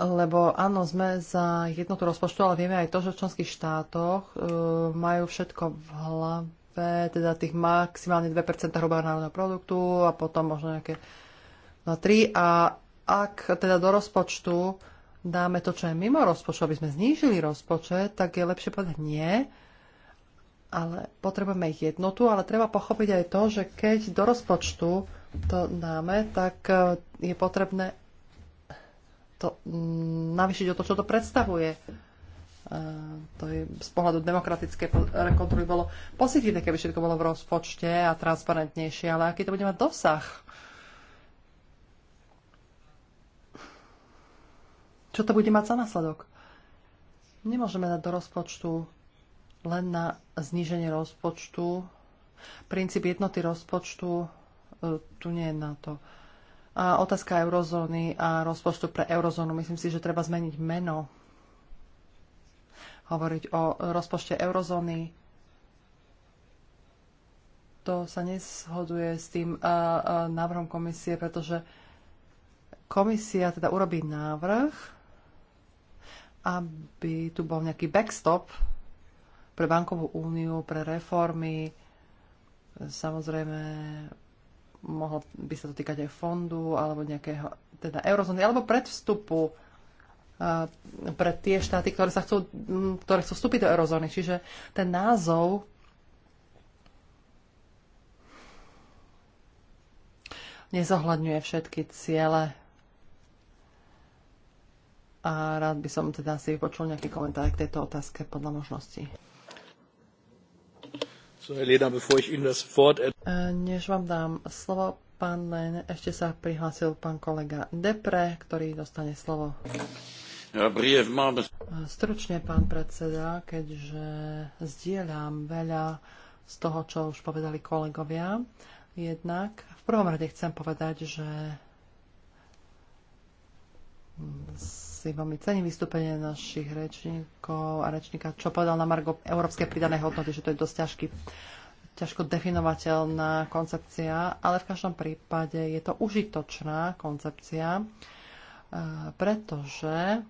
Lebo áno, sme za jednotu rozpočtu, ale vieme aj to, že v členských štátoch e, majú všetko v hlave, teda tých maximálne 2% hrubého národného produktu a potom možno nejaké na 3. A ak teda do rozpočtu dáme to, čo je mimo rozpočtu, aby sme znížili rozpočet, tak je lepšie povedať nie, ale potrebujeme ich jednotu, ale treba pochopiť aj to, že keď do rozpočtu to dáme, tak e, je potrebné to mm, navýšiť o to, čo to predstavuje. E, to je z pohľadu demokratické kontroly bolo pozitívne, keby všetko bolo v rozpočte a transparentnejšie, ale aký to bude mať dosah? Čo to bude mať za následok? Nemôžeme dať do rozpočtu len na zníženie rozpočtu. Princíp jednoty rozpočtu e, tu nie je na to. A otázka eurozóny a rozpočtu pre eurozónu. Myslím si, že treba zmeniť meno. Hovoriť o rozpočte eurozóny. To sa neshoduje s tým e, e, návrhom komisie, pretože komisia teda urobí návrh, aby tu bol nejaký backstop pre bankovú úniu, pre reformy. Samozrejme, mohlo by sa to týkať aj fondu alebo nejakého teda eurozóny, alebo predvstupu eh, pre tie štáty, ktoré, sa chcú, ktoré chcú vstúpiť do eurozóny. Čiže ten názov nezohľadňuje všetky ciele. A rád by som teda si vypočul nejaký komentár k tejto otázke podľa možností. Er- e, než vám dám slovo, pán Len, ešte sa prihlásil pán kolega Depre, ktorý dostane slovo. E, stručne, pán predseda, keďže zdieľam veľa z toho, čo už povedali kolegovia. Jednak v prvom rade chcem povedať, že si veľmi cením vystúpenie našich rečníkov a rečníka, čo povedal na Margo európske pridané hodnoty, že to je dosť ťažký, ťažko definovateľná koncepcia, ale v každom prípade je to užitočná koncepcia, e, pretože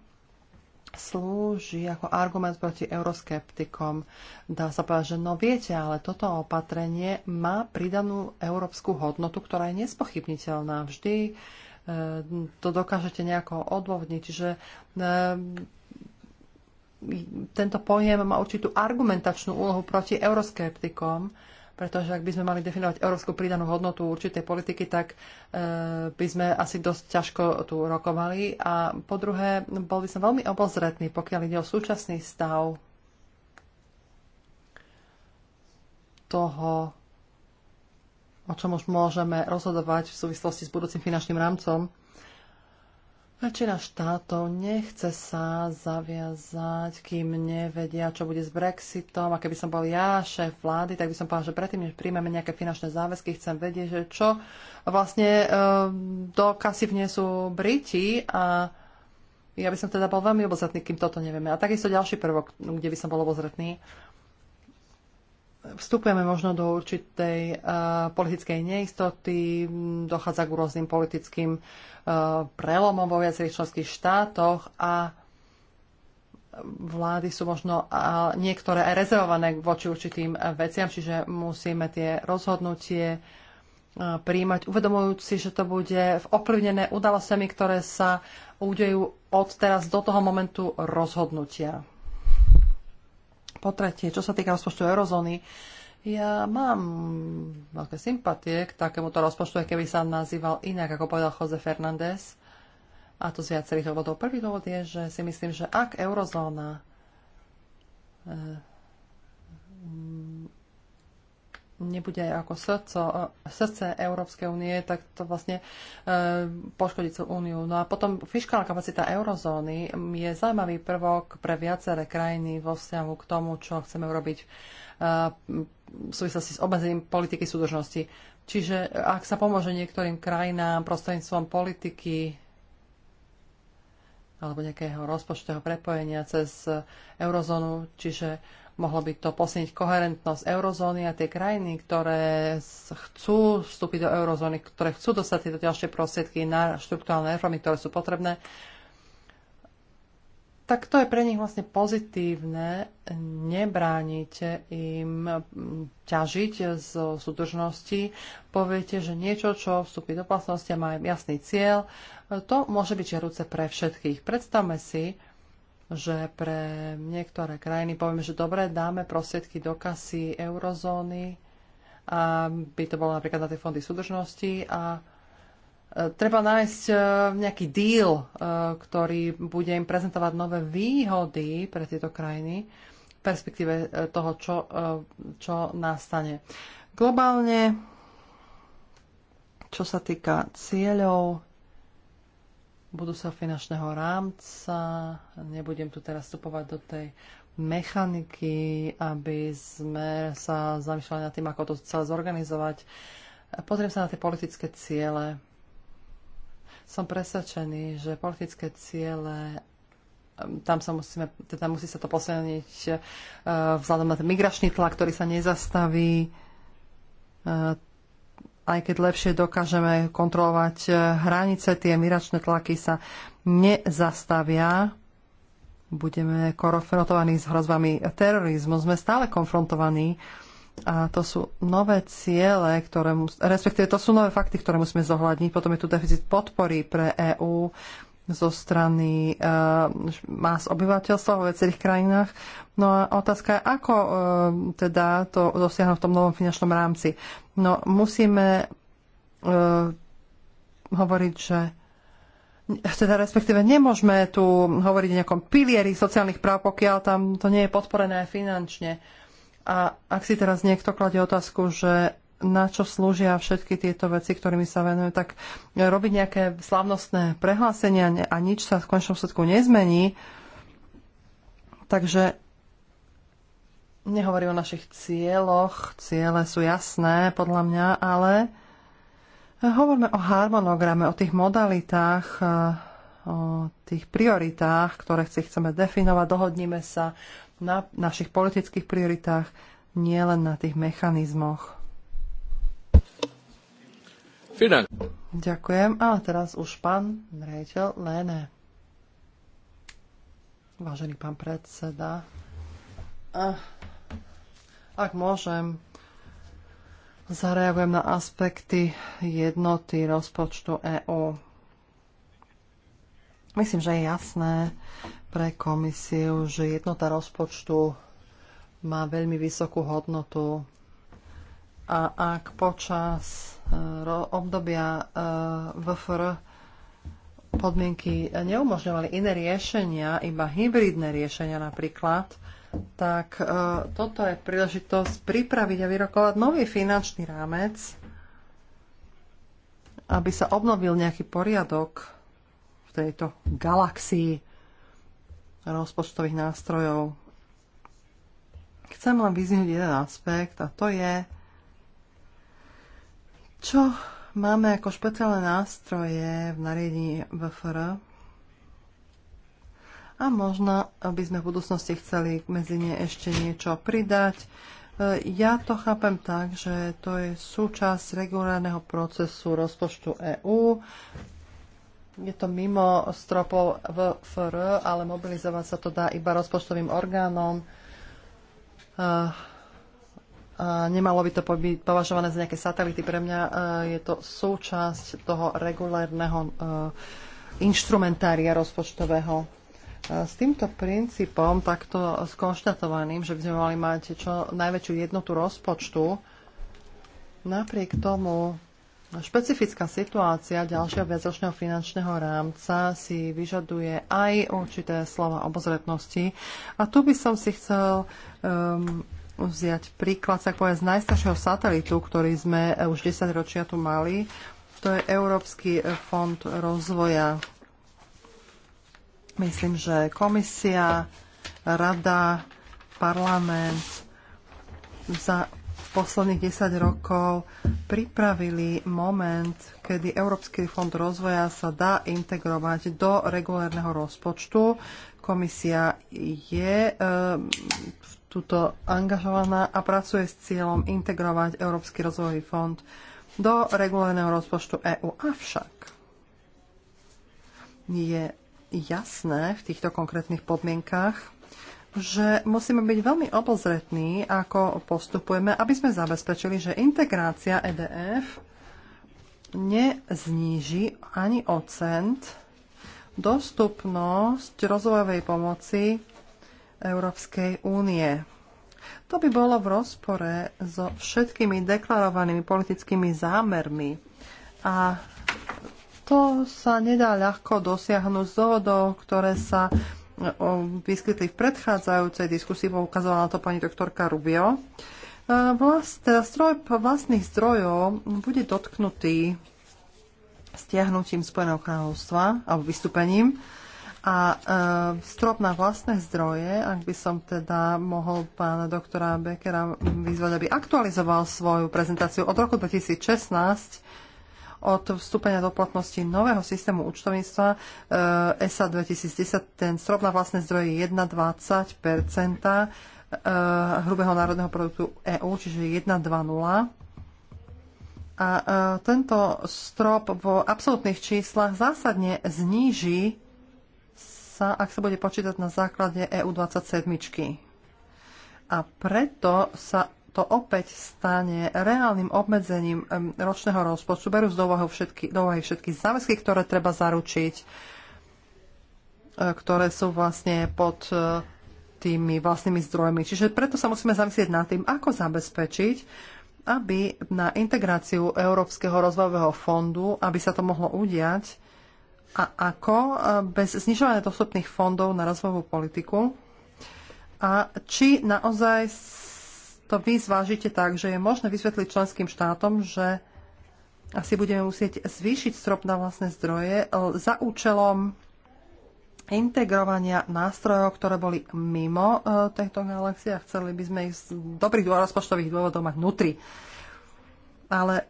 slúži ako argument proti euroskeptikom. Dá sa povedať, že no viete, ale toto opatrenie má pridanú európsku hodnotu, ktorá je nespochybniteľná. Vždy uh, E, to dokážete nejako odôvodniť. Čiže e, tento pojem má určitú argumentačnú úlohu proti euroskeptikom, pretože ak by sme mali definovať európsku pridanú hodnotu určitej politiky, tak e, by sme asi dosť ťažko tu rokovali. A po druhé, bol by som veľmi obozretný, pokiaľ ide o súčasný stav toho o čom už môžeme rozhodovať v súvislosti s budúcim finančným rámcom. Väčšina štátov nechce sa zaviazať, kým nevedia, čo bude s Brexitom. A keby som bol ja šéf vlády, tak by som povedal, že predtým, než príjmeme nejaké finančné záväzky, chcem vedieť, že čo vlastne e, do kasy vniesú Briti. A ja by som teda bol veľmi obozretný, kým toto nevieme. A takisto ďalší prvok, kde by som bol obozretný, vstupujeme možno do určitej eh, politickej neistoty, dochádza k rôznym politickým eh, prelomom vo viacerých členských štátoch a vlády sú možno niektoré aj rezervované voči určitým eh, veciam, čiže musíme tie rozhodnutie príjmať, uvedomujúc si, že to bude ovplyvnené udalosťami, ktoré sa udejú od teraz do toho momentu rozhodnutia. Po tretie, čo sa týka rozpočtu eurozóny, ja mám veľké sympatie k takémuto rozpočtu, keby sa nazýval inak, ako povedal Jose Fernández. A to z viacerých dôvodov. Prvý dôvod je, že si myslím, že ak eurozóna eh, nebude ako srdco, srdce Európskej únie, tak to vlastne e, poškodí celú úniu. No a potom fiskálna kapacita eurozóny je zaujímavý prvok pre viaceré krajiny vo vzťahu k tomu, čo chceme urobiť e, v súvislosti s obmedzením politiky súdržnosti. Čiže ak sa pomôže niektorým krajinám prostredníctvom politiky alebo nejakého rozpočtového prepojenia cez eurozónu, čiže Mohlo by to posilniť koherentnosť eurozóny a tie krajiny, ktoré chcú vstúpiť do eurozóny, ktoré chcú dostať tieto ďalšie prostriedky na štruktúrálne reformy, ktoré sú potrebné, tak to je pre nich vlastne pozitívne. Nebránite im ťažiť z súdržnosti. Poviete, že niečo, čo vstúpi do platnosti a má jasný cieľ, to môže byť žiaruce pre všetkých. Predstavme si, že pre niektoré krajiny povieme, že dobre, dáme prostriedky do kasy eurozóny, a by to bolo napríklad na tie fondy súdržnosti a e, treba nájsť e, nejaký deal, e, ktorý bude im prezentovať nové výhody pre tieto krajiny v perspektíve toho, čo, čo nastane. Globálne, čo sa týka cieľov, budúceho finančného rámca. Nebudem tu teraz vstupovať do tej mechaniky, aby sme sa zamýšľali nad tým, ako to celé zorganizovať. Pozriem sa na tie politické ciele. Som presvedčený, že politické ciele ehm, tam sa musíme, teda musí sa to posilniť ehm, vzhľadom na ten migračný tlak, ktorý sa nezastaví. Ehm, aj keď lepšie dokážeme kontrolovať eh, hranice, tie miračné tlaky sa nezastavia. Budeme konfrontovaní s hrozbami terorizmu, sme stále konfrontovaní a to sú nové ciele, ktoré mus, respektíve to sú nové fakty, ktoré musíme zohľadniť. Potom je tu deficit podpory pre EÚ, zo strany uh, más obyvateľstva vo viacerých krajinách. No a otázka je, ako uh, teda to dosiahnu v tom novom finančnom rámci. No musíme uh, hovoriť, že teda respektíve nemôžeme tu hovoriť o nejakom pilieri sociálnych práv, pokiaľ tam to nie je podporené finančne. A ak si teraz niekto kladie otázku, že na čo slúžia všetky tieto veci, ktorými sa venujú, tak robiť nejaké slavnostné prehlásenia a nič sa v končnom sledku nezmení. Takže nehovorí o našich cieľoch, ciele sú jasné podľa mňa, ale hovoríme o harmonograme, o tých modalitách, o tých prioritách, ktoré si chceme definovať, dohodníme sa na našich politických prioritách, nielen na tých mechanizmoch. Ďakujem. A teraz už pán rejiteľ Lene. Vážený pán predseda, ak môžem, zareagujem na aspekty jednoty rozpočtu EÚ. Myslím, že je jasné pre komisiu, že jednota rozpočtu má veľmi vysokú hodnotu a ak počas e, obdobia e, VFR podmienky neumožňovali iné riešenia, iba hybridné riešenia napríklad, tak e, toto je príležitosť pripraviť a vyrokovať nový finančný rámec, aby sa obnovil nejaký poriadok v tejto galaxii rozpočtových nástrojov. Chcem len vyzvihnúť jeden aspekt a to je čo máme ako špeciálne nástroje v nariadení VFR? A možno by sme v budúcnosti chceli medzi ne ešte niečo pridať. E, ja to chápem tak, že to je súčasť regulárneho procesu rozpočtu EÚ. Je to mimo stropov VFR, ale mobilizovať sa to dá iba rozpočtovým orgánom. E, a nemalo by to byť považované za nejaké satelity. Pre mňa e, je to súčasť toho regulárneho e, inštrumentária rozpočtového. E, s týmto princípom, takto skonštatovaným, že by sme mali mať čo najväčšiu jednotu rozpočtu, napriek tomu špecifická situácia ďalšieho viacročného finančného rámca si vyžaduje aj určité slova obozretnosti. A tu by som si chcel um, vziať príklad, tak povedať, z najstaršieho satelitu, ktorý sme eh, už 10 ročia tu mali. To je Európsky eh, fond rozvoja. Myslím, že komisia, rada, parlament za posledných 10 rokov pripravili moment, kedy Európsky fond rozvoja sa dá integrovať do regulárneho rozpočtu. Komisia je eh, v tuto angažovaná a pracuje s cieľom integrovať Európsky rozvojový fond do regulárneho rozpočtu EÚ. Avšak je jasné v týchto konkrétnych podmienkách, že musíme byť veľmi obozretní, ako postupujeme, aby sme zabezpečili, že integrácia EDF nezníži ani o cent dostupnosť rozvojovej pomoci Európskej únie. To by bolo v rozpore so všetkými deklarovanými politickými zámermi a to sa nedá ľahko dosiahnuť z dôvodov, ktoré sa vyskytli v predchádzajúcej diskusii, poukazovala to pani doktorka Rubio. Vlast, teda stroj vlastných zdrojov bude dotknutý stiahnutím Spojeného kráľovstva alebo vystúpením a e, strop na vlastné zdroje, ak by som teda mohol pána doktora Beckera vyzvať, aby aktualizoval svoju prezentáciu od roku 2016, od vstúpenia do platnosti nového systému účtovníctva e, ESA 2010, ten strop na vlastné zdroje je 1,20 e, hrubého národného produktu EÚ, čiže 1,20 a e, tento strop v absolútnych číslach zásadne zníži sa, ak sa bude počítať na základe EU27. A preto sa to opäť stane reálnym obmedzením ročného rozpočtu, berú z dovahy všetky, všetky záväzky, ktoré treba zaručiť, e, ktoré sú vlastne pod e, tými vlastnými zdrojmi. Čiže preto sa musíme zamyslieť nad tým, ako zabezpečiť, aby na integráciu Európskeho rozvojového fondu, aby sa to mohlo udiať, a ako e, bez znižovania dostupných fondov na rozvojovú politiku a či naozaj to vy zvážite tak, že je možné vysvetliť členským štátom, že asi budeme musieť zvýšiť strop na vlastné zdroje e, za účelom integrovania nástrojov, ktoré boli mimo e, tejto galaxie a chceli by sme ich z dobrých rozpočtových dôvodov mať vnútri. Ale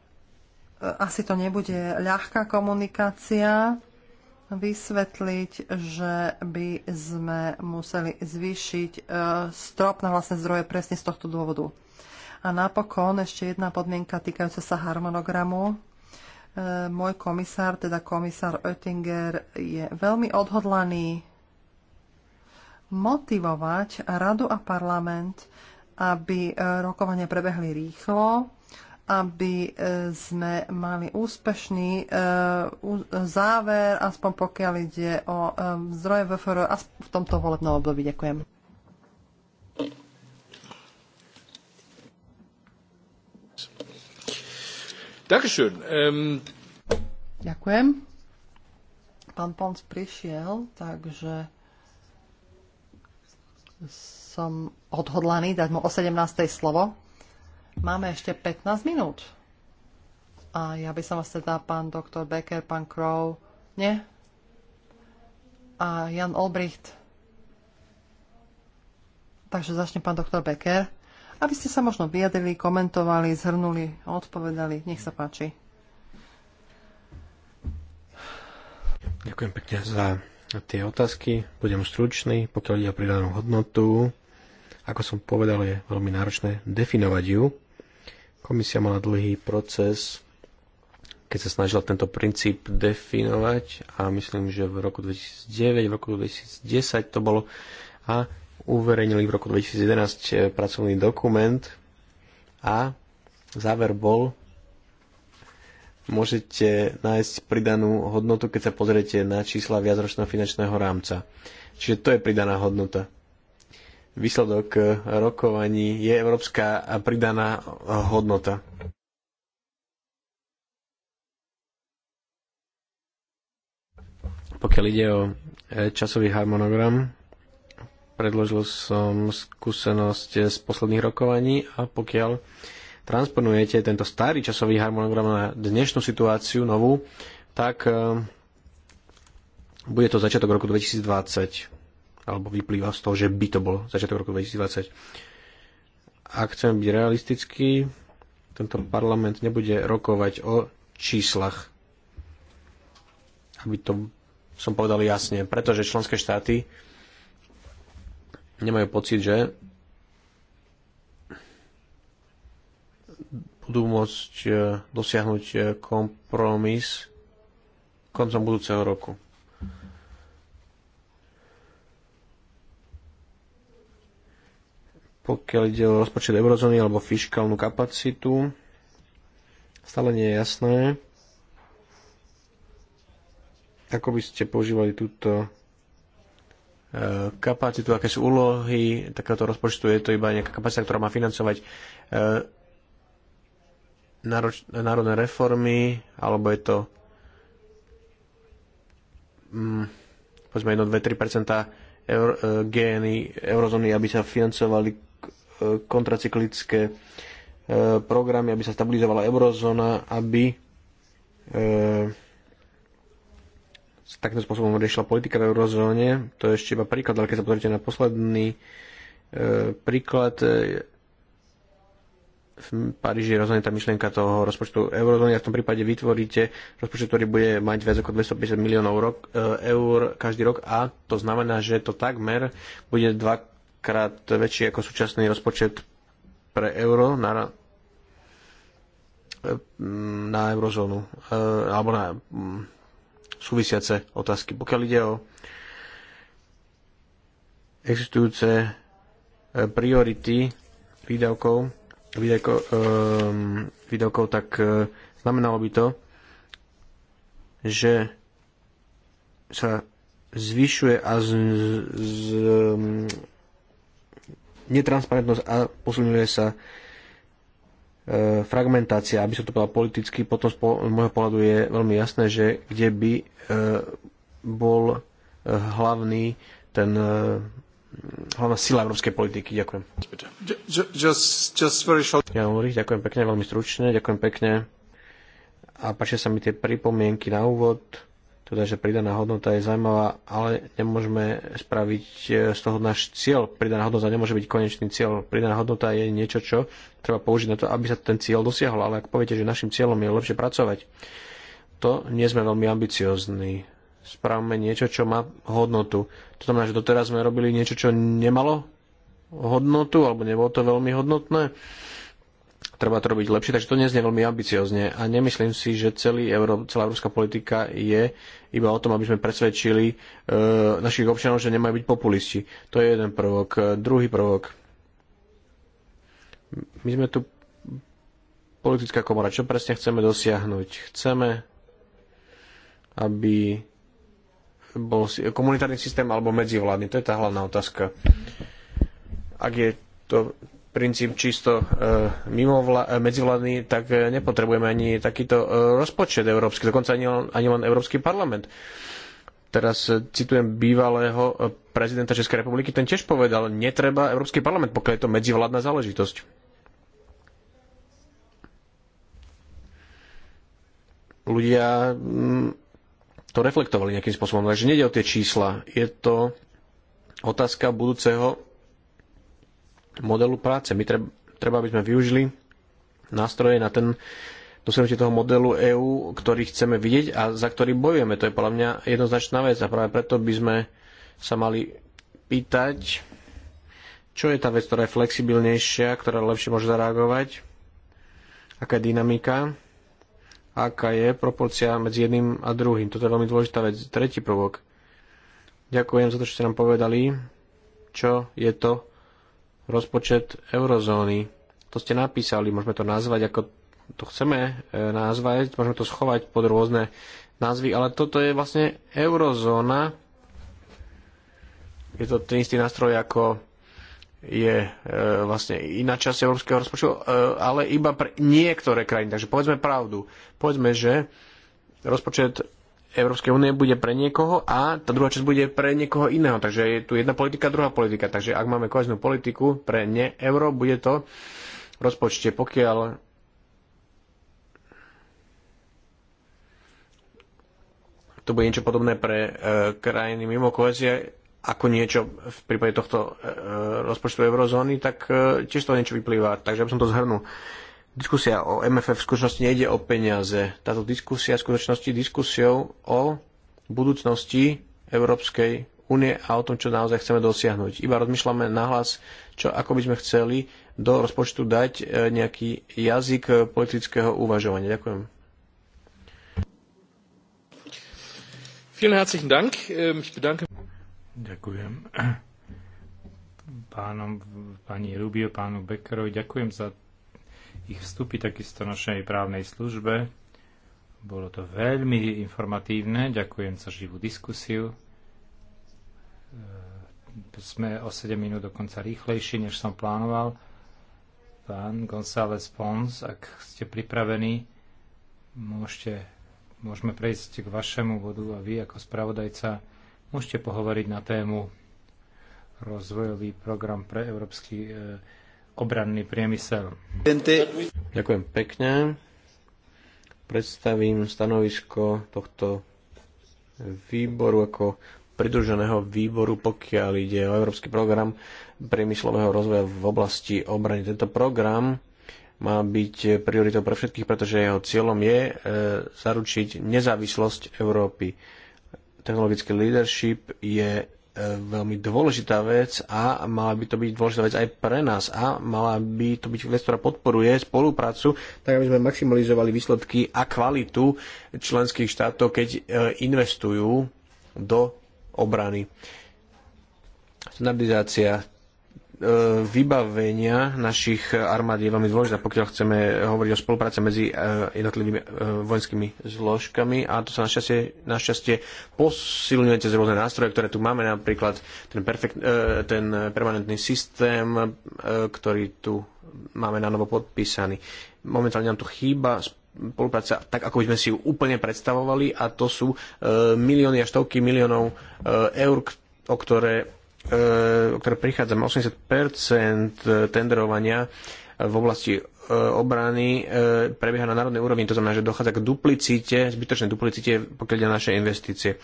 asi to nebude ľahká komunikácia vysvetliť, že by sme museli zvýšiť e, strop na vlastné zdroje presne z tohto dôvodu. A napokon ešte jedna podmienka týkajúca sa harmonogramu. E, môj komisár, teda komisár Oettinger, je veľmi odhodlaný motivovať radu a parlament, aby e, rokovania prebehli rýchlo, aby e, sme mali úspešný e, záver, aspoň pokiaľ ide o e, zdroje VFR er v tomto volebnom období. Ďakujem. Dankeschön. Um... Ďakujem. Pán Pons prišiel, takže som odhodlaný dať mu o 17. slovo. Máme ešte 15 minút. A ja by som vás teda, pán doktor Becker, pán Crow, nie? A Jan Olbricht. Takže začne pán doktor Becker. Aby ste sa možno vyjadrili, komentovali, zhrnuli, odpovedali. Nech sa páči. Ďakujem pekne za tie otázky. Budem stručný, pokiaľ ide o pridanú hodnotu. Ako som povedal, je veľmi náročné definovať ju, Komisia mala dlhý proces, keď sa snažila tento princíp definovať a myslím, že v roku 2009, v roku 2010 to bolo a uverejnili v roku 2011 eh, pracovný dokument a záver bol, môžete nájsť pridanú hodnotu, keď sa pozriete na čísla viacročného finančného rámca. Čiže to je pridaná hodnota výsledok eh, rokovaní je európska pridaná hodnota. Pokiaľ ide o eh, časový harmonogram, predložil som skúsenosť eh, z posledných rokovaní a pokiaľ transponujete tento starý časový harmonogram na dnešnú situáciu novú, tak bude to začiatok roku 2020 alebo vyplýva z toho, že by to bol začiatok roku 2020. Ak chcem byť realistický, tento parlament nebude rokovať o číslach. Aby to som povedal jasne, pretože členské štáty nemajú pocit, že budú môcť e, dosiahnuť e, kompromis koncom budúceho roku. pokiaľ ide o rozpočet eurozóny alebo fiskálnu kapacitu, stále nie je jasné, ako by ste používali túto e, kapacitu, aké sú úlohy takéhoto rozpočtu, je to iba nejaká kapacita, ktorá má financovať e, národné reformy, alebo je to mm, povedzme 1, 2, 3 eur, e, GNI eurozóny, aby sa financovali kontracyklické e, programy, aby sa stabilizovala eurozóna, aby sa e, takým spôsobom riešila politika v eurozóne. To je ešte iba príklad, ale keď sa pozrite na posledný e, príklad, v Paríži je rozhodne tá myšlienka toho rozpočtu eurozóny a v tom prípade vytvoríte rozpočet, ktorý bude mať viac ako 250 miliónov rok, eur každý rok a to znamená, že to takmer bude dva, krát väčší ako súčasný rozpočet pre euro na, na eurozónu eh, alebo na mm, súvisiace otázky. Pokiaľ ide o existujúce eh, priority výdavkov, výdavkov, eh, výdavkov tak znamenalo by to, že sa zvyšuje a z, z, z netransparentnosť a posilňuje sa e, fragmentácia, aby som to povedal politicky, potom z môjho pohľadu je veľmi jasné, že kde by e, bol e, hlavný ten hlavná sila európskej politiky. Ďakujem. Just, just very short. Ja, ďakujem pekne, veľmi stručne, ďakujem pekne. A páčia sa mi tie pripomienky na úvod teda, že pridaná hodnota je zaujímavá, ale nemôžeme spraviť e, z toho náš cieľ. Pridaná hodnota nemôže byť konečný cieľ. Pridaná hodnota je niečo, čo treba použiť na to, aby sa ten cieľ dosiahol. Ale ak poviete, že našim cieľom je lepšie pracovať, to nie sme veľmi ambiciozní. Spravme niečo, čo má hodnotu. To znamená, že doteraz sme robili niečo, čo nemalo hodnotu, alebo nebolo to veľmi hodnotné treba to robiť lepšie, takže to neznie veľmi ambiciozne a nemyslím si, že celý Euró- celá európska politika je iba o tom, aby sme presvedčili e, našich občanov, že nemajú byť populisti. To je jeden prvok. Druhý prvok. My sme tu politická komora. Čo presne chceme dosiahnuť? Chceme, aby bol komunitárny systém alebo medzivládny. To je tá hlavná otázka. Ak je to princíp čisto e, mimovla- e, medzivládny, tak e, nepotrebujeme ani takýto rozpočet európsky, dokonca ani, ani len Európsky parlament. Teraz citujem bývalého prezidenta Českej republiky, ten tiež povedal, netreba Európsky parlament, pokiaľ je to medzivládna záležitosť. Ľudia mm, to reflektovali nejakým spôsobom. Takže nejde o tie čísla. Je to otázka budúceho modelu práce. My treba, treba aby sme využili nástroje na ten dosiahnutie toho modelu EÚ, ktorý chceme vidieť a za ktorý bojujeme. To je podľa mňa jednoznačná vec a práve preto by sme sa mali pýtať, čo je tá vec, ktorá je flexibilnejšia, ktorá lepšie môže zareagovať, aká je dynamika, aká je proporcia medzi jedným a druhým. Toto je veľmi dôležitá vec. Tretí prvok. Ďakujem za to, že ste nám povedali, čo je to rozpočet eurozóny. To ste napísali, môžeme to nazvať ako to chceme e, nazvať, môžeme to schovať pod rôzne názvy, ale toto je vlastne eurozóna. Je to ten istý nástroj ako je e, vlastne iná časť európskeho rozpočtu, e, ale iba pre niektoré krajiny. Takže povedzme pravdu. Povedzme, že rozpočet Európskej únie bude pre niekoho a tá druhá časť bude pre niekoho iného. Takže je tu jedna politika, druhá politika. Takže ak máme koheznú politiku pre ne euro, bude to v rozpočte. Pokiaľ to bude niečo podobné pre e, krajiny mimo kohezie, ako niečo v prípade tohto e, e rozpočtu eurozóny, tak e, tiež to niečo vyplýva. Takže aby som to zhrnul diskusia o MFF v skutočnosti nejde o peniaze. Táto diskusia v skutočnosti diskusiou o budúcnosti Európskej únie a o tom, čo naozaj chceme dosiahnuť. Iba rozmýšľame nahlas, čo ako by sme chceli do rozpočtu dať e, nejaký jazyk e, politického uvažovania. Ďakujem. Vielen herzlichen Dank. Ähm, ich bedanke Ďakujem pánom, pani Rubio, pánu Beckerovi. Ďakujem za ich vstupy takisto našej právnej službe. Bolo to veľmi informatívne. Ďakujem za živú diskusiu. E, sme o 7 minút dokonca rýchlejší, než som plánoval. Pán González Pons, ak ste pripravení, môžete, môžeme prejsť k vašemu bodu a vy ako spravodajca môžete pohovoriť na tému rozvojový program pre Európsky e, obranný priemysel. Ďakujem pekne. Predstavím stanovisko tohto výboru ako pridruženého výboru, pokiaľ ide o Európsky program priemyslového rozvoja v oblasti obrany. Tento program má byť prioritou pre všetkých, pretože jeho cieľom je e, zaručiť nezávislosť Európy. Technologický leadership je veľmi dôležitá vec a mala by to byť dôležitá vec aj pre nás a mala by to byť vec, ktorá podporuje spoluprácu, tak aby sme maximalizovali výsledky a kvalitu členských štátov, keď e, investujú do obrany. Standardizácia E, vybavenia našich armád je veľmi dôležitá, pokiaľ chceme hovoriť o spolupráce medzi e, jednotlivými e, vojenskými zložkami a to sa našťastie, našťastie posilňuje cez rôzne nástroje, ktoré tu máme, napríklad ten, perfect, ten permanentný systém, ktorý tu máme na novo podpísaný. Momentálne nám tu chýba spolupráca tak, ako by sme si ju úplne predstavovali a to sú milióny až stovky miliónov eur, o ktoré E, o ktoré prichádzame, 80% e, tenderovania v oblasti e, obrany prebieha na národnej úrovni, to znamená, že dochádza k duplicite, zbytočnej duplicite, pokiaľ ide na naše investície.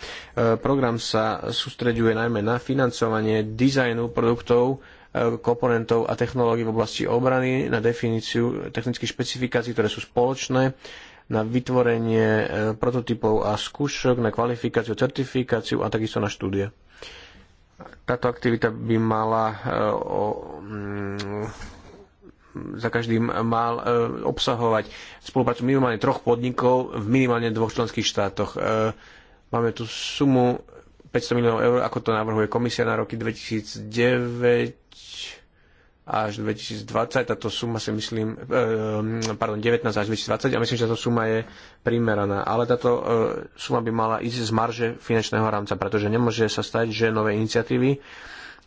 Program sa sústreďuje najmä na financovanie dizajnu produktov, komponentov a technológií v oblasti obrany, na definíciu technických špecifikácií, ktoré sú spoločné, na vytvorenie prototypov a skúšok, na kvalifikáciu, certifikáciu a takisto na štúdie táto aktivita by mala e, o, mm, za každým mal e, obsahovať spoluprácu minimálne troch podnikov v minimálne dvoch členských štátoch. E, máme tu sumu 500 miliónov eur, ako to navrhuje komisia na roky 2009 až 2020, táto suma si myslím, eh, pardon, 19 až 2020 a myslím, že táto suma je primeraná. Ale táto eh, suma by mala ísť z marže finančného rámca, pretože nemôže sa stať, že nové iniciatívy,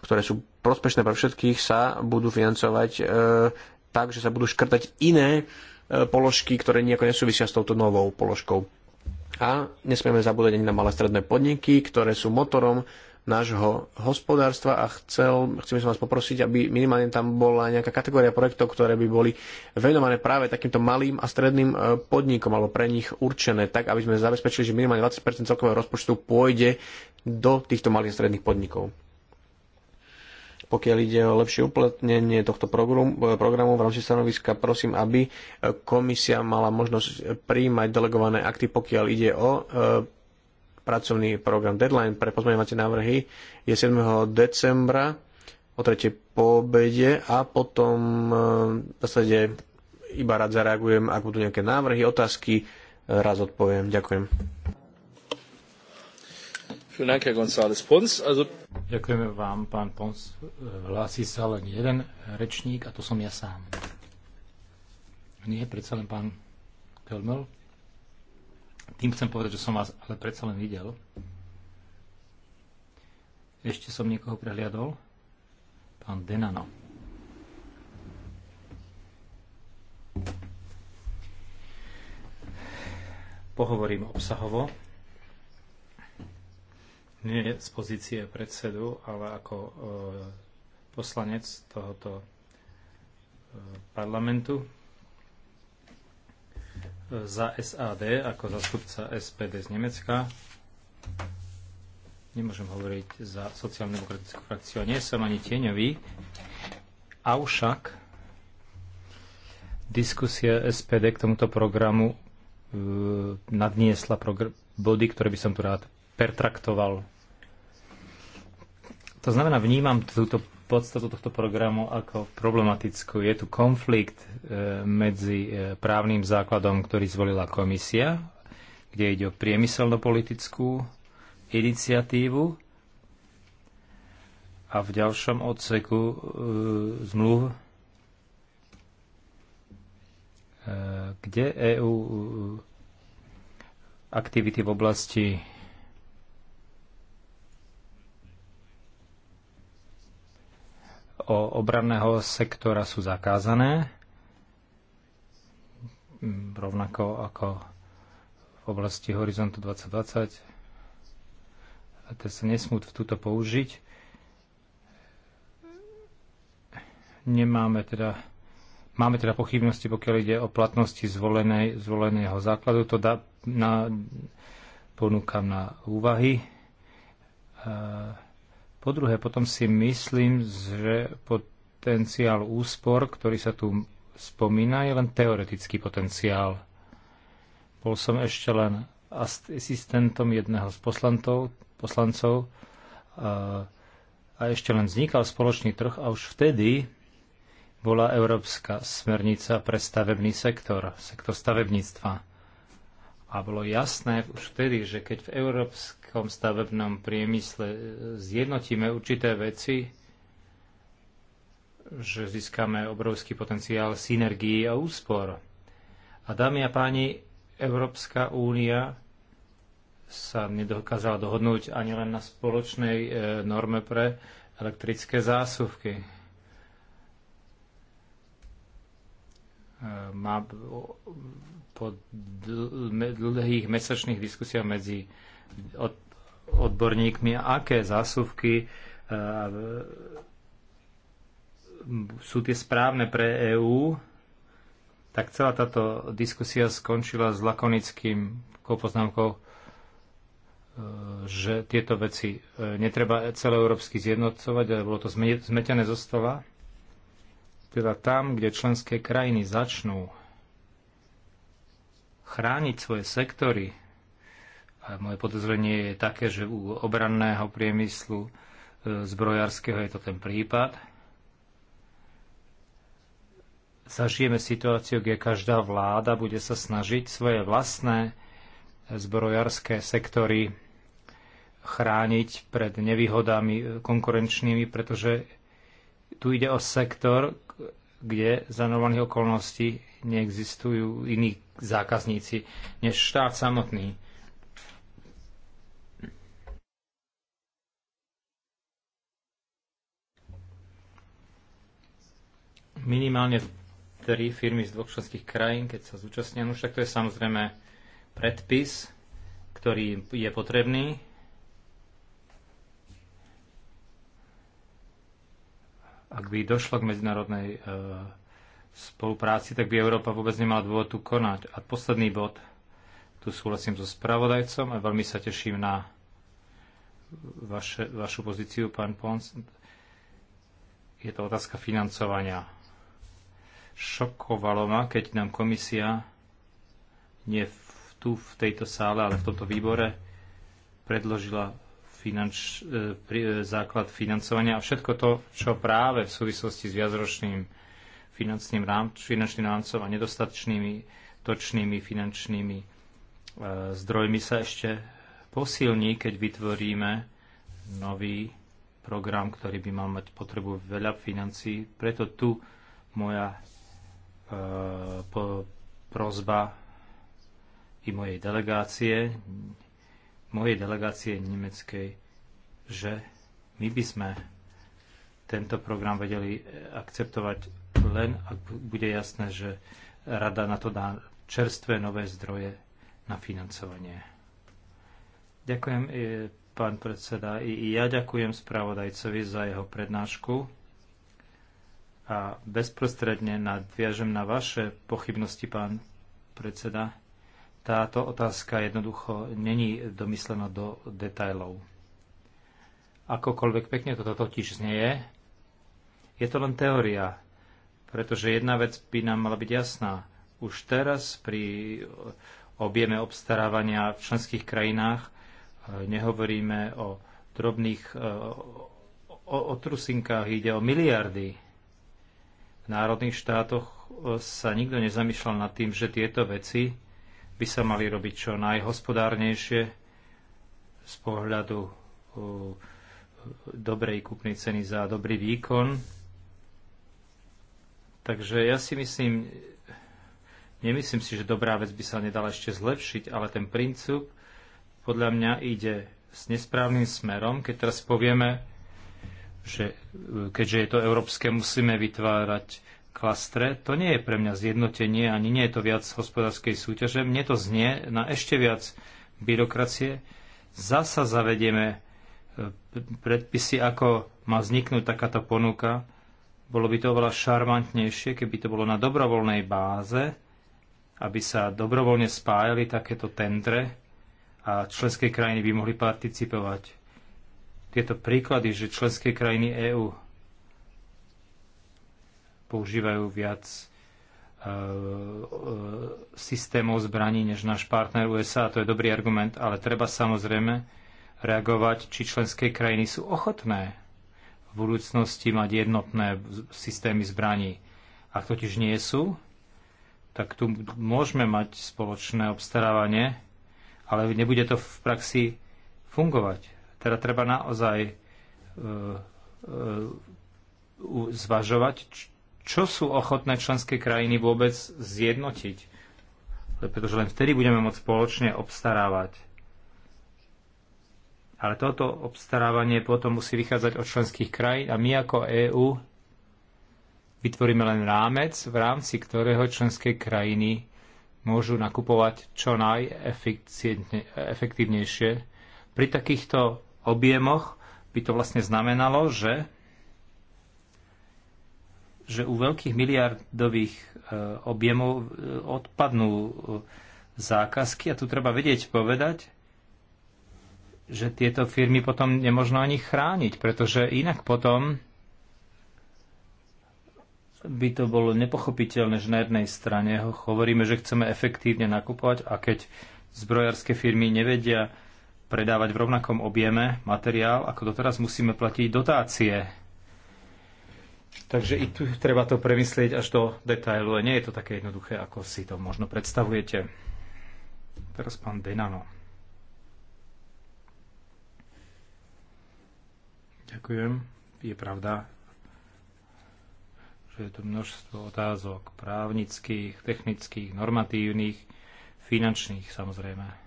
ktoré sú prospešné pre všetkých, sa budú financovať eh, tak, že sa budú škrtať iné položky, ktoré nejako nesúvisia s touto novou položkou. A nesmieme zabúdať ani na malé stredné podniky, ktoré sú motorom nášho hospodárstva a chcel, som vás poprosiť, aby minimálne tam bola nejaká kategória projektov, ktoré by boli venované práve takýmto malým a stredným e, podnikom alebo pre nich určené, tak aby sme zabezpečili, že minimálne 20 celkového rozpočtu pôjde do týchto malých a stredných podnikov pokiaľ ide o lepšie uplatnenie tohto e, programu v rámci stanoviska, prosím, aby e, komisia mala možnosť príjmať delegované akty, pokiaľ ide o pracovný program. Deadline pre pozmeňovacie návrhy je 7. decembra o tretej po obede a potom e, v zásade iba rád zareagujem, ak budú nejaké návrhy, otázky, e, raz odpoviem. Ďakujem. Ďakujeme vám, pán Pons. Hlási sa len jeden rečník a to som ja sám. Nie, predsa len pán Kelmel. Tým chcem povedať, že som vás ale predsa len videl. Ešte som niekoho prehliadol. Pán Denano. Pohovorím obsahovo. Nie z pozície predsedu, ale ako e, poslanec tohoto e, parlamentu za SAD ako zastupca SPD z Nemecka. Nemôžem hovoriť za sociálno-demokratickú frakciu, nie som ani tieňový. Avšak diskusia SPD k tomuto programu e, nadniesla progr- body, ktoré by som tu rád pertraktoval. To znamená, vnímam túto podstatu tohto programu ako problematickú. Je tu konflikt e, medzi e, právnym základom, ktorý zvolila komisia, kde ide o priemyselno-politickú iniciatívu a v ďalšom odseku e, zmluv, e, kde EÚ e, aktivity v oblasti obranného sektora sú zakázané, rovnako ako v oblasti Horizontu 2020. A to sa nesmú v túto použiť. Nemáme teda Máme teda pochybnosti, pokiaľ ide o platnosti zvolenej, zvoleného základu. To dá na, ponúkam na úvahy. E, po druhé, potom si myslím, že potenciál úspor, ktorý sa tu spomína, je len teoretický potenciál. Bol som ešte len asistentom jedného z poslantov, poslancov a, a ešte len vznikal spoločný trh a už vtedy bola Európska smernica pre stavebný sektor, sektor stavebníctva. A bolo jasné už vtedy, že keď v Európs- európskom stavebnom priemysle e, zjednotíme určité veci, že získame obrovský potenciál synergií a úspor. A dámy a páni, Európska únia sa nedokázala dohodnúť ani len na spoločnej e, norme pre elektrické zásuvky. E, má po dlhých mesačných diskusiách medzi od, odborníkmi, aké zásuvky e, sú tie správne pre EÚ, tak celá táto diskusia skončila s lakonickým poznámkou, e, že tieto veci e, netreba celoeurópsky zjednocovať, ale bolo to zmetené zo stola. Teda tam, kde členské krajiny začnú chrániť svoje sektory moje podozrenie je také, že u obranného priemyslu e, zbrojárskeho je to ten prípad. Zažijeme situáciu, kde každá vláda bude sa snažiť svoje vlastné zbrojárske sektory chrániť pred nevýhodami konkurenčnými, pretože tu ide o sektor, kde za normálnych okolností neexistujú iní zákazníci než štát samotný. minimálne tri firmy z dvoch členských krajín, keď sa zúčastnia. No však to je samozrejme predpis, ktorý je potrebný. Ak by došlo k medzinárodnej e, spolupráci, tak by Európa vôbec nemala dôvod tu konať. A posledný bod, tu súhlasím so spravodajcom a veľmi sa teším na vaše, vašu pozíciu, pán Pons. Je to otázka financovania Šokovalo ma, keď nám komisia nie v, tu v tejto sále, ale v tomto výbore predložila finanč, e, e, základ financovania a všetko to, čo práve v súvislosti s viacročným finančným, finančným rámcom a nedostatečnými točnými finančnými e, zdrojmi sa ešte posilní, keď vytvoríme nový program, ktorý by mal mať potrebu veľa financí. Preto tu moja E, prozba i mojej delegácie, mojej delegácie nemeckej, že my by sme tento program vedeli akceptovať len, ak bude jasné, že rada na to dá čerstvé nové zdroje na financovanie. Ďakujem, e, pán predseda. I ja ďakujem spravodajcovi za jeho prednášku a bezprostredne nadviažem na vaše pochybnosti, pán predseda. Táto otázka jednoducho není domyslená do detajlov. Akokoľvek pekne toto totiž znieje, je to len teória, pretože jedna vec by nám mala byť jasná. Už teraz pri objeme obstarávania v členských krajinách eh, nehovoríme o drobných eh, o, o trusinkách, ide o miliardy v národných štátoch e, sa nikto nezamýšľal nad tým, že tieto veci by sa mali robiť čo najhospodárnejšie z pohľadu e, dobrej kupnej ceny za dobrý výkon. Takže ja si myslím, nemyslím si, že dobrá vec by sa nedala ešte zlepšiť, ale ten princíp podľa mňa ide s nesprávnym smerom, keď teraz povieme, že e, keďže je to európske, musíme vytvárať klastre. To nie je pre mňa zjednotenie, ani nie je to viac hospodárskej súťaže. Mne to znie na ešte viac byrokracie. Zasa zavedieme e, predpisy, ako má vzniknúť takáto ponuka. Bolo by to oveľa šarmantnejšie, keby to bolo na dobrovoľnej báze, aby sa dobrovoľne spájali takéto tendre a členské krajiny by mohli participovať tieto príklady, že členské krajiny EÚ používajú viac e, e, systémov zbraní než náš partner USA, to je dobrý argument, ale treba samozrejme reagovať, či členské krajiny sú ochotné v budúcnosti mať jednotné systémy zbraní. Ak totiž nie sú, tak tu môžeme mať spoločné obstarávanie, ale nebude to v praxi fungovať. Teda treba naozaj e, e, zvažovať, čo sú ochotné členské krajiny vôbec zjednotiť. Pretože len vtedy budeme môcť spoločne obstarávať. Ale toto obstarávanie potom musí vychádzať od členských krajín a my ako EÚ vytvoríme len rámec, v rámci ktorého členské krajiny môžu nakupovať čo najefektívnejšie. Pri takýchto objemoch by to vlastne znamenalo, že, že u veľkých miliardových e, objemov e, odpadnú e, zákazky a tu treba vedieť povedať, že tieto firmy potom nemožno ani chrániť, pretože inak potom by to bolo nepochopiteľné, že na jednej strane hovoríme, že chceme efektívne nakupovať a keď zbrojárske firmy nevedia predávať v rovnakom objeme materiál, ako doteraz musíme platiť dotácie. Takže i tu treba to premyslieť až do detailu. Nie je to také jednoduché, ako si to možno predstavujete. Teraz pán Denano. Ďakujem. Je pravda, že je tu množstvo otázok právnických, technických, normatívnych, finančných samozrejme.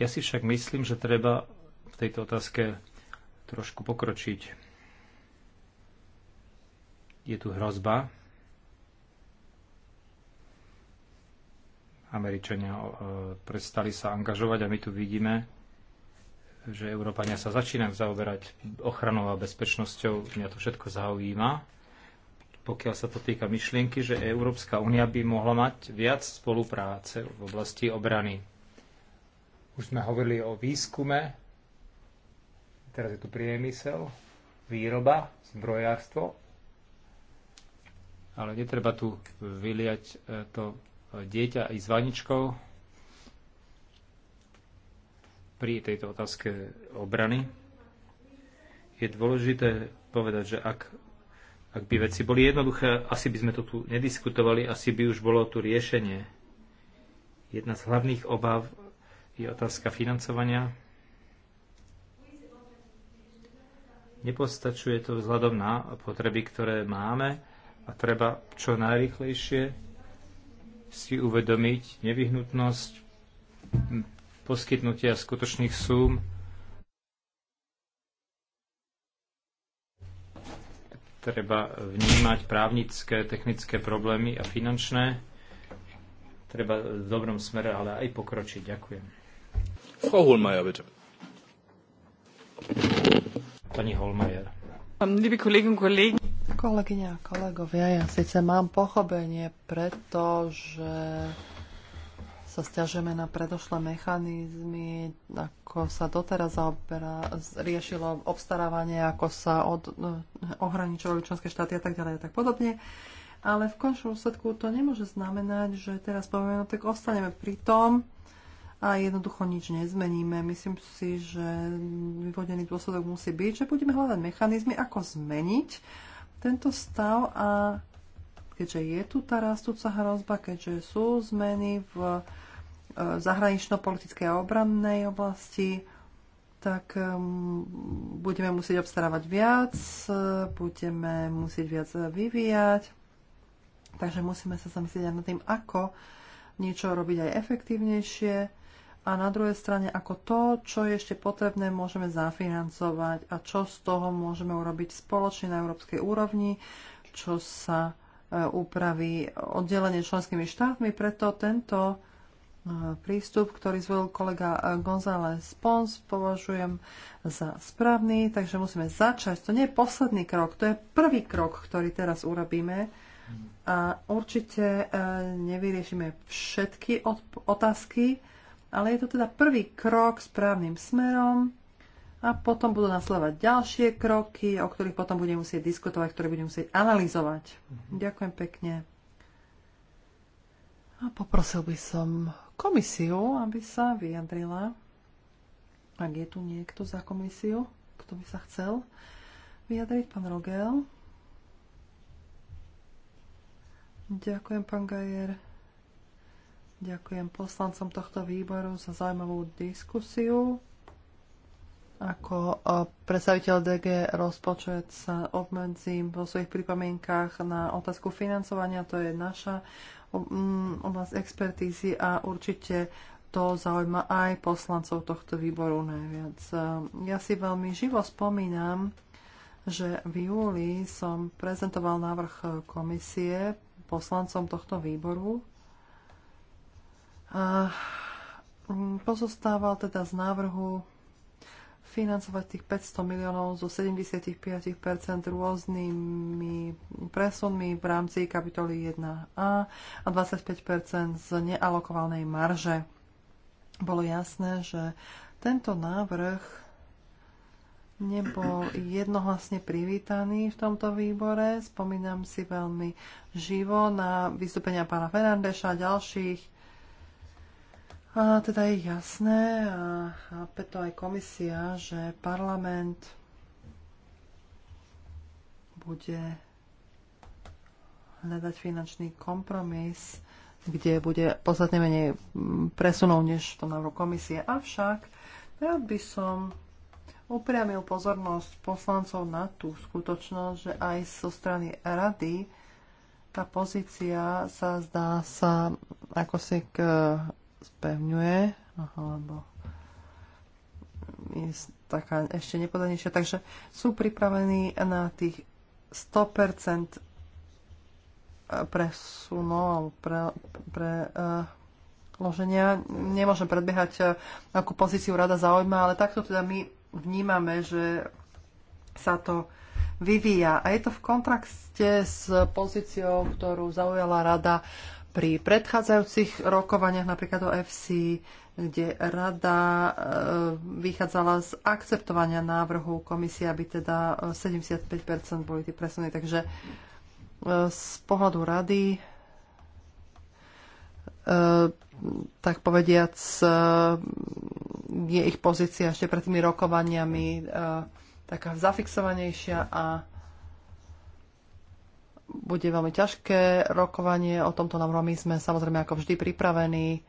Ja si však myslím, že treba v tejto otázke trošku pokročiť. Je tu hrozba. Američania e, prestali sa angažovať a my tu vidíme, že Európania sa začínajú zaoberať ochranou a bezpečnosťou. Mňa to všetko zaujíma. Pokiaľ sa to týka myšlienky, že Európska únia by mohla mať viac spolupráce v oblasti obrany už sme hovorili o výskume, teraz je tu priemysel, výroba, zbrojárstvo, ale netreba tu vyliať e, to e, dieťa i s vaničkou pri tejto otázke obrany. Je dôležité povedať, že ak, ak by veci boli jednoduché, asi by sme to tu nediskutovali, asi by už bolo tu riešenie. Jedna z hlavných obav je otázka financovania. Nepostačuje to vzhľadom na potreby, ktoré máme a treba čo najrychlejšie si uvedomiť nevyhnutnosť poskytnutia skutočných súm treba vnímať právnické, technické problémy a finančné. Treba v dobrom smere ale aj pokročiť. Ďakujem. Frau Hohlmeier, bitte. Pani Hohlmeier. Liebe Kolleginnen und Kollegen. Kolegyne a kolegovia, ja síce mám pochopenie, pretože sa stiažujeme na predošlé mechanizmy, ako sa doteraz zaoberá, riešilo obstarávanie, ako sa od, ohraničovali členské štáty a tak ďalej a tak podobne. Ale v končnom úsledku to nemôže znamenať, že teraz povieme, no tak ostaneme pri tom, a jednoducho nič nezmeníme. Myslím si, že vyvodený dôsledok musí byť, že budeme hľadať mechanizmy, ako zmeniť tento stav a keďže je tu tá rastúca hrozba, keďže sú zmeny v e, zahranično-politickej a obrannej oblasti, tak e, budeme musieť obstarávať viac, e, budeme musieť viac vyvíjať, takže musíme sa zamyslieť aj nad tým, ako niečo robiť aj efektívnejšie a na druhej strane ako to, čo je ešte potrebné, môžeme zafinancovať a čo z toho môžeme urobiť spoločne na európskej úrovni, čo sa e, upraví oddelenie členskými štátmi. Preto tento e, prístup, ktorý zvolil kolega e, González Pons, považujem za správny, takže musíme začať. To nie je posledný krok, to je prvý krok, ktorý teraz urobíme. A určite nevyriešime všetky otázky, ale je to teda prvý krok správnym smerom a potom budú nasledovať ďalšie kroky, o ktorých potom budem musieť diskutovať, ktoré budem musieť analyzovať. Mm-hmm. Ďakujem pekne. A poprosil by som komisiu, aby sa vyjadrila. Ak je tu niekto za komisiu, kto by sa chcel vyjadriť, pán Rogel. Ďakujem, pán Gajer. Ďakujem poslancom tohto výboru za zaujímavú diskusiu. Ako e, predstaviteľ DG rozpočet sa obmedzím vo svojich pripomienkách na otázku financovania, to je naša oblasť expertízy a určite to zaujíma aj poslancov tohto výboru najviac. E, ja si veľmi živo spomínam, že v júli som prezentoval návrh e, komisie poslancom tohto výboru a mm, pozostával teda z návrhu financovať tých 500 miliónov zo 75% rôznymi presunmi v rámci kapitoly 1a a 25% z nealokovanej marže. Bolo jasné, že tento návrh nebol jednohlasne privítaný v tomto výbore. Spomínam si veľmi živo na vystúpenia pána Fernandeša a ďalších a teda je jasné, a chápe to aj komisia, že parlament bude hľadať finančný kompromis, kde bude podstatne menej presunov než v tom komisie. Avšak ja by som upriamil pozornosť poslancov na tú skutočnosť, že aj zo strany rady tá pozícia sa zdá sa ako si k spevňuje, alebo je taká ešte nepodanejšia. Takže sú pripravení na tých 100% presunov alebo pre, pre uh, loženia. Nemôžem predbiehať, eh, akú pozíciu rada zaujíma, ale takto teda my vnímame, že sa to vyvíja. A je to v kontrakte s pozíciou, ktorú zaujala rada pri predchádzajúcich rokovaniach napríklad o FC, kde rada e, vychádzala z akceptovania návrhu komisie, aby teda 75% e, boli tie presuny. Takže e, z pohľadu rady tak povediac je ich pozícia ešte pred tými rokovaniami taká zafixovanejšia a bude veľmi ťažké rokovanie. O tomto návrhu my sme samozrejme ako vždy pripravení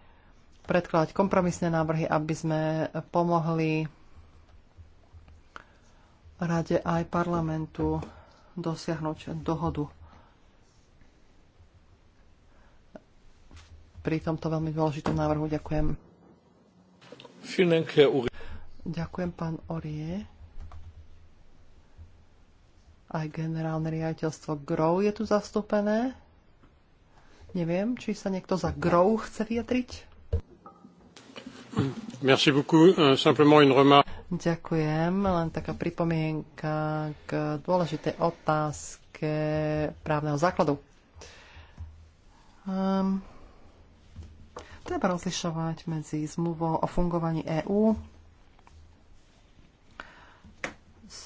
predkladať kompromisné návrhy, aby sme pomohli rade aj parlamentu dosiahnuť dohodu. Pri tomto veľmi dôležitom návrhu ďakujem. Ďakujem, pán Orie. Aj generálne riaditeľstvo GROW je tu zastúpené. Neviem, či sa niekto za GROW chce vyjadriť. Merci beaucoup. Euh, simplement une remarque. Ďakujem. Len taká pripomienka k dôležitej otázke právneho základu. Um, treba rozlišovať medzi zmluvou o fungovaní EÚ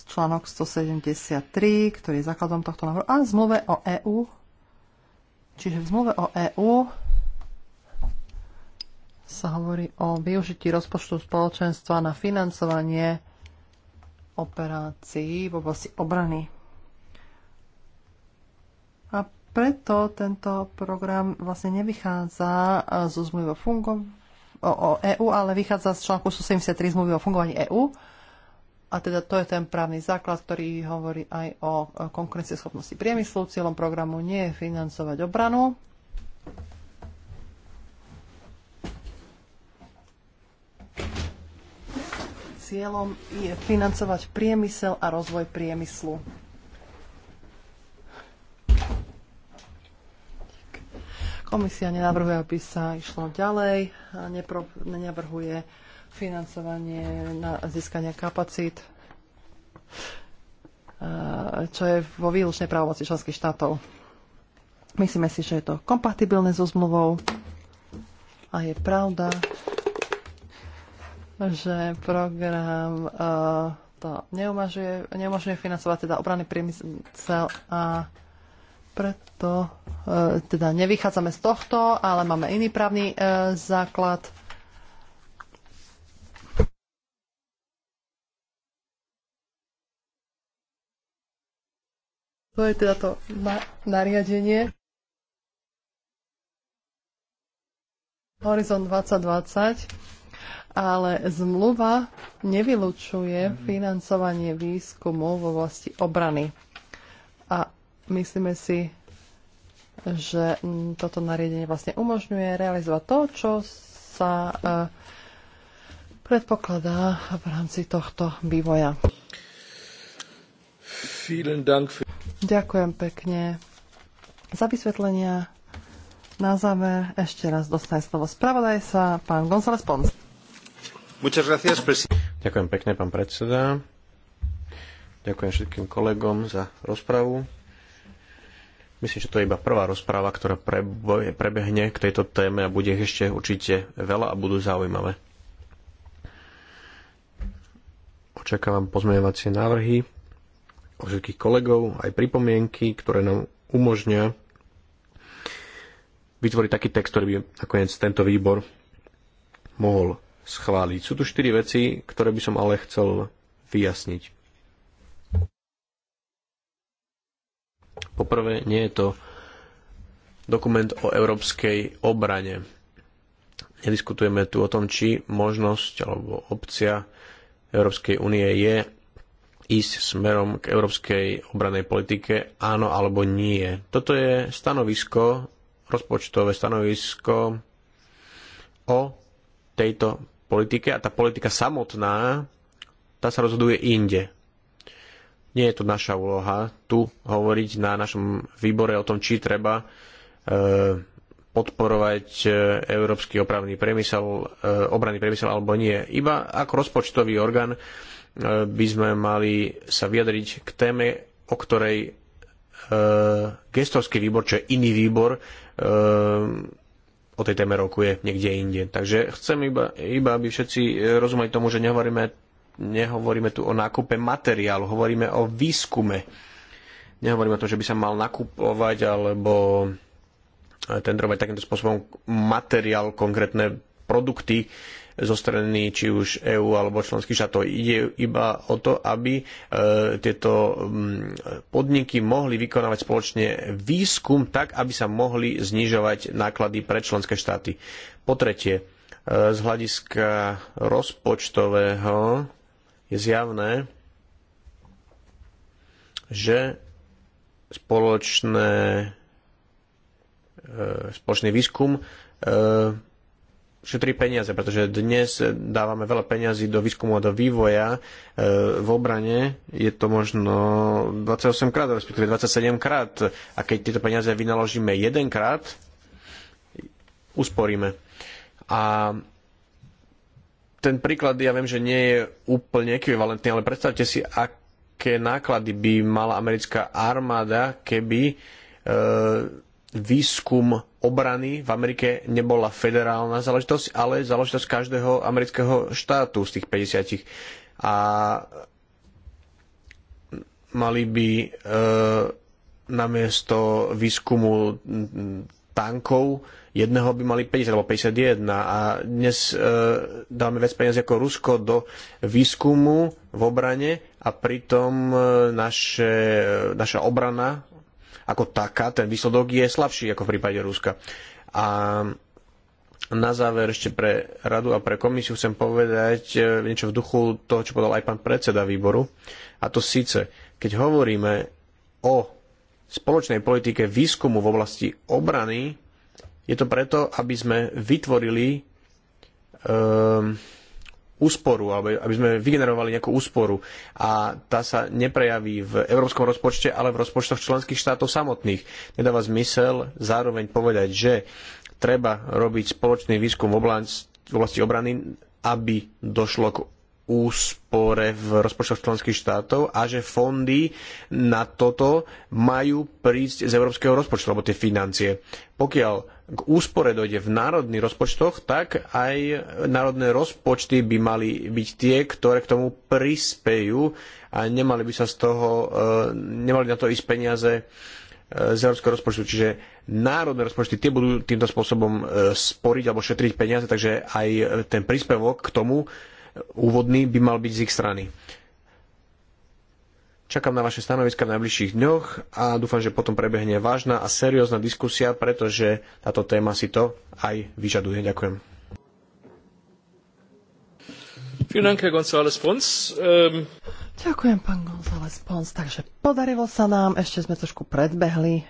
článok 173, ktorý je základom tohto návrhu, a v zmluve o EÚ. Čiže v zmluve o EÚ sa hovorí o využití rozpočtu spoločenstva na financovanie operácií v oblasti obrany. A preto tento program vlastne nevychádza zo zmluvy o, fungo- o, o EÚ, ale vychádza z článku 173 zmluvy o fungovaní EÚ a teda to je ten právny základ, ktorý hovorí aj o konkurencieschopnosti priemyslu. Cieľom programu nie je financovať obranu. Cieľom je financovať priemysel a rozvoj priemyslu. Komisia nenavrhuje, aby sa išlo ďalej, nenavrhuje financovanie na získanie kapacít, čo je vo výlučnej právomoci členských štátov. Myslíme si, že je to kompatibilné so zmluvou a je pravda, že program to neumožňuje, financovať teda obranný priemysel a preto e, teda nevychádzame z tohto, ale máme iný právny e, základ To je teda to na- nariadenie. Horizon 2020, ale zmluva nevylučuje mhm. financovanie výskumu v oblasti obrany. A myslíme si, že toto nariadenie vlastne umožňuje realizovať to, čo sa eh, predpokladá v rámci tohto vývoja. Ďakujem pekne za vysvetlenia. Na záver ešte raz dostane slovo sa. pán González Pons. Ďakujem pekne, pán predseda. Ďakujem všetkým kolegom za rozpravu. Myslím, že to je iba prvá rozpráva, ktorá prebehne k tejto téme a bude ich ešte určite veľa a budú zaujímavé. Očakávam pozmeňovacie návrhy všetkých kolegov, aj pripomienky, ktoré nám umožňa vytvoriť taký text, ktorý by nakoniec tento výbor mohol schváliť. Sú tu štyri veci, ktoré by som ale chcel vyjasniť. Poprvé, nie je to dokument o európskej obrane. Nediskutujeme tu o tom, či možnosť alebo opcia Európskej únie je ísť smerom k európskej obranej politike áno alebo nie. Toto je stanovisko, rozpočtové stanovisko o tejto politike a tá politika samotná, tá sa rozhoduje inde. Nie je to naša úloha tu hovoriť na našom výbore o tom, či treba e, podporovať e, európsky opravný priemysel, e, obranný priemysel alebo nie. Iba ako rozpočtový orgán e, E, by sme mali sa vyjadriť k téme, o ktorej e, gestorský výbor, čo je iný výbor, e, o tej téme rokuje niekde inde. Takže chcem iba, iba aby všetci rozumeli tomu, že nehovoríme, nehovoríme tu o nákupe materiálu, hovoríme o výskume. Nehovoríme o tom, že by sa mal nakupovať alebo tendrovať takýmto spôsobom materiál, konkrétne produkty, zo strany či už EÚ alebo členských štátov. Ide iba o to, aby e, tieto mm, podniky mohli vykonávať spoločne výskum tak, aby sa mohli znižovať náklady pre členské štáty. Po tretie, e, z hľadiska rozpočtového je zjavné, že spoločné, e, spoločný výskum šetrí peniaze, pretože dnes dávame veľa peniazy do výskumu a do vývoja. E, v obrane je to možno 28 krát, respektíve 27 krát. A keď tieto peniaze vynaložíme jedenkrát, usporíme. A ten príklad, ja viem, že nie je úplne ekvivalentný, ale predstavte si, aké náklady by mala americká armáda, keby e, výskum obrany v Amerike nebola federálna záležitosť, ale záležitosť každého amerického štátu z tých 50. A mali by e, namiesto výskumu tankov jedného by mali 50 alebo 51 a dnes e, dáme viac peniazy ako Rusko do výskumu v obrane a pritom e, naše, e, naša obrana ako taká, ten výsledok je slabší ako v prípade Ruska. A na záver ešte pre radu a pre komisiu chcem povedať e, niečo v duchu toho, čo povedal aj pán predseda výboru. A to síce, keď hovoríme o spoločnej politike výskumu v oblasti obrany, je to preto, aby sme vytvorili um, úsporu, alebo aby sme vygenerovali nejakú úsporu a tá sa neprejaví v európskom rozpočte, ale v rozpočtoch členských štátov samotných. Nedáva zmysel zároveň povedať, že treba robiť spoločný výskum v oblasti obrany, aby došlo k úspore v rozpočtoch členských štátov a že fondy na toto majú prísť z európskeho rozpočtu, alebo tie financie. Pokiaľ k úspore dojde v národných rozpočtoch, tak aj národné rozpočty by mali byť tie, ktoré k tomu prispejú a nemali by sa z toho, e, nemali na to ísť peniaze e, z európskeho rozpočtu. Čiže národné rozpočty tie budú týmto spôsobom e, sporiť alebo šetriť peniaze, takže aj ten príspevok k tomu úvodný by mal byť z ich strany. Čakám na vaše stanoviska v najbližších dňoch a dúfam, že potom prebehne vážna a seriózna diskusia, pretože táto téma si to aj vyžaduje. Ďakujem. Ähm, Ďakujem, pán González Pons. Takže podarilo sa nám, ešte sme trošku predbehli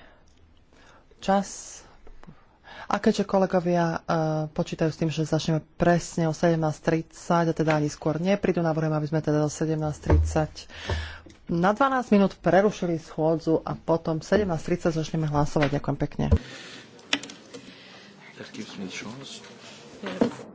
čas. A keďže kolegovia uh, počítajú s tým, že začneme presne o 17.30 a teda ani skôr neprídu, navrhujem, aby sme teda o 17.30 na 12 minút prerušili schôdzu a potom 17.30 začneme hlasovať. Ďakujem pekne. That gives me chance. Yeah.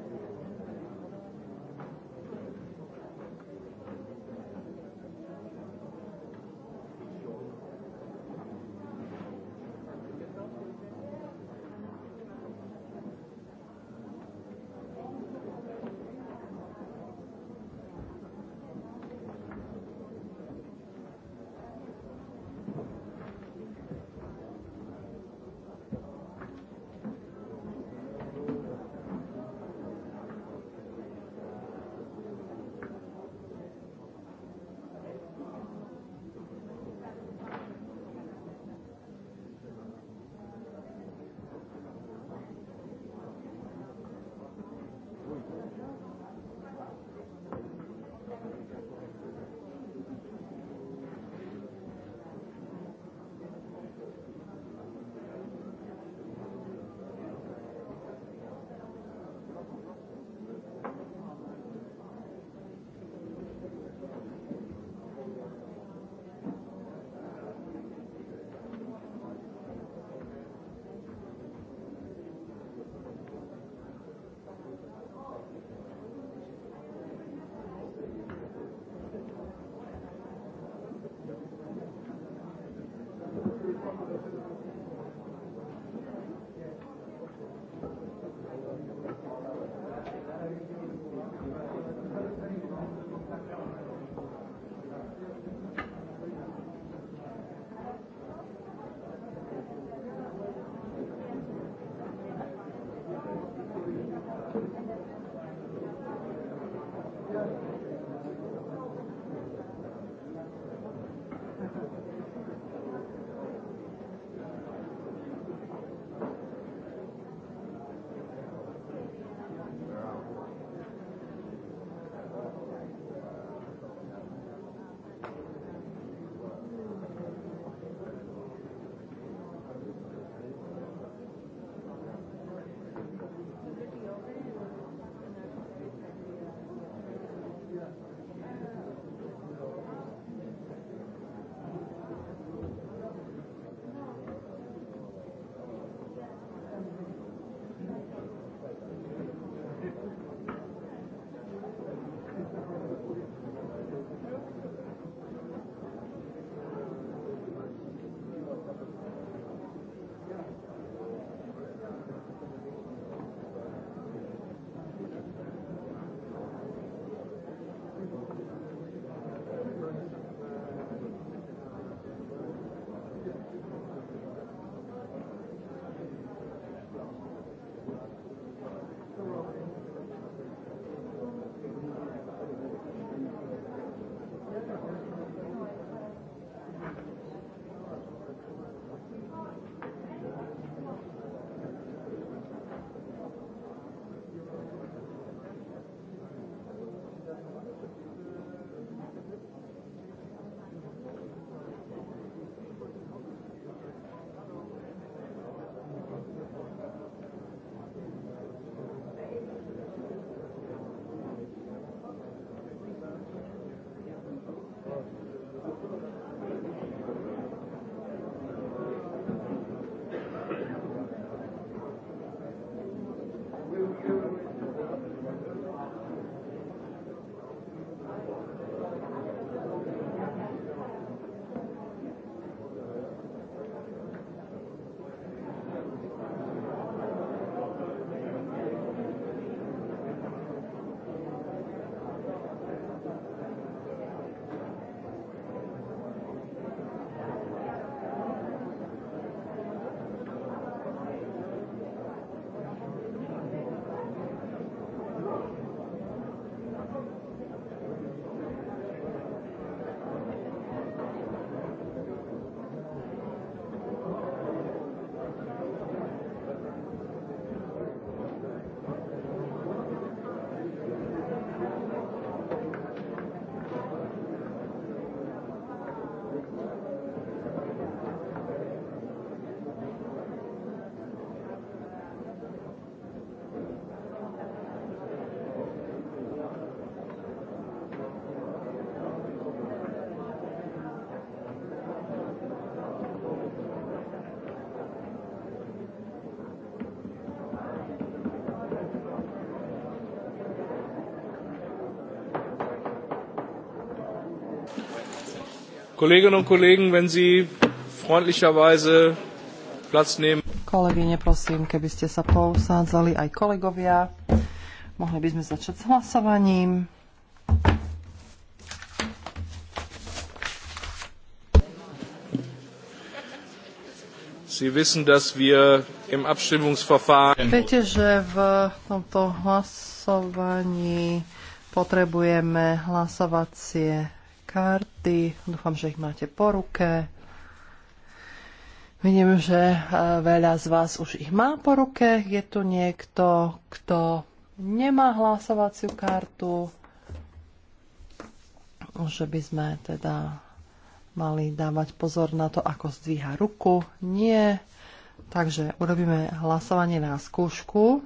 Kolleginnen und Kollegen, wenn Sie freundlicherweise Platz nehmen. Kolegyne, prosím, keby ste sa pousádzali aj kolegovia. Mohli by sme začať s hlasovaním. Sie wissen, dass wir im Abstimmungsverfahren... Viete, že v tomto hlasovaní potrebujeme hlasovacie karty karty. Dúfam, že ich máte po ruke. Vidím, že e, veľa z vás už ich má po ruke. Je tu niekto, kto nemá hlasovaciu kartu. Že by sme teda mali dávať pozor na to, ako zdvíha ruku. Nie. Takže urobíme hlasovanie na skúšku.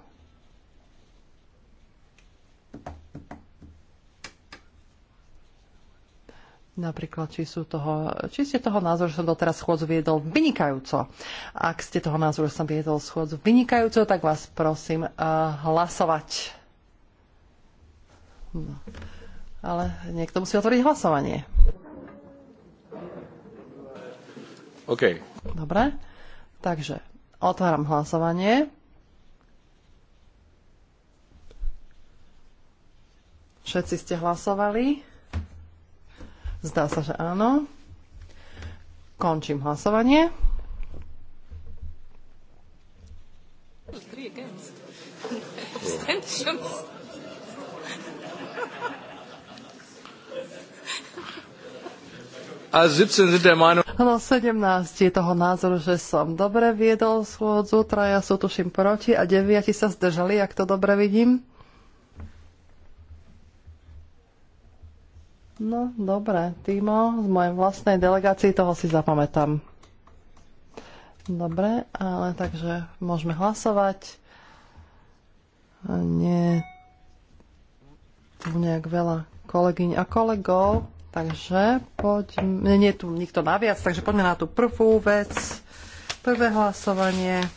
Napríklad, či, sú toho, či ste toho názoru, že som doteraz schôdzu viedol vynikajúco. Ak ste toho názoru, že som viedol schôdzu vynikajúco, tak vás prosím uh, hlasovať. No. Ale niekto musí otvoriť hlasovanie. OK. Dobre. Takže otváram hlasovanie. Všetci ste hlasovali. Zdá sa, že áno. Končím hlasovanie. No 17 je toho názoru, že som dobre viedol schôdzu, traja sú tuším proti a deviati sa zdržali, ak to dobre vidím. No, dobre, Timo, z mojej vlastnej delegácii toho si zapamätám. Dobre, ale takže môžeme hlasovať. Nie tu nejak veľa kolegyň a kolegov, takže poďme, nie je tu nikto naviac, takže poďme na tú prvú vec. Prvé hlasovanie.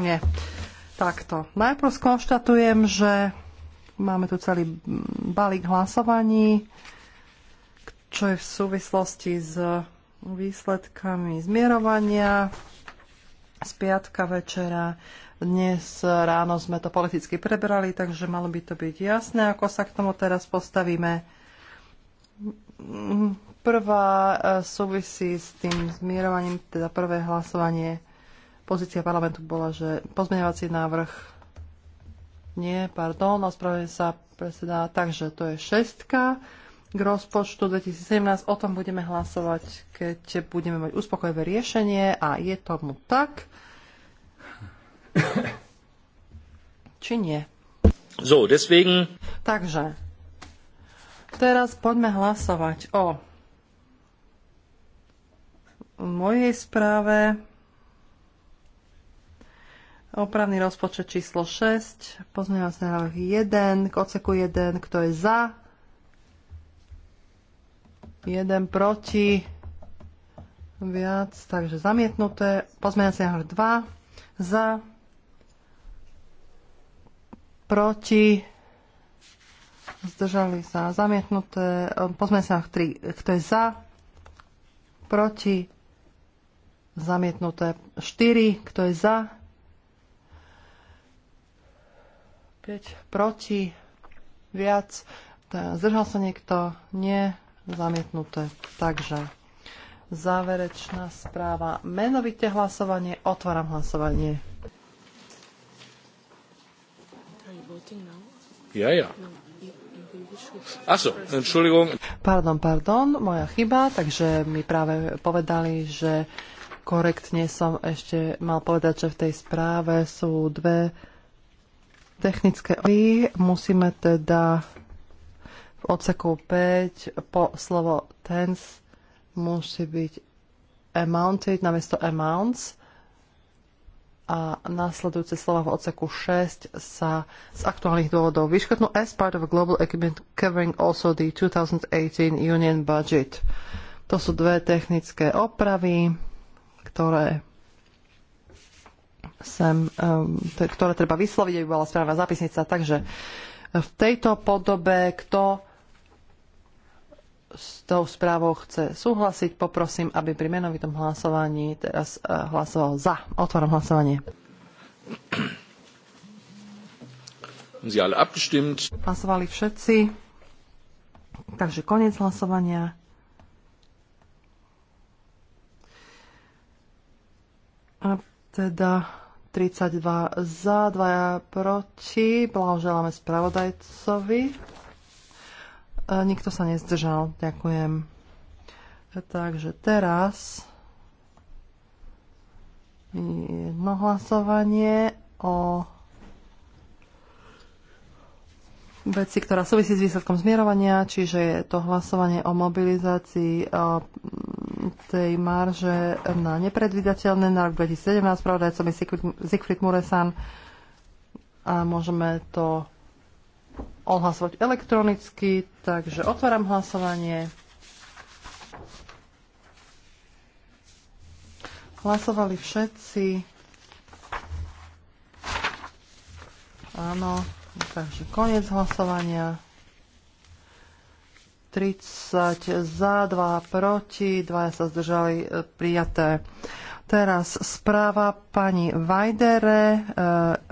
Nie. Takto. Najprv skonštatujem, že máme tu celý balík hlasovaní čo je v súvislosti s výsledkami zmierovania z piatka večera. Dnes ráno sme to politicky prebrali, takže malo by to byť jasné, ako sa k tomu teraz postavíme. Prvá e, súvisí s tým zmierovaním, teda prvé hlasovanie. Pozícia parlamentu bola, že pozmeňovací návrh nie, pardon, ospravedlňujem sa predseda, takže to je šestka k rozpočtu 2017. O tom budeme hlasovať, keď budeme mať uspokojivé riešenie a je tomu tak. Či nie? So, deswegen... Takže, teraz poďme hlasovať o mojej správe opravný rozpočet číslo 6, pozmeňovací návrh 1, k oceku 1, kto je za, 1 proti, viac, takže zamietnuté. Pozmeňací návrh 2 za, proti, zdržali sa zamietnuté. Pozmeňací návrh 3, kto je za, proti, zamietnuté. 4, kto je za, 5 proti, viac, teda zdržal sa niekto, nie, Zamietnuté. Takže záverečná správa. Menovite hlasovanie. Otváram hlasovanie. Ja, ja. Aso, entschuldigung. Pardon, pardon, moja chyba, takže mi práve povedali, že korektne som ešte mal povedať, že v tej správe sú dve technické. Musíme teda v odseku 5 po slovo tense musí byť amounted namiesto amounts a následujúce slova v odseku 6 sa z aktuálnych dôvodov vyškrtnú as part of a global agreement covering also the 2018 union budget. To sú dve technické opravy, ktoré sem, um, ktoré treba vysloviť, aby bola správna zapisnica. Takže v tejto podobe, kto s tou správou chce súhlasiť, poprosím, aby pri menovitom hlasovaní teraz eh, hlasoval za. Otváram hlasovanie. Hlasovali všetci. Takže koniec hlasovania. A teda 32 za, 2 proti. Blahoželáme spravodajcovi. E, nikto sa nezdržal. Ďakujem. E, takže teraz jedno hlasovanie o veci, ktorá súvisí s výsledkom zmierovania, čiže je to hlasovanie o mobilizácii e, tej marže na nepredvydateľné na rok 2017. pravda, je Siegfried Muresan a môžeme to odhlasovať elektronicky, takže otváram hlasovanie. Hlasovali všetci. Áno, takže koniec hlasovania. 30 za, 2 proti, 2 sa zdržali prijaté. Teraz správa pani Vajdere, eh,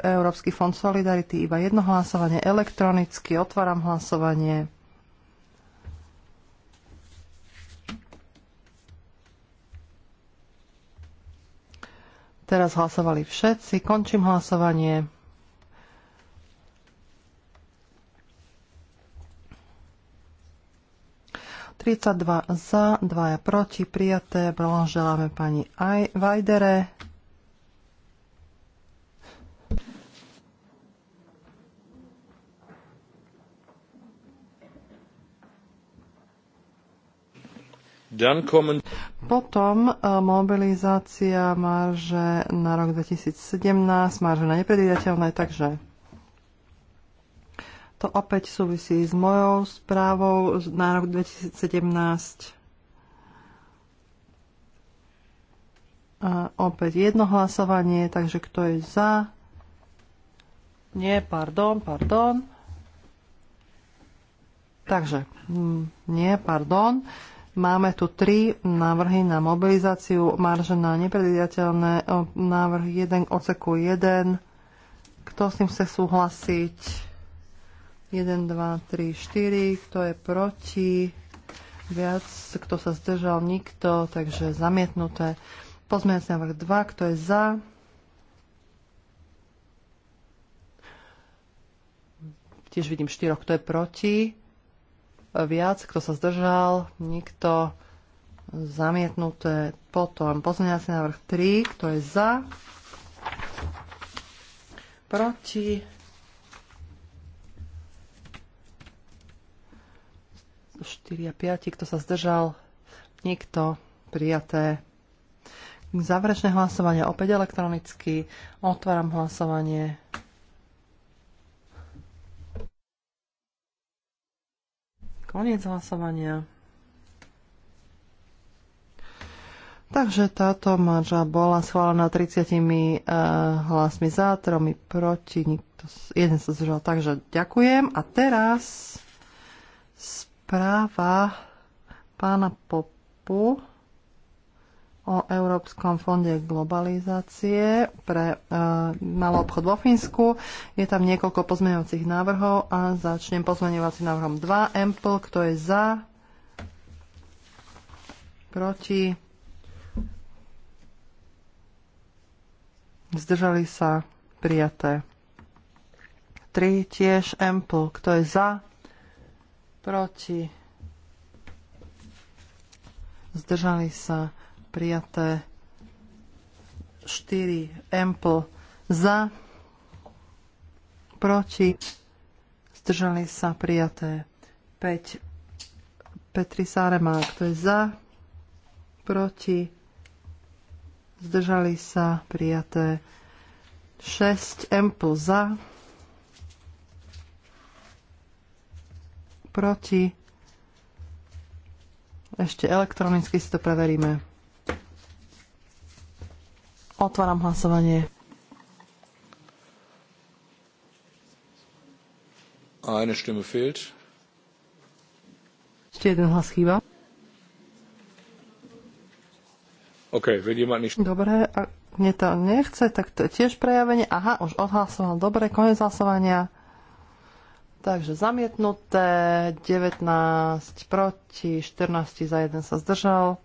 Európsky fond Solidarity, iba jedno hlasovanie elektronicky, otváram hlasovanie. Teraz hlasovali všetci, končím hlasovanie. 32 za, 2 je proti, prijaté. Blahoželáme pani Aj Vajdere. Potom e, mobilizácia marže na rok 2017, marže na nepredvídateľné, takže to opäť súvisí s mojou správou na rok 2017. A opäť jedno hlasovanie, takže kto je za? Nie, pardon, pardon. Takže, hm, nie, pardon. Máme tu tri návrhy na mobilizáciu marže na nepredvidateľné. Návrh 1 k oceku 1. Kto s tým chce súhlasiť? 1, 2, 3, 4. Kto je proti? Viac. Kto sa zdržal? Nikto. Takže zamietnuté. sa návrh 2. Kto je za? Tiež vidím 4. Kto je proti? Viac. Kto sa zdržal? Nikto. Zamietnuté. Potom sa návrh 3. Kto je za? Proti 4 a 5. Kto sa zdržal? Nikto. Prijaté. Záverečné hlasovanie opäť elektronicky. Otváram hlasovanie. Koniec hlasovania. Takže táto marža bola schválená 30 uh, eh, hlasmi za, 3 proti, nikto, jeden sa zdržal. Takže ďakujem. A teraz správa pána Popu o Európskom fonde globalizácie pre e, malý obchod vo Fínsku. Je tam niekoľko pozmeňovacích návrhov a začnem pozmeňovacím návrhom 2. Ample, kto je za? Proti? Zdržali sa prijaté. 3. Tiež Ample, kto je za? proti, zdržali sa prijaté 4 empl za, proti, zdržali sa prijaté 5 Petri Sáremák, to je za, proti, zdržali sa prijaté 6 empl za, proti. Ešte elektronicky si to preveríme. Otváram hlasovanie. Eine Stimme fehlt. Ešte jeden hlas chýba. Okay, wenn jemand nicht... Dobre, ak mne to nechce, tak to je tiež prejavenie. Aha, už odhlasoval. Dobre, koniec hlasovania. Takže zamietnuté, 19 proti, 14 za 1 sa zdržal.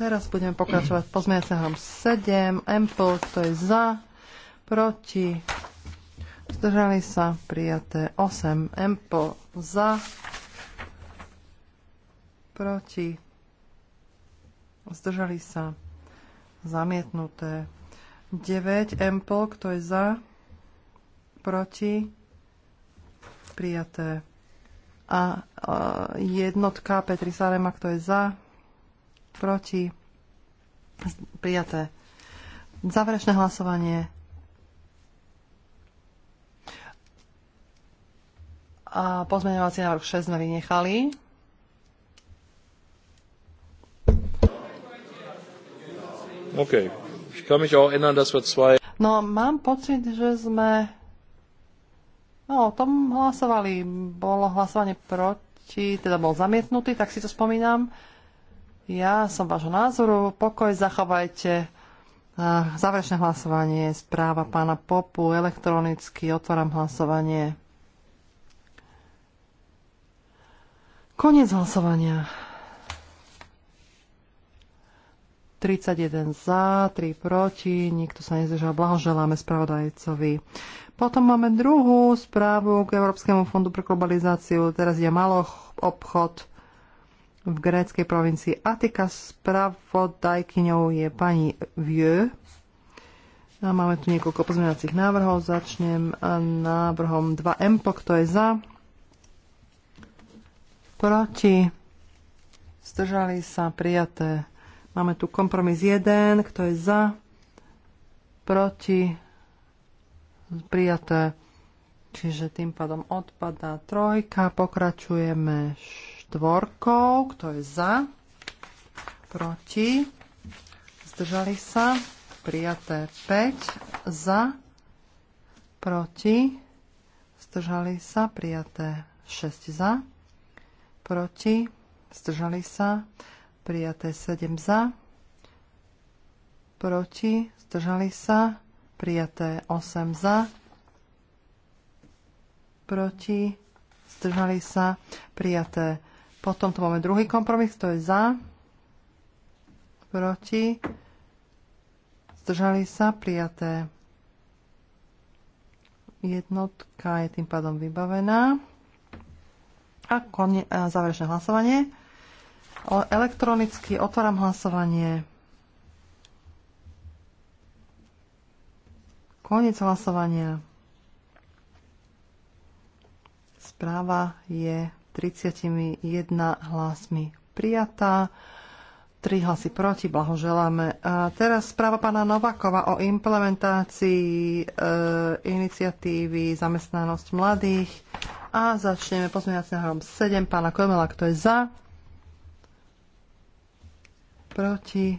Teraz budeme pokračovať pozmeňacím 7, Ample, to je za, proti, zdržali sa, prijaté 8, Ample za, proti, zdržali sa, zamietnuté 9, Ample, kto je za, proti, prijaté. A, uh, jednotka Petri Sarema, kto je za, proti, prijaté. Záverečné hlasovanie. A pozmeňovací návrh 6 sme vynechali. OK. Ich kann mich auch erinnern, dass wir zwei... No, mám pocit, že sme No, o tom hlasovali. Bolo hlasovanie proti, teda bol zamietnutý, tak si to spomínam. Ja som vášho názoru. Pokoj zachovajte. Záverečné hlasovanie, správa pána Popu, elektronicky, otváram hlasovanie. Koniec hlasovania. 31 za, 3 proti, nikto sa nezdržal. Blahoželáme spravodajcovi. Potom máme druhú správu k Európskemu fondu pre globalizáciu. Teraz je malo obchod v gréckej provincii Atika. Spravodajkyňou je pani Vieux. A máme tu niekoľko pozmeňovacích návrhov. Začnem návrhom 2 MPO, kto je za. Proti. Zdržali sa prijaté. Máme tu kompromis 1, kto je za. Proti prijaté. Čiže tým pádom odpadá trojka, pokračujeme štvorkou, kto je za, proti, zdržali sa, prijaté 5, za, proti, zdržali sa, prijaté 6 za, proti, zdržali sa, prijaté 7 za, proti, zdržali sa, prijaté 8 za, proti, zdržali sa, prijaté. Potom tu máme druhý kompromis, to je za, proti, zdržali sa, prijaté. Jednotka je tým pádom vybavená. A, konie, a záverečné hlasovanie. Elektronicky otváram hlasovanie. Koniec hlasovania. Správa je 31 hlasmi prijatá. 3 hlasy proti, blahoželáme. A teraz správa pána Novakova o implementácii e, iniciatívy zamestnanosť mladých. A začneme pozmeňovacím návrhom 7 pána Komela, kto je za. Proti.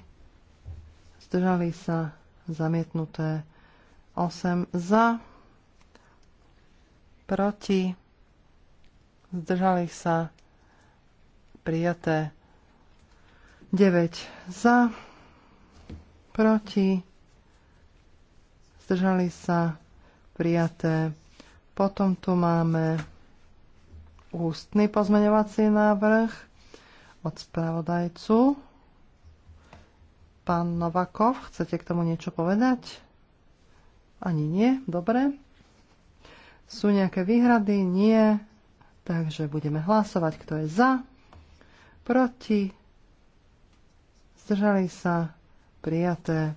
Zdržali sa zamietnuté 8 za, proti, zdržali sa, prijaté 9 za, proti, zdržali sa, prijaté. Potom tu máme ústny pozmeňovací návrh od spravodajcu. Pán Novakov, chcete k tomu niečo povedať? Ani nie, dobre. Sú nejaké výhrady? Nie. Takže budeme hlasovať, kto je za, proti, zdržali sa, prijaté.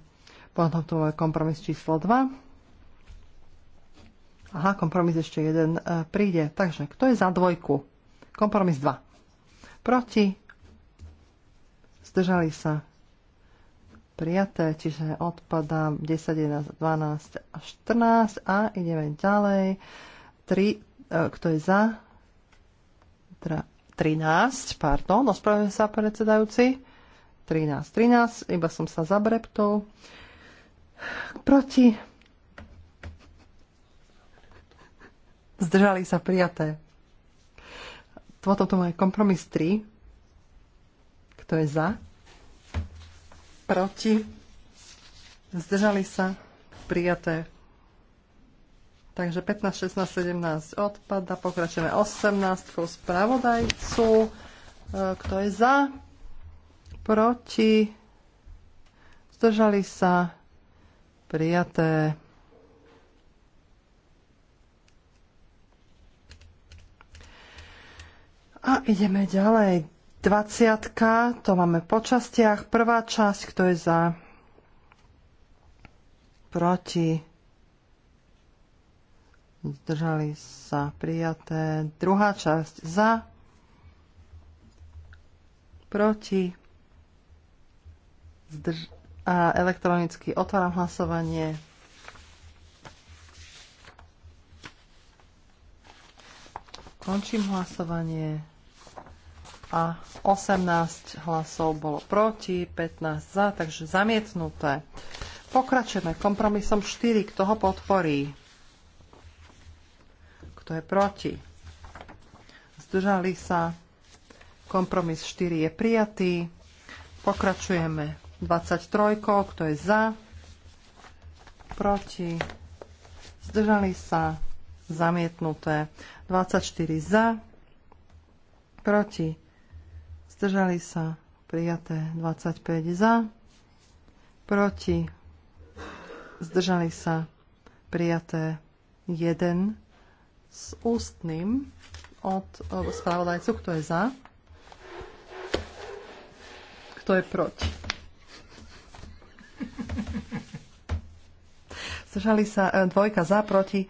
Potom tu je kompromis číslo 2. Aha, kompromis ešte jeden e, príde. Takže, kto je za dvojku? Kompromis 2. Proti, zdržali sa, prijaté, čiže odpadá 10, 11, 12 a 14 a ideme ďalej. 3, e, kto je za? 13, pardon, ospravedlňujem sa predsedajúci. 13, 13, iba som sa zabreptol. Proti. Zdržali sa prijaté. Potom to má kompromis 3. Kto je za? proti, zdržali sa, prijaté. Takže 15, 16, 17 odpada, pokračujeme 18 spravodajcu. E, kto je za? Proti? Zdržali sa? Prijaté. A ideme ďalej. 20. To máme po častiach. Prvá časť, kto je za? Proti? Zdržali sa prijaté. Druhá časť za? Proti? Zdrž- a elektronicky otváram hlasovanie. Končím hlasovanie a 18 hlasov bolo proti, 15 za, takže zamietnuté. Pokračujeme kompromisom 4. Kto ho podporí? Kto je proti? Zdržali sa. Kompromis 4 je prijatý. Pokračujeme 23. Kto je za? Proti? Zdržali sa. Zamietnuté. 24 za. Proti? zdržali sa prijaté 25 za, proti zdržali sa prijaté 1 s ústnym od e, spravodajcu, kto je za, kto je proti. [laughs] Zdržali sa e, dvojka za, proti.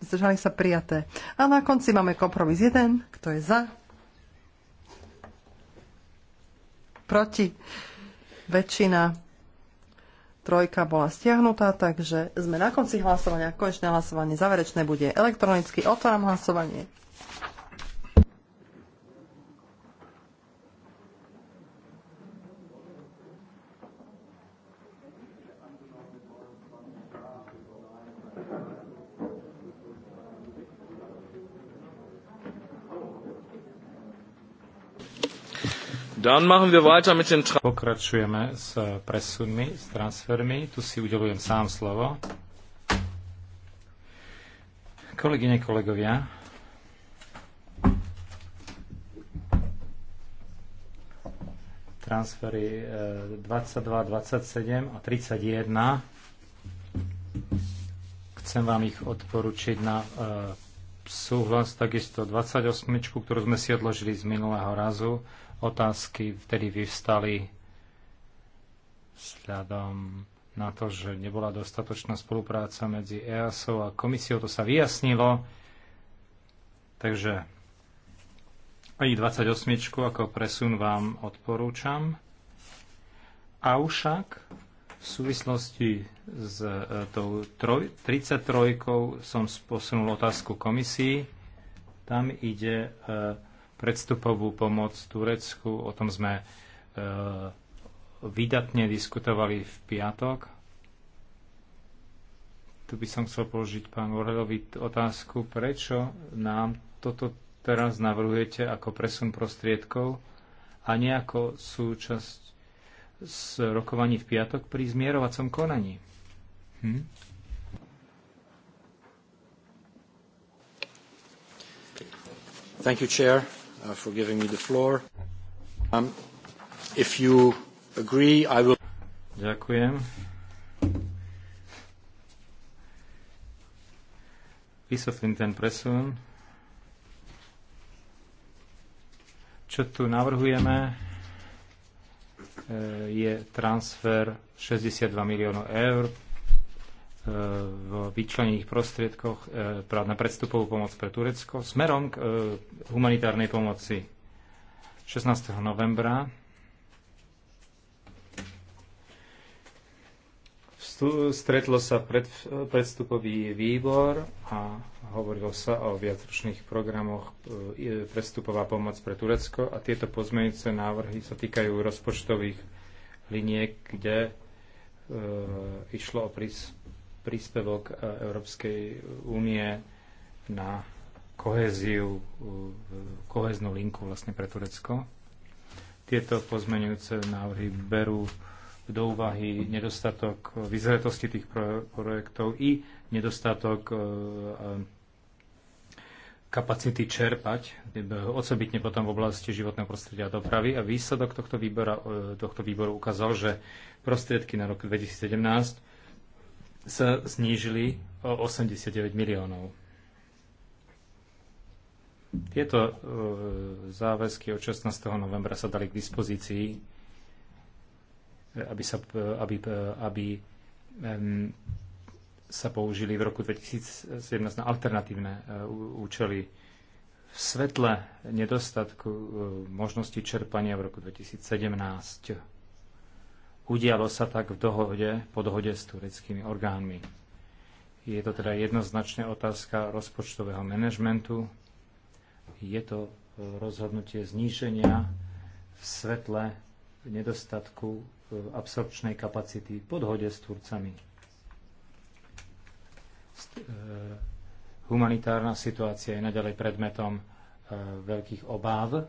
Zdržali sa prijaté. A na konci máme kompromis 1, kto je za, proti, väčšina. Trojka bola stiahnutá, takže sme na konci hlasovania. Konečné hlasovanie záverečné bude elektronicky. Otváram hlasovanie. Pokračujeme s presunmi, s transfermi. Tu si udelujem sám slovo. Kolegyne, kolegovia, transfery 22, eh, 27 a 31. Chcem vám ich odporučiť na eh, súhlas, takisto 28, ktorú sme si odložili z minulého razu, otázky vtedy vyvstali vzhľadom na to, že nebola dostatočná spolupráca medzi EASO a komisiou. To sa vyjasnilo. Takže aj 28 ako presun vám odporúčam. A však v súvislosti s e, tou 33 som posunul otázku komisii. Tam ide e, predstupovú pomoc Turecku. O tom sme e, výdatne diskutovali v piatok. Tu by som chcel položiť pán Orelovi otázku, prečo nám toto teraz navrhujete ako presun prostriedkov a nie ako súčasť z rokovaní v piatok pri zmierovacom konaní. Hm? Thank you, Chair. Uh, for giving me the floor. Um, if you agree, I will... Ďakujem. Vysvetlím ten presun. Čo tu navrhujeme, e, je transfer 62 miliónov eur v vyčlenených prostriedkoch e, na predstupovú pomoc pre Turecko smerom k e, humanitárnej pomoci 16. novembra. Stretlo sa pred, predstupový výbor a hovorilo sa o viacročných programoch e, predstupová pomoc pre Turecko a tieto pozmeňujúce návrhy sa týkajú rozpočtových liniek, kde e, išlo o prís príspevok e, Európskej únie na koheziu, e, koheznú linku vlastne pre Turecko. Tieto pozmenujúce návrhy berú do úvahy nedostatok vyzretosti tých projektov i nedostatok e, kapacity čerpať, osobitne potom v oblasti životného prostredia a dopravy. A výsledok tohto, výbora, tohto výboru ukázal, že prostriedky na rok 2017 sa znížili o 89 miliónov. Tieto e, záväzky od 16. novembra sa dali k dispozícii, aby sa, e, aby, e, aby, sa použili v roku 2017 na alternatívne účely. V svetle nedostatku možnosti čerpania v roku 2017 Udialo sa tak v dohode, po dohode s tureckými orgánmi. Je to teda jednoznačne otázka rozpočtového manažmentu. Je to e, rozhodnutie zníženia v svetle nedostatku e, absorpčnej kapacity po dohode s Turcami. E, humanitárna situácia je naďalej predmetom veľkých obáv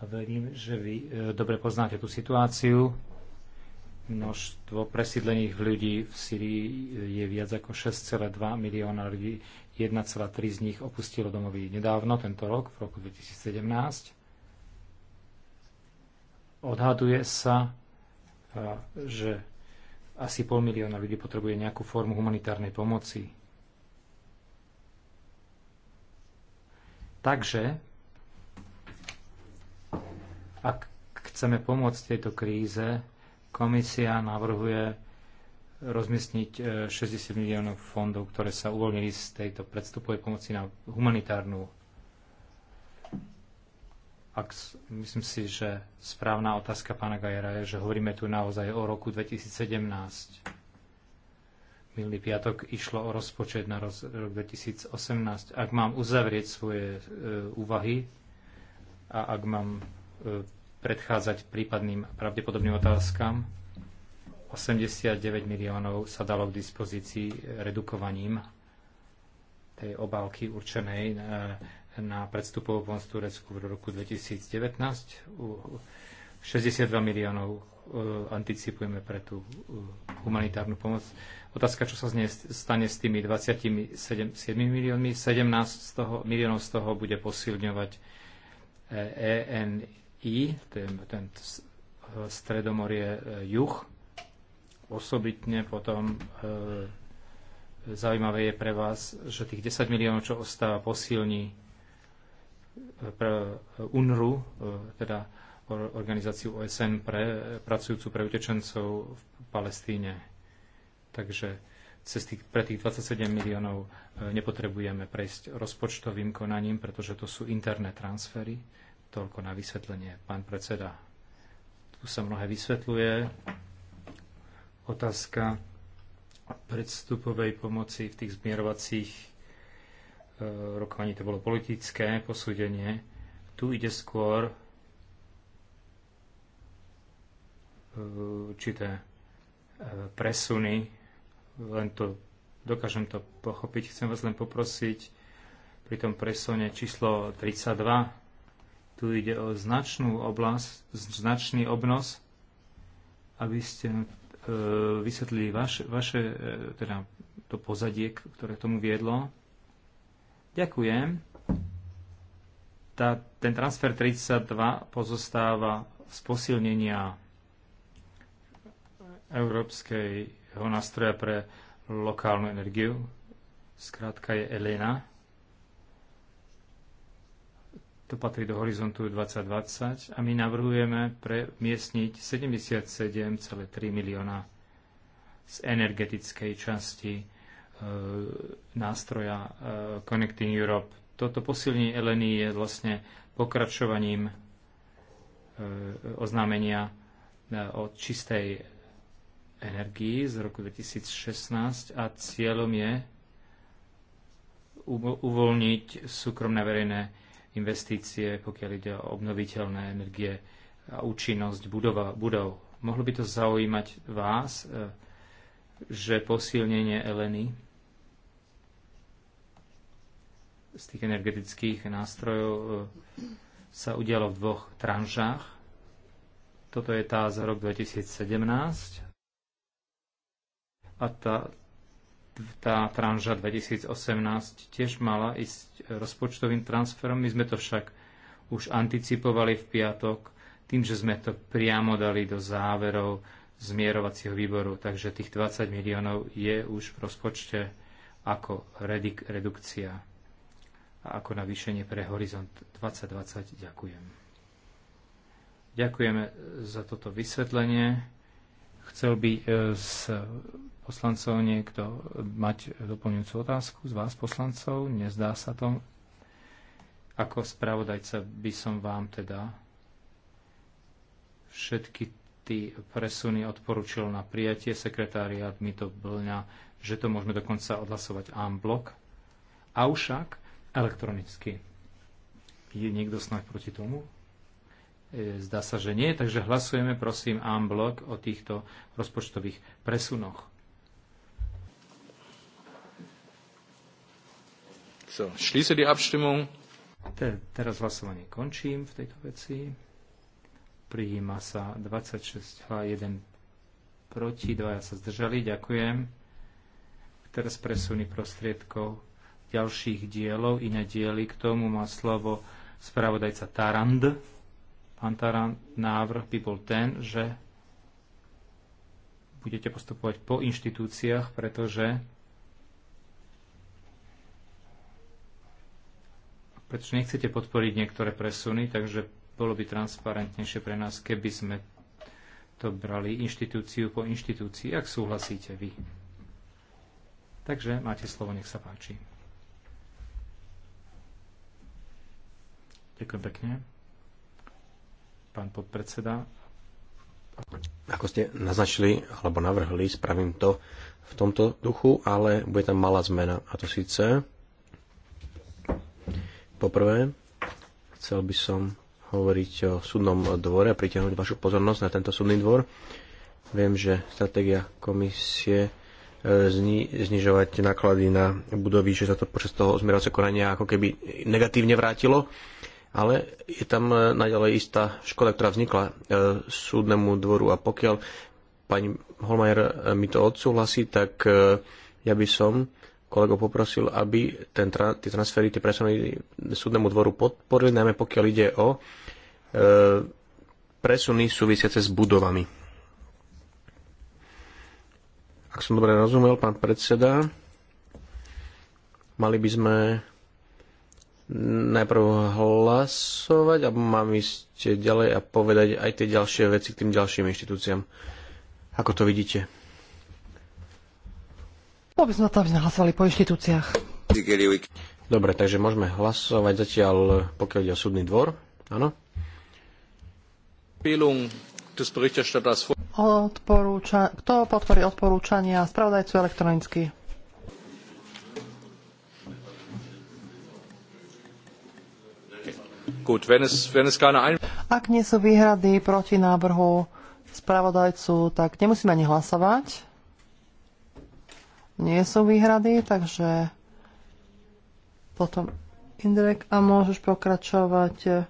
a verím, že vy dobre poznáte tú situáciu. Množstvo presídlených ľudí v Syrii je viac ako 6,2 milióna ľudí. 1,3 z nich opustilo domovy nedávno, tento rok, v roku 2017. Odhaduje sa, že asi pol milióna ľudí potrebuje nejakú formu humanitárnej pomoci. Takže, ak chceme pomôcť tejto kríze, Komisia navrhuje rozmiestniť 60 e, miliónov fondov, ktoré sa uvoľnili z tejto predstupovej pomoci na humanitárnu. Ak, myslím si, že správna otázka pána Gajera je, že hovoríme tu naozaj o roku 2017. Milý piatok išlo o rozpočet na roz, rok 2018. Ak mám uzavrieť svoje e, úvahy a ak mám e, predchádzať prípadným pravdepodobným otázkam. 89 miliónov sa dalo k dispozícii redukovaním tej obálky určenej e, na predstupovú pomoc Turecku v roku 2019. 62 miliónov e, anticipujeme pre tú e, humanitárnu pomoc. Otázka, čo sa stane s tými 27 miliónmi. 17 z toho, miliónov z toho bude posilňovať EN i, ten, ten e, stredomorie e, juh. Osobitne potom e, zaujímavé je pre vás, že tých 10 miliónov, čo ostáva, posilní e, pre UNRU, teda organizáciu OSN pre pracujúcu pre utečencov v Palestíne. Takže cez tých, pre tých 27 miliónov nepotrebujeme prejsť rozpočtovým konaním, pretože to sú interné transfery Toľko na vysvetlenie, pán predseda. Tu sa mnohé vysvetľuje. Otázka predstupovej pomoci v tých zmierovacích e, rokovaní to bolo politické posúdenie. Tu ide skôr e, určité e, presuny, len to dokážem to pochopiť. Chcem vás len poprosiť pri tom presone číslo 32 tu ide o značnú oblasť, značný obnos, aby ste e, vysvetlili vaše, e, teda to pozadie, ktoré k tomu viedlo. Ďakujem. Tá, ten transfer 32 pozostáva z posilnenia Európskeho nástroja pre lokálnu energiu, zkrátka je Elena. To patrí do horizontu 2020 a my navrhujeme premiestniť 77,3 milióna z energetickej časti e, nástroja e, Connecting Europe. Toto posilnenie Eleny je vlastne pokračovaním e, oznámenia e, o čistej energii z roku 2016 a cieľom je uvoľniť súkromné verejné investície, pokiaľ ide o obnoviteľné energie a účinnosť budova, budov. Mohlo by to zaujímať vás, e, že posilnenie Eleny z tých energetických nástrojov e, sa udialo v dvoch tranžách. Toto je tá za rok 2017 a tá, tá tranža 2018 tiež mala ísť rozpočtovým transferom. My sme to však už anticipovali v piatok tým, že sme to priamo dali do záverov zmierovacieho výboru. Takže tých 20 miliónov je už v rozpočte ako redik- redukcia a ako navýšenie pre Horizont 2020. Ďakujem. Ďakujeme za toto vysvetlenie. Chcel by z e, poslancov niekto mať doplňujúcu otázku z vás, poslancov? Nezdá sa to. Ako spravodajca by som vám teda všetky tie presuny odporučil na prijatie. Sekretáriát mi to blňa, že to môžeme dokonca odhlasovať en blok. Avšak elektronicky. Je niekto snáď proti tomu? E, zdá sa, že nie, takže hlasujeme prosím en blok o týchto rozpočtových presunoch. So, schließe die Abstimmung. Te, teraz hlasovanie končím v tejto veci. Prijíma sa 26 H1 proti, dvaja sa zdržali. Ďakujem. Teraz presuny prostriedkov ďalších dielov, iné diely. K tomu má slovo spravodajca Tarand. Pán Tarand, návrh by bol ten, že budete postupovať po inštitúciách, pretože pretože nechcete podporiť niektoré presuny, takže bolo by transparentnejšie pre nás, keby sme to brali inštitúciu po inštitúcii, ak súhlasíte vy. Takže máte slovo, nech sa páči. Ďakujem pekne. Pán podpredseda. Ako ste naznačili alebo navrhli, spravím to v tomto duchu, ale bude tam malá zmena. A to síce Poprvé, chcel by som hovoriť o súdnom dvore a pritiahnuť vašu pozornosť na tento súdny dvor. Viem, že stratégia komisie e, zni- znižovať náklady na budovy, že sa to počas toho zmierace konania ako keby negatívne vrátilo, ale je tam e, naďalej istá škoda, ktorá vznikla e, súdnemu dvoru a pokiaľ pani Holmajer mi to odsúhlasí, tak ja by som kolegov poprosil, aby ten, tie transfery, tie presuny súdnemu dvoru podporili, najmä pokiaľ ide o e, presuny súvisiace s budovami. Ak som dobre rozumel, pán predseda, mali by sme najprv hlasovať, a mám ísť ďalej a povedať aj tie ďalšie veci k tým ďalším inštitúciám. Ako to vidíte? Vôbec sme to, sme hlasovali po inštitúciách. Dobre, takže môžeme hlasovať zatiaľ, pokiaľ ide o súdny dvor. Áno? Odporúča... Kto podporí odporúčania spravodajcu elektronicky? Ak nie sú výhrady proti návrhu spravodajcu, tak nemusíme ani hlasovať nie sú výhrady, takže potom Indrek a môžeš pokračovať.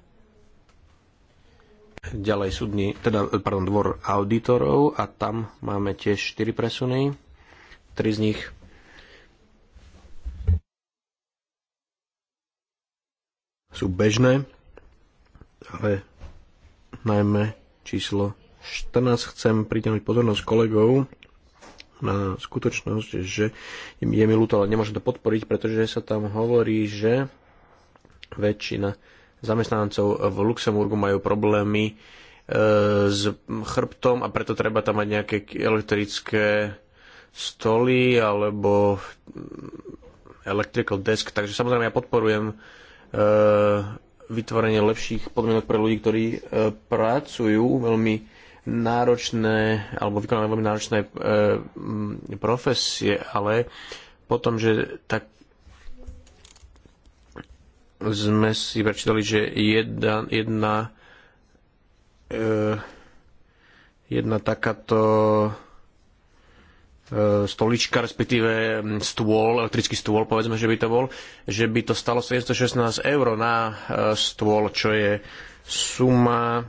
Ďalej súdny, teda, pardon, dvor auditorov a tam máme tiež 4 presuny. 3 z nich sú bežné, ale najmä číslo 14 chcem pritiahnuť pozornosť kolegov na skutočnosť, že je mi ľúto, ale nemôžem to podporiť, pretože sa tam hovorí, že väčšina zamestnancov v Luxemburgu majú problémy e, s chrbtom a preto treba tam mať nejaké elektrické stoly alebo electrical desk. Takže samozrejme ja podporujem e, vytvorenie lepších podmienok pre ľudí, ktorí e, pracujú veľmi náročné, alebo vykonávali veľmi náročné e, profesie, ale potom, že tak sme si prečítali, že jedna, jedna, e, jedna takáto e, stolička, respektíve stôl, elektrický stôl, povedzme, že by to bol, že by to stalo 716 eur na e, stôl, čo je suma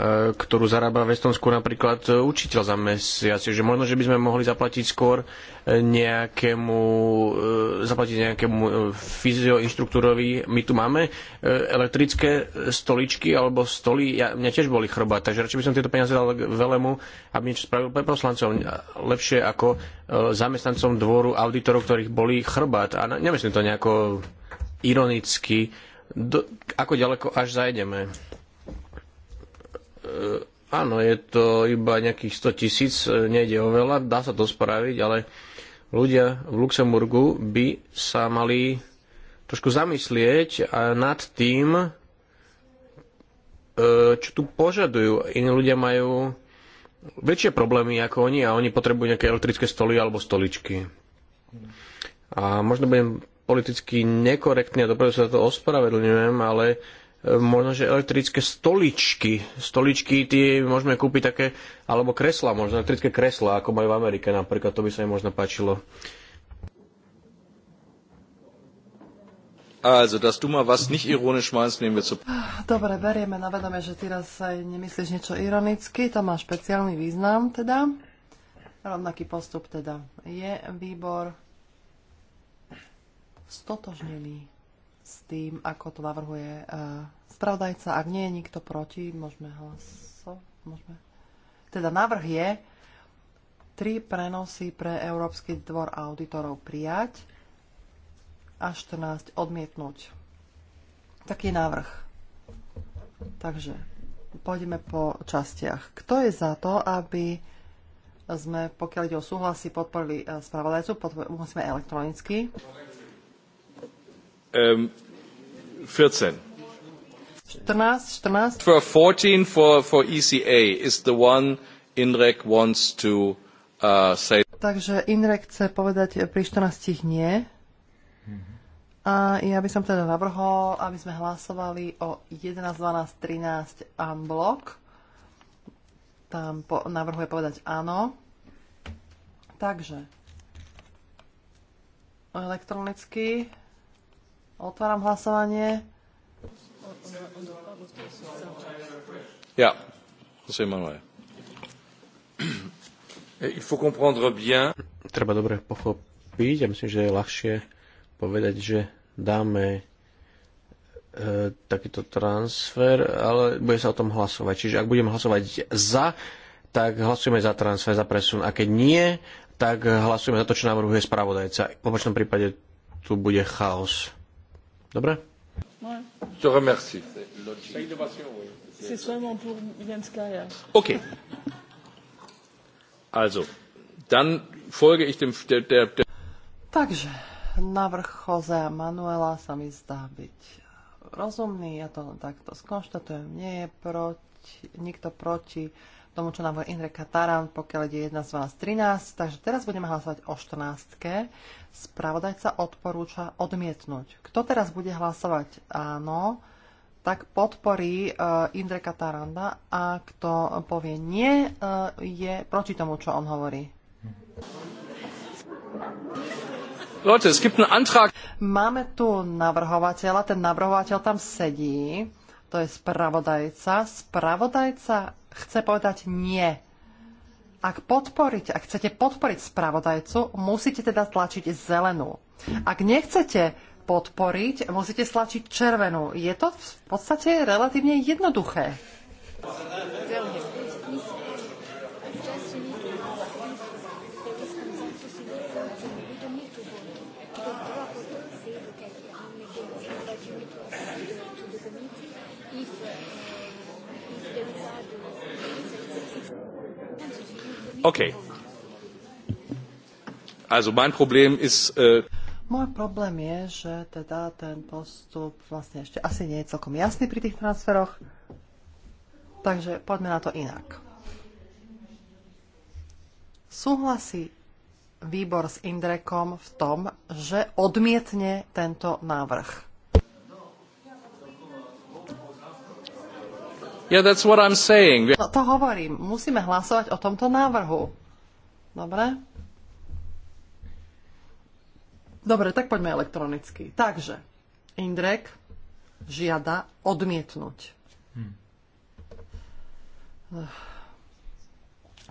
E, ktorú zarába v Estonsku napríklad e, učiteľ za mesiac. Čiže možno, že by sme mohli zaplatiť skôr e, nejakému, zaplatiť nejakému fyzioinštruktúrovi. My tu máme elektrické stoličky alebo stoly. Ja, mňa tiež boli chrbát, takže radšej by som tieto peniaze dal veľemu, aby niečo spravil pre poslancov. Lepšie ako zamestnancom dvoru auditorov, ktorých boli chrbát. A nemyslím to nejako ironicky. Do, ako ďaleko až zajdeme? E, áno, je to iba nejakých 100 tisíc, e, nejde o veľa, dá sa to spraviť, ale ľudia v Luxemburgu by sa mali trošku zamyslieť nad tým, e, čo tu požadujú. Iní ľudia majú väčšie problémy ako oni a oni potrebujú nejaké elektrické stoly alebo stoličky. A možno budem politicky nekorektný a dopredu sa to ospravedlňujem, ale možno, že elektrické stoličky. Stoličky tie môžeme kúpiť také, alebo kresla, možno elektrické kresla, ako majú v Amerike napríklad, to by sa im možno páčilo. Also, dass du mal was nicht ironisch meinst, nehmen wir zu... Dobre, berieme na vedomie, že ty raz aj nemyslíš niečo ironicky, to má špeciálny význam teda. Rovnaký postup teda. Je výbor stotožnený s tým, ako to navrhuje e, spravodajca. Ak nie je nikto proti, môžeme hlasovať. Môžeme. Teda návrh je tri prenosy pre Európsky dvor auditorov prijať a 14 odmietnúť. Taký návrh. Takže pôjdeme po častiach. Kto je za to, aby sme, pokiaľ ide o súhlasy, podporili e, spravodajcu, podporili, musíme elektronicky. 14. 14, 14. 14 for, for ECA is the one INREC wants to uh, say. Takže INREC chce povedať eh, pri 14 nie. A ja by som teda navrhol, aby sme hlasovali o 11, 12, 13 a blok. Tam po, navrhuje povedať áno. Takže elektronicky Otváram hlasovanie. Ja, José Manuel. Il faut comprendre bien. Treba dobre pochopiť, ja myslím, že je ľahšie povedať, že dáme e, takýto transfer, ale bude sa o tom hlasovať. Čiže ak budeme hlasovať za, tak hlasujeme za transfer, za presun. A keď nie, tak hlasujeme za to, čo navrhuje spravodajca. V opačnom prípade tu bude chaos. Dobre? Ja. Je remercie. C'est seulement pour Jens OK. Also, dann folge ich dem... Der, der, der Takže, navrh Josea Manuela sa mi zdá byť rozumný, ja to takto skonštatujem, nie je proti, nikto proti tomu, čo navrhol Indreka Taran, pokiaľ ide 1 z 12, 13. Takže teraz budeme hlasovať o 14. Spravodajca odporúča odmietnúť. Kto teraz bude hlasovať áno, tak podporí uh, Indreka Taranda a kto povie nie, uh, je proti tomu, čo on hovorí. Leute, es gibt einen Antrag. Máme tu navrhovateľa, ten navrhovateľ tam sedí, to je spravodajca. Spravodajca chce povedať nie. Ak podporiť, ak chcete podporiť spravodajcu, musíte teda tlačiť zelenú. Ak nechcete podporiť, musíte stlačiť červenú. Je to v podstate relatívne jednoduché. Okay. Also mein Problem ist... Uh... Môj problém je, že teda ten postup vlastne ešte asi nie je celkom jasný pri tých transferoch, takže poďme na to inak. Súhlasí výbor s Indrekom v tom, že odmietne tento návrh. Yeah, that's what I'm saying. No, to hovorím. Musíme hlasovať o tomto návrhu. Dobre? Dobre, tak poďme elektronicky. Takže, Indrek žiada odmietnúť. Hm.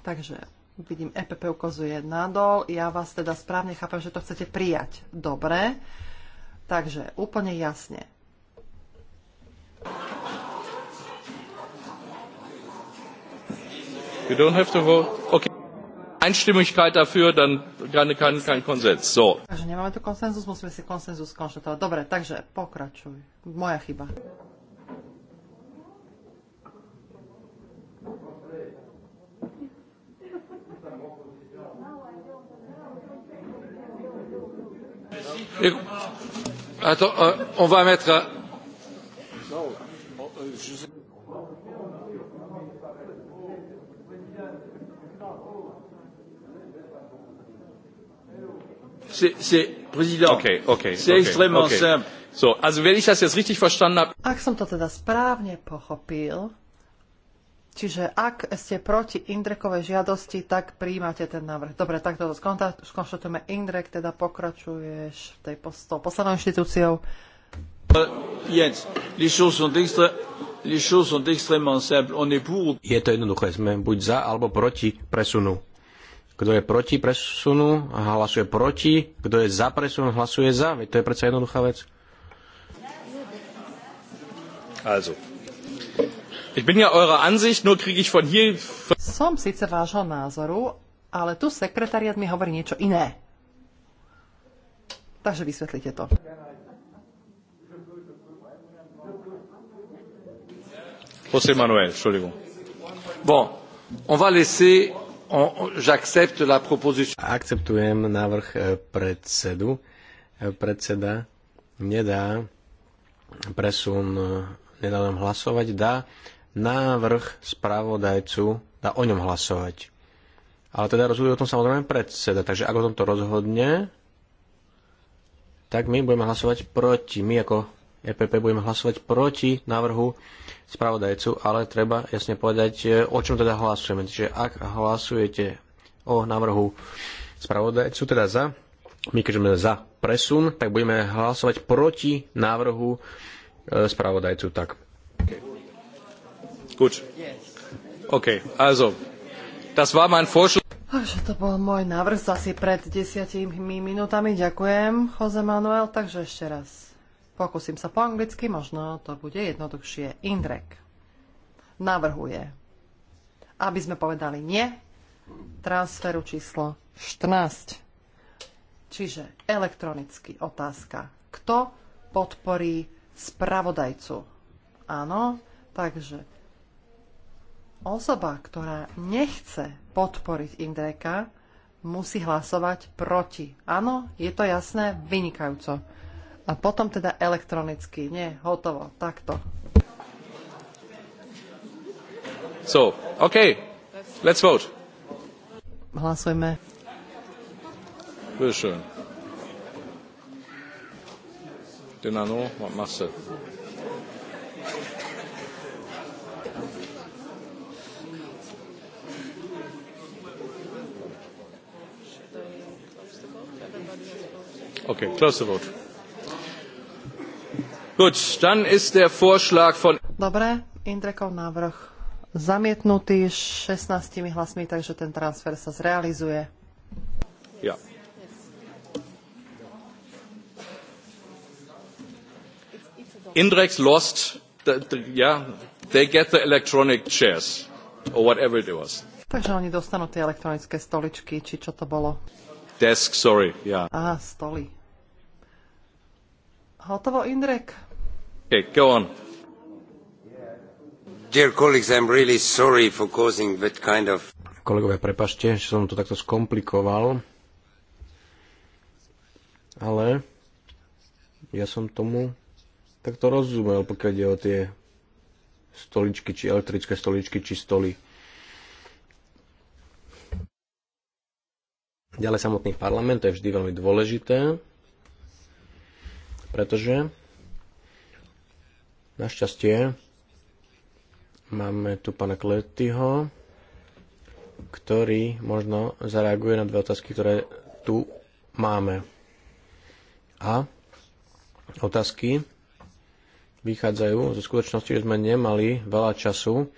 Takže, vidím, EPP ukazuje nadol. Ja vás teda správne chápem, že to chcete prijať. Dobre. Takže, úplne jasne. You don't have to vote? Okay. Einstimmigkeit dafür, dann keine, kein, kein Konsens. So. Takže nemáme tu konsenzus, musíme si konsenzus konštatovať. Dobre, takže pokračuj. Moja chyba. Attends, euh, on va mettre. Non, je sais. c'est, c'est okay, extrêmement okay. simple. So, also wenn ich das jetzt richtig verstanden habe... Ak som to teda správne pochopil, Čiže ak ste proti Indrekovej žiadosti, tak príjmate ten návrh. Dobre, tak toto skonštatujeme. Indrek, teda pokračuješ v tej posto poslednou inštitúciou. Je to jednoduché, sme buď za alebo proti presunu. Kto je proti presunu, hlasuje proti. Kto je za presun, hlasuje za. Veď to je predsa jednoduchá vec. Also. Ich bin ja eurer Ansicht, nur kriege ich von hier... Som síce vášho názoru, ale tu sekretariat mi hovorí niečo iné. Takže vysvetlite to. José Manuel, Entschuldigung. Bon, on va laisser Akceptujem návrh eh, predsedu. Eh, predseda nedá presun, eh, nedá nám hlasovať, dá návrh spravodajcu, dá o ňom hlasovať. Ale teda rozhoduje o tom samozrejme predseda, takže ak o tomto rozhodne, tak my budeme hlasovať proti, my ako EPP budeme hlasovať proti návrhu spravodajcu, ale treba jasne povedať, e, o čom teda hlasujeme. Čiže ak hlasujete o návrhu spravodajcu, teda za, my keď sme za presun, tak budeme hlasovať proti návrhu e, spravodajcu. Tak. Kuč. OK, also, das war mein Vorschlag. Takže to bol môj návrh asi pred desiatimi minútami. Ďakujem, Jose Manuel. Takže ešte raz. Pokúsim sa po anglicky, možno to bude jednoduchšie. Indrek navrhuje, aby sme povedali nie transferu číslo 14. Čiže elektronicky otázka. Kto podporí spravodajcu? Áno, takže osoba, ktorá nechce podporiť Indreka, musí hlasovať proti. Áno, je to jasné, vynikajúco. A potom teda elektronicky. Nie, hotovo. Takto. So, OK. Let's vote. Hlasujme. Bitte schön. Denano, was machst du? Okay, close the vote. Gut, dann ist der Vorschlag von... Dobre, Indrekov návrh zamietnutý 16 hlasmi, takže ten transfer sa zrealizuje. Ja. Indrex lost, the, the, yeah, they get the electronic chairs, or whatever it was. Takže oni dostanú tie elektronické stoličky, či čo to bolo. Desk, sorry, yeah. Aha, stoly. Hotovo, Indrek? Kolegovia, prepašte, že som to takto skomplikoval, ale ja som tomu takto rozumel, pokiaľ ide o tie stoličky, či elektrické stoličky, či stoly. Ďalej samotný parlament, to je vždy veľmi dôležité, pretože Našťastie máme tu pána Kletyho, ktorý možno zareaguje na dve otázky, ktoré tu máme. A otázky vychádzajú zo skutočnosti, že sme nemali veľa času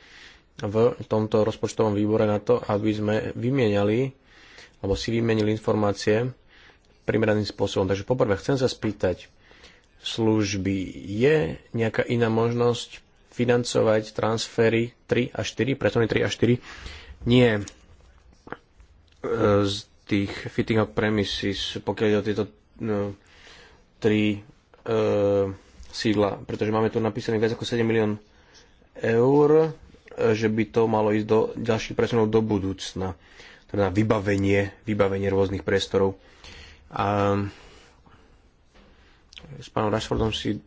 v tomto rozpočtovom výbore na to, aby sme vymieniali alebo si vymenili informácie primeraným spôsobom. Takže poprvé chcem sa spýtať, služby. Je nejaká iná možnosť financovať transfery 3 a 4, presuny 3 a 4? Nie e, z tých fitting of premises, pokiaľ ide o tieto no, tri e, sídla, pretože máme tu napísané viac ako 7 milión eur, e, že by to malo ísť do ďalších presunov do budúcna, teda na vybavenie, vybavenie rôznych priestorov. A, s pánom Rashfordom si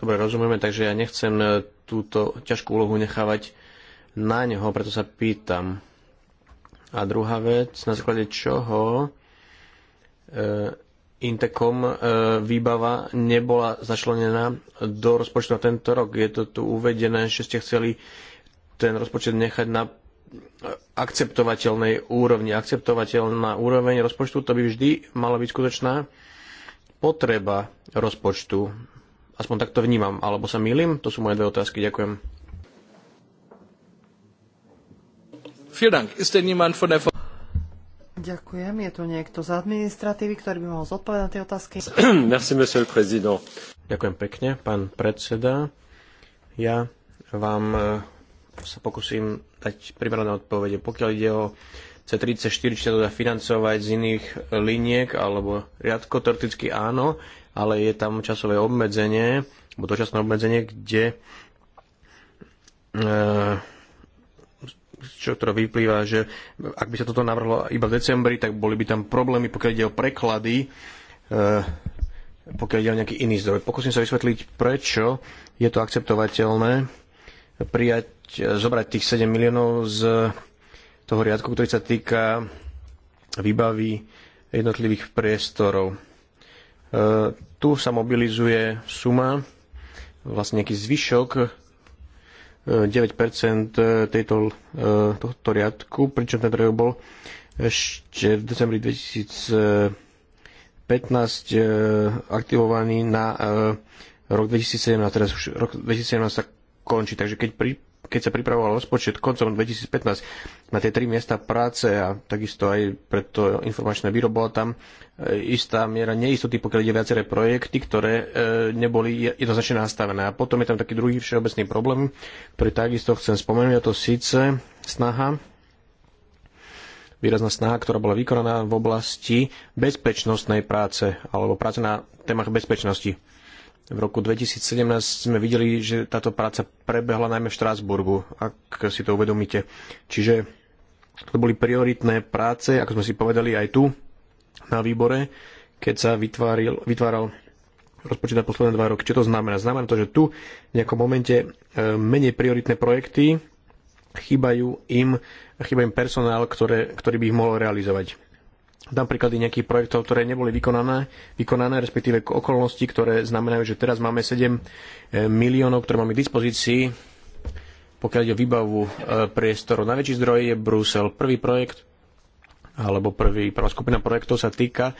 dobre rozumieme, takže ja nechcem e, túto ťažkú úlohu nechávať na neho, preto sa pýtam. A druhá vec, na základe čoho e, Intekom e, výbava nebola začlenená do rozpočtu na tento rok. Je to tu uvedené, že ste chceli ten rozpočet nechať na akceptovateľnej úrovni. Akceptovateľná úroveň rozpočtu to by vždy mala byť skutočná potreba rozpočtu? Aspoň tak to vnímam, alebo sa milím? To sú moje dve otázky, ďakujem. Ďakujem. Je tu niekto z administratívy, ktorý by mohol zodpovedať na tie otázky? [clears throat] Merci, monsieur président. Ďakujem pekne, pán predseda. Ja vám eh, sa pokúsim dať primerané odpovede. Pokiaľ ide o C34, či sa to dá financovať z iných liniek alebo riadko, teoreticky áno, ale je tam časové obmedzenie, alebo dočasné obmedzenie, kde e, čo ktoré vyplýva, že ak by sa toto navrhlo iba v decembri, tak boli by tam problémy, pokiaľ ide o preklady, e, pokiaľ ide o nejaký iný zdroj. Pokúsim sa vysvetliť, prečo je to akceptovateľné prijať, e, zobrať tých 7 miliónov z toho riadku, ktorý sa týka výbavy jednotlivých priestorov. E, tu sa mobilizuje suma, vlastne nejaký zvyšok 9% e, tejto, e, tohto riadku, pričom ten riadok bol ešte v decembri 2015 e, aktivovaný na rok 2017, teraz už rok 2017 sa končí, takže keď keď sa pripravoval rozpočet koncom 2015 na tie tri miesta práce a takisto aj preto informačné byro bola tam eh, istá miera neistoty, pokiaľ ide viaceré projekty, ktoré e, neboli jednoznačne nastavené. A potom je tam taký druhý všeobecný problém, ktorý takisto chcem spomenúť, a to síce snaha výrazná snaha, ktorá bola vykonaná v oblasti bezpečnostnej práce alebo práce na témach bezpečnosti. V roku 2017 sme videli, že táto práca prebehla najmä v Štrásburgu, ak si to uvedomíte. Čiže to boli prioritné práce, ako sme si povedali aj tu na výbore, keď sa vytváril, vytváral rozpočet na posledné dva roky. Čo to znamená? Znamená to, že tu v nejakom momente e, menej prioritné projekty chýbajú im, chýba im personál, ktoré, ktorý by ich mohol realizovať dám príklady nejakých projektov, ktoré neboli vykonané, vykonané respektíve okolnosti, ktoré znamenajú, že teraz máme 7 e, miliónov, ktoré máme k dispozícii, pokiaľ ide o výbavu e, priestoru. Najväčší zdroj je Brusel. Prvý projekt, alebo prvý, prvá skupina projektov sa týka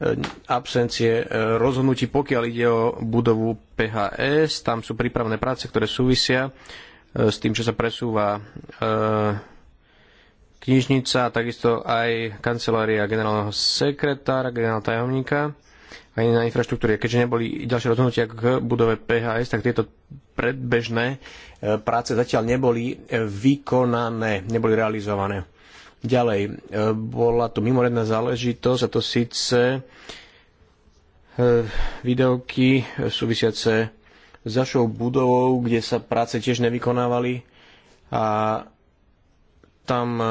e, absencie rozhodnutí, pokiaľ ide o budovu PHS. Tam sú prípravné práce, ktoré súvisia s tým, čo sa presúva knižnica a takisto aj kancelária generálneho sekretára, generálneho tajomníka aj na infraštruktúre. Keďže neboli ďalšie rozhodnutia k budove PHS, tak tieto predbežné e, práce zatiaľ neboli e, vykonané, neboli realizované. Ďalej, e, bola tu mimoriadná záležitosť a to síce videoky súvisiace s našou budovou, kde sa práce tiež nevykonávali a tam e,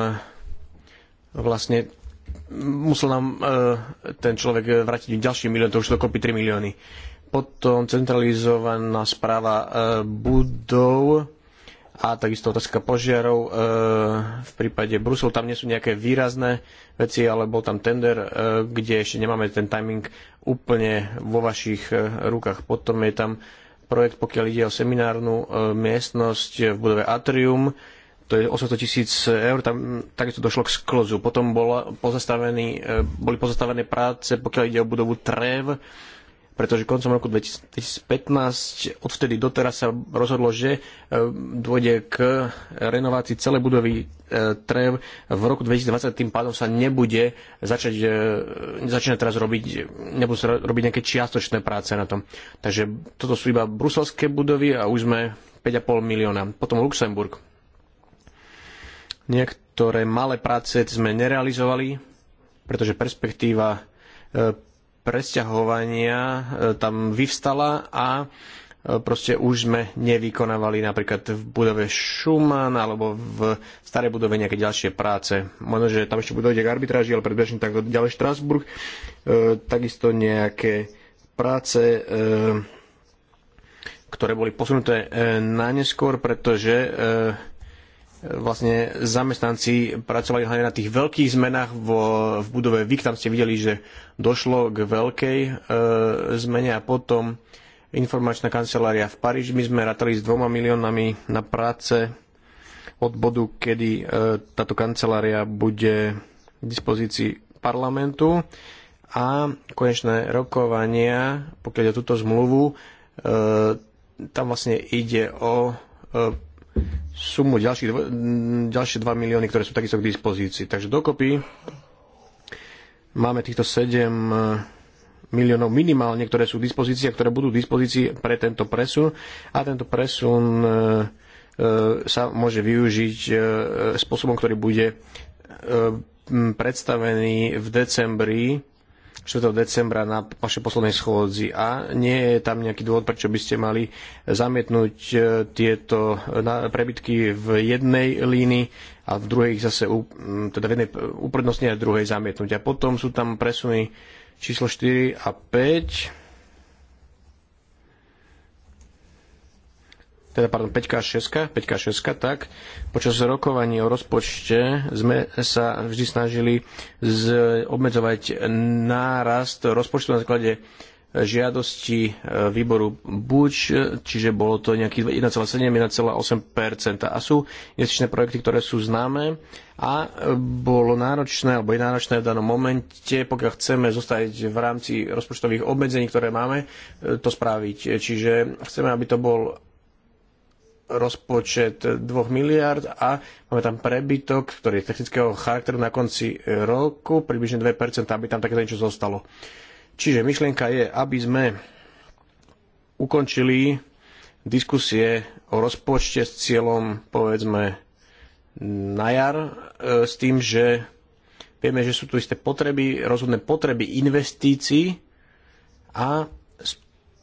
vlastne musel nám e, ten človek vrátiť ďalší milión, to už to kopí 3 milióny. Potom centralizovaná správa e, budov a takisto otázka požiarov v prípade Brusel. Tam nie sú nejaké výrazné veci, ale bol tam tender, kde ešte nemáme ten timing úplne vo vašich rukách. Potom je tam projekt, pokiaľ ide o seminárnu miestnosť v budove Atrium, to je 800 tisíc eur, tam takisto došlo k sklzu. Potom bol pozastavený, e, boli pozastavené práce, pokiaľ ide o budovu TREV, pretože koncom roku 2015 odvtedy doteraz sa rozhodlo, že e, dôjde k renovácii celej budovy e, TREV. V roku 2020 tým pádom sa nebude začať, začne teraz robiť, nebudú sa robiť nejaké čiastočné práce na tom. Takže toto sú iba bruselské budovy a už sme 5,5 milióna. Potom Luxemburg Niektoré malé práce sme nerealizovali, pretože perspektíva e, presťahovania e, tam vyvstala a e, proste už sme nevykonávali napríklad v budove Šuman alebo v starej budove nejaké ďalšie práce. Možno, že tam ešte dojde k arbitráži, ale predbežne tak ďalej Štrasburg. takisto nejaké práce, ktoré boli posunuté e, na neskôr, pretože e, vlastne zamestnanci pracovali hlavne na tých veľkých zmenách vo, v budove VIK, tam ste videli, že došlo k veľkej e, zmene a potom informačná kancelária v Paríž. My sme ratali s dvoma miliónami na práce od bodu, kedy e, táto kancelária bude k dispozícii parlamentu a konečné rokovania, pokiaľ je túto zmluvu, e, tam vlastne ide o e, sumu ďalších, ďalšie 2 milióny, ktoré sú takisto k dispozícii. Takže dokopy máme týchto 7 e, miliónov minimálne, ktoré sú k dispozícii a ktoré budú k dispozícii pre tento presun a tento presun e, e, sa môže využiť spôsobom, ktorý bude predstavený v decembri 4. decembra na vašej poslednej schôdzi a nie je tam nejaký dôvod, prečo by ste mali zamietnúť e, tieto prebytky v jednej línii a v druhej zase, teda v jednej uprednostne a v druhej zamietnúť. A potom sú tam presuny číslo 4 a 5 teda pardon, 5 a 6, 5 a 6, tak počas rokovaní o rozpočte sme sa vždy snažili z, obmedzovať nárast rozpočtu na základe žiadosti e, výboru buď, čiže bolo to nejakých 1,7-1,8 a sú investičné projekty, ktoré sú známe a bolo náročné, alebo je náročné v danom momente, pokiaľ chceme zostať v rámci rozpočtových obmedzení, ktoré máme, e, to spraviť. Čiže chceme, aby to bol rozpočet 2 miliard a máme tam prebytok, ktorý je technického charakteru na konci roku, približne 2%, aby tam takéto niečo zostalo. Čiže myšlienka je, aby sme ukončili diskusie o rozpočte s cieľom, povedzme, na jar, e, s tým, že vieme, že sú tu isté potreby, rozhodné potreby investícií a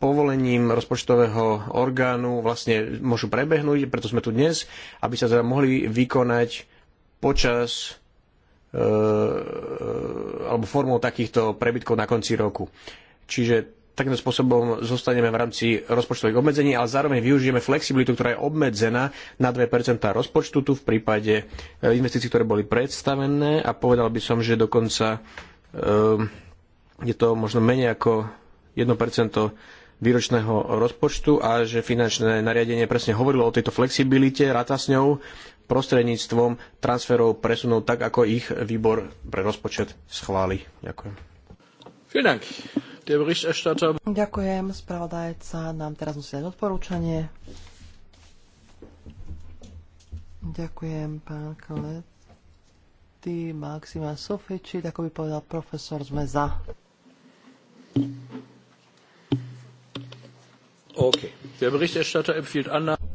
povolením rozpočtového orgánu vlastne môžu prebehnúť, preto sme tu dnes, aby sa teda mohli vykonať počas e, e, alebo formou takýchto prebytkov na konci roku. Čiže takýmto spôsobom zostaneme v rámci rozpočtových obmedzení, ale zároveň využijeme flexibilitu, ktorá je obmedzená na 2% rozpočtu tu v prípade e, investícií, ktoré boli predstavené a povedal by som, že dokonca e, je to možno menej ako 1% výročného rozpočtu a že finančné nariadenie presne hovorilo o tejto flexibilite, ráta s ňou prostredníctvom transferov presunov tak, ako ich výbor pre rozpočet schváli. Ďakujem. Ďakujem, spravodajca. Nám teraz musí dať odporúčanie. Ďakujem, pán Maxima Sofiči, ako by povedal profesor, sme za.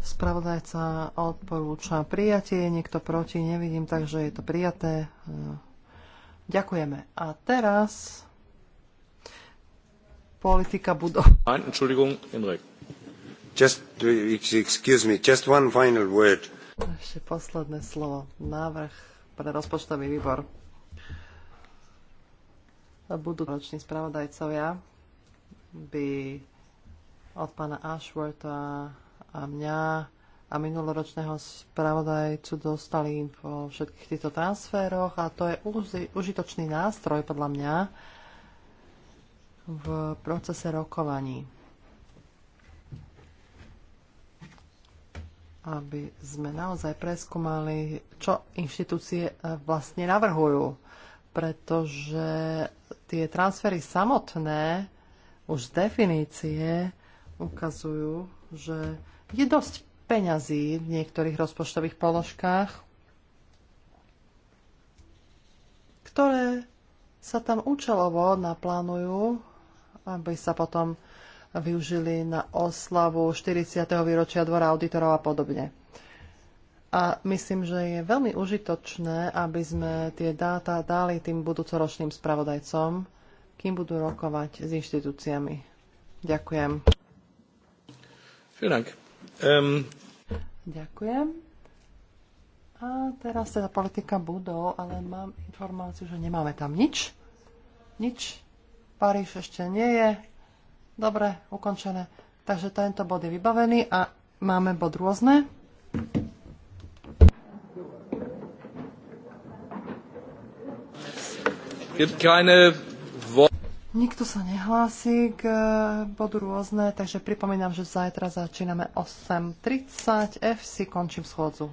Spravodajca odporúča prijatie, niekto proti, nevidím, takže je to prijaté. E, ďakujeme. A teraz politika budov. Entschuldigung, Henrik. Just, excuse me, just one final word. Ešte posledné slovo. Návrh pre rozpočtový výbor. Budú roční spravodajcovia by od pána Ashworta a mňa a minuloročného spravodajcu dostali info o všetkých týchto transféroch a to je užitočný nástroj podľa mňa v procese rokovaní. aby sme naozaj preskúmali, čo inštitúcie eh, vlastne navrhujú. Pretože tie transfery samotné už z definície ukazujú, že je dosť peňazí v niektorých rozpočtových položkách, ktoré sa tam účelovo naplánujú, aby sa potom využili na oslavu 40. výročia dvora auditorov a podobne. A myslím, že je veľmi užitočné, aby sme tie dáta dali tým budúcoročným spravodajcom, kým budú rokovať s inštitúciami. Ďakujem. Ähm, Ďakujem. A teraz teda politika budov, ale mám informáciu, že nemáme tam nič. Nič. Paríž ešte nie je. Dobre, ukončené. Takže tento bod je vybavený a máme bod rôzne. Gibt keine Nikto sa nehlási k e, bodu rôzne, takže pripomínam, že zajtra začíname 8.30. F si končím schôdzu.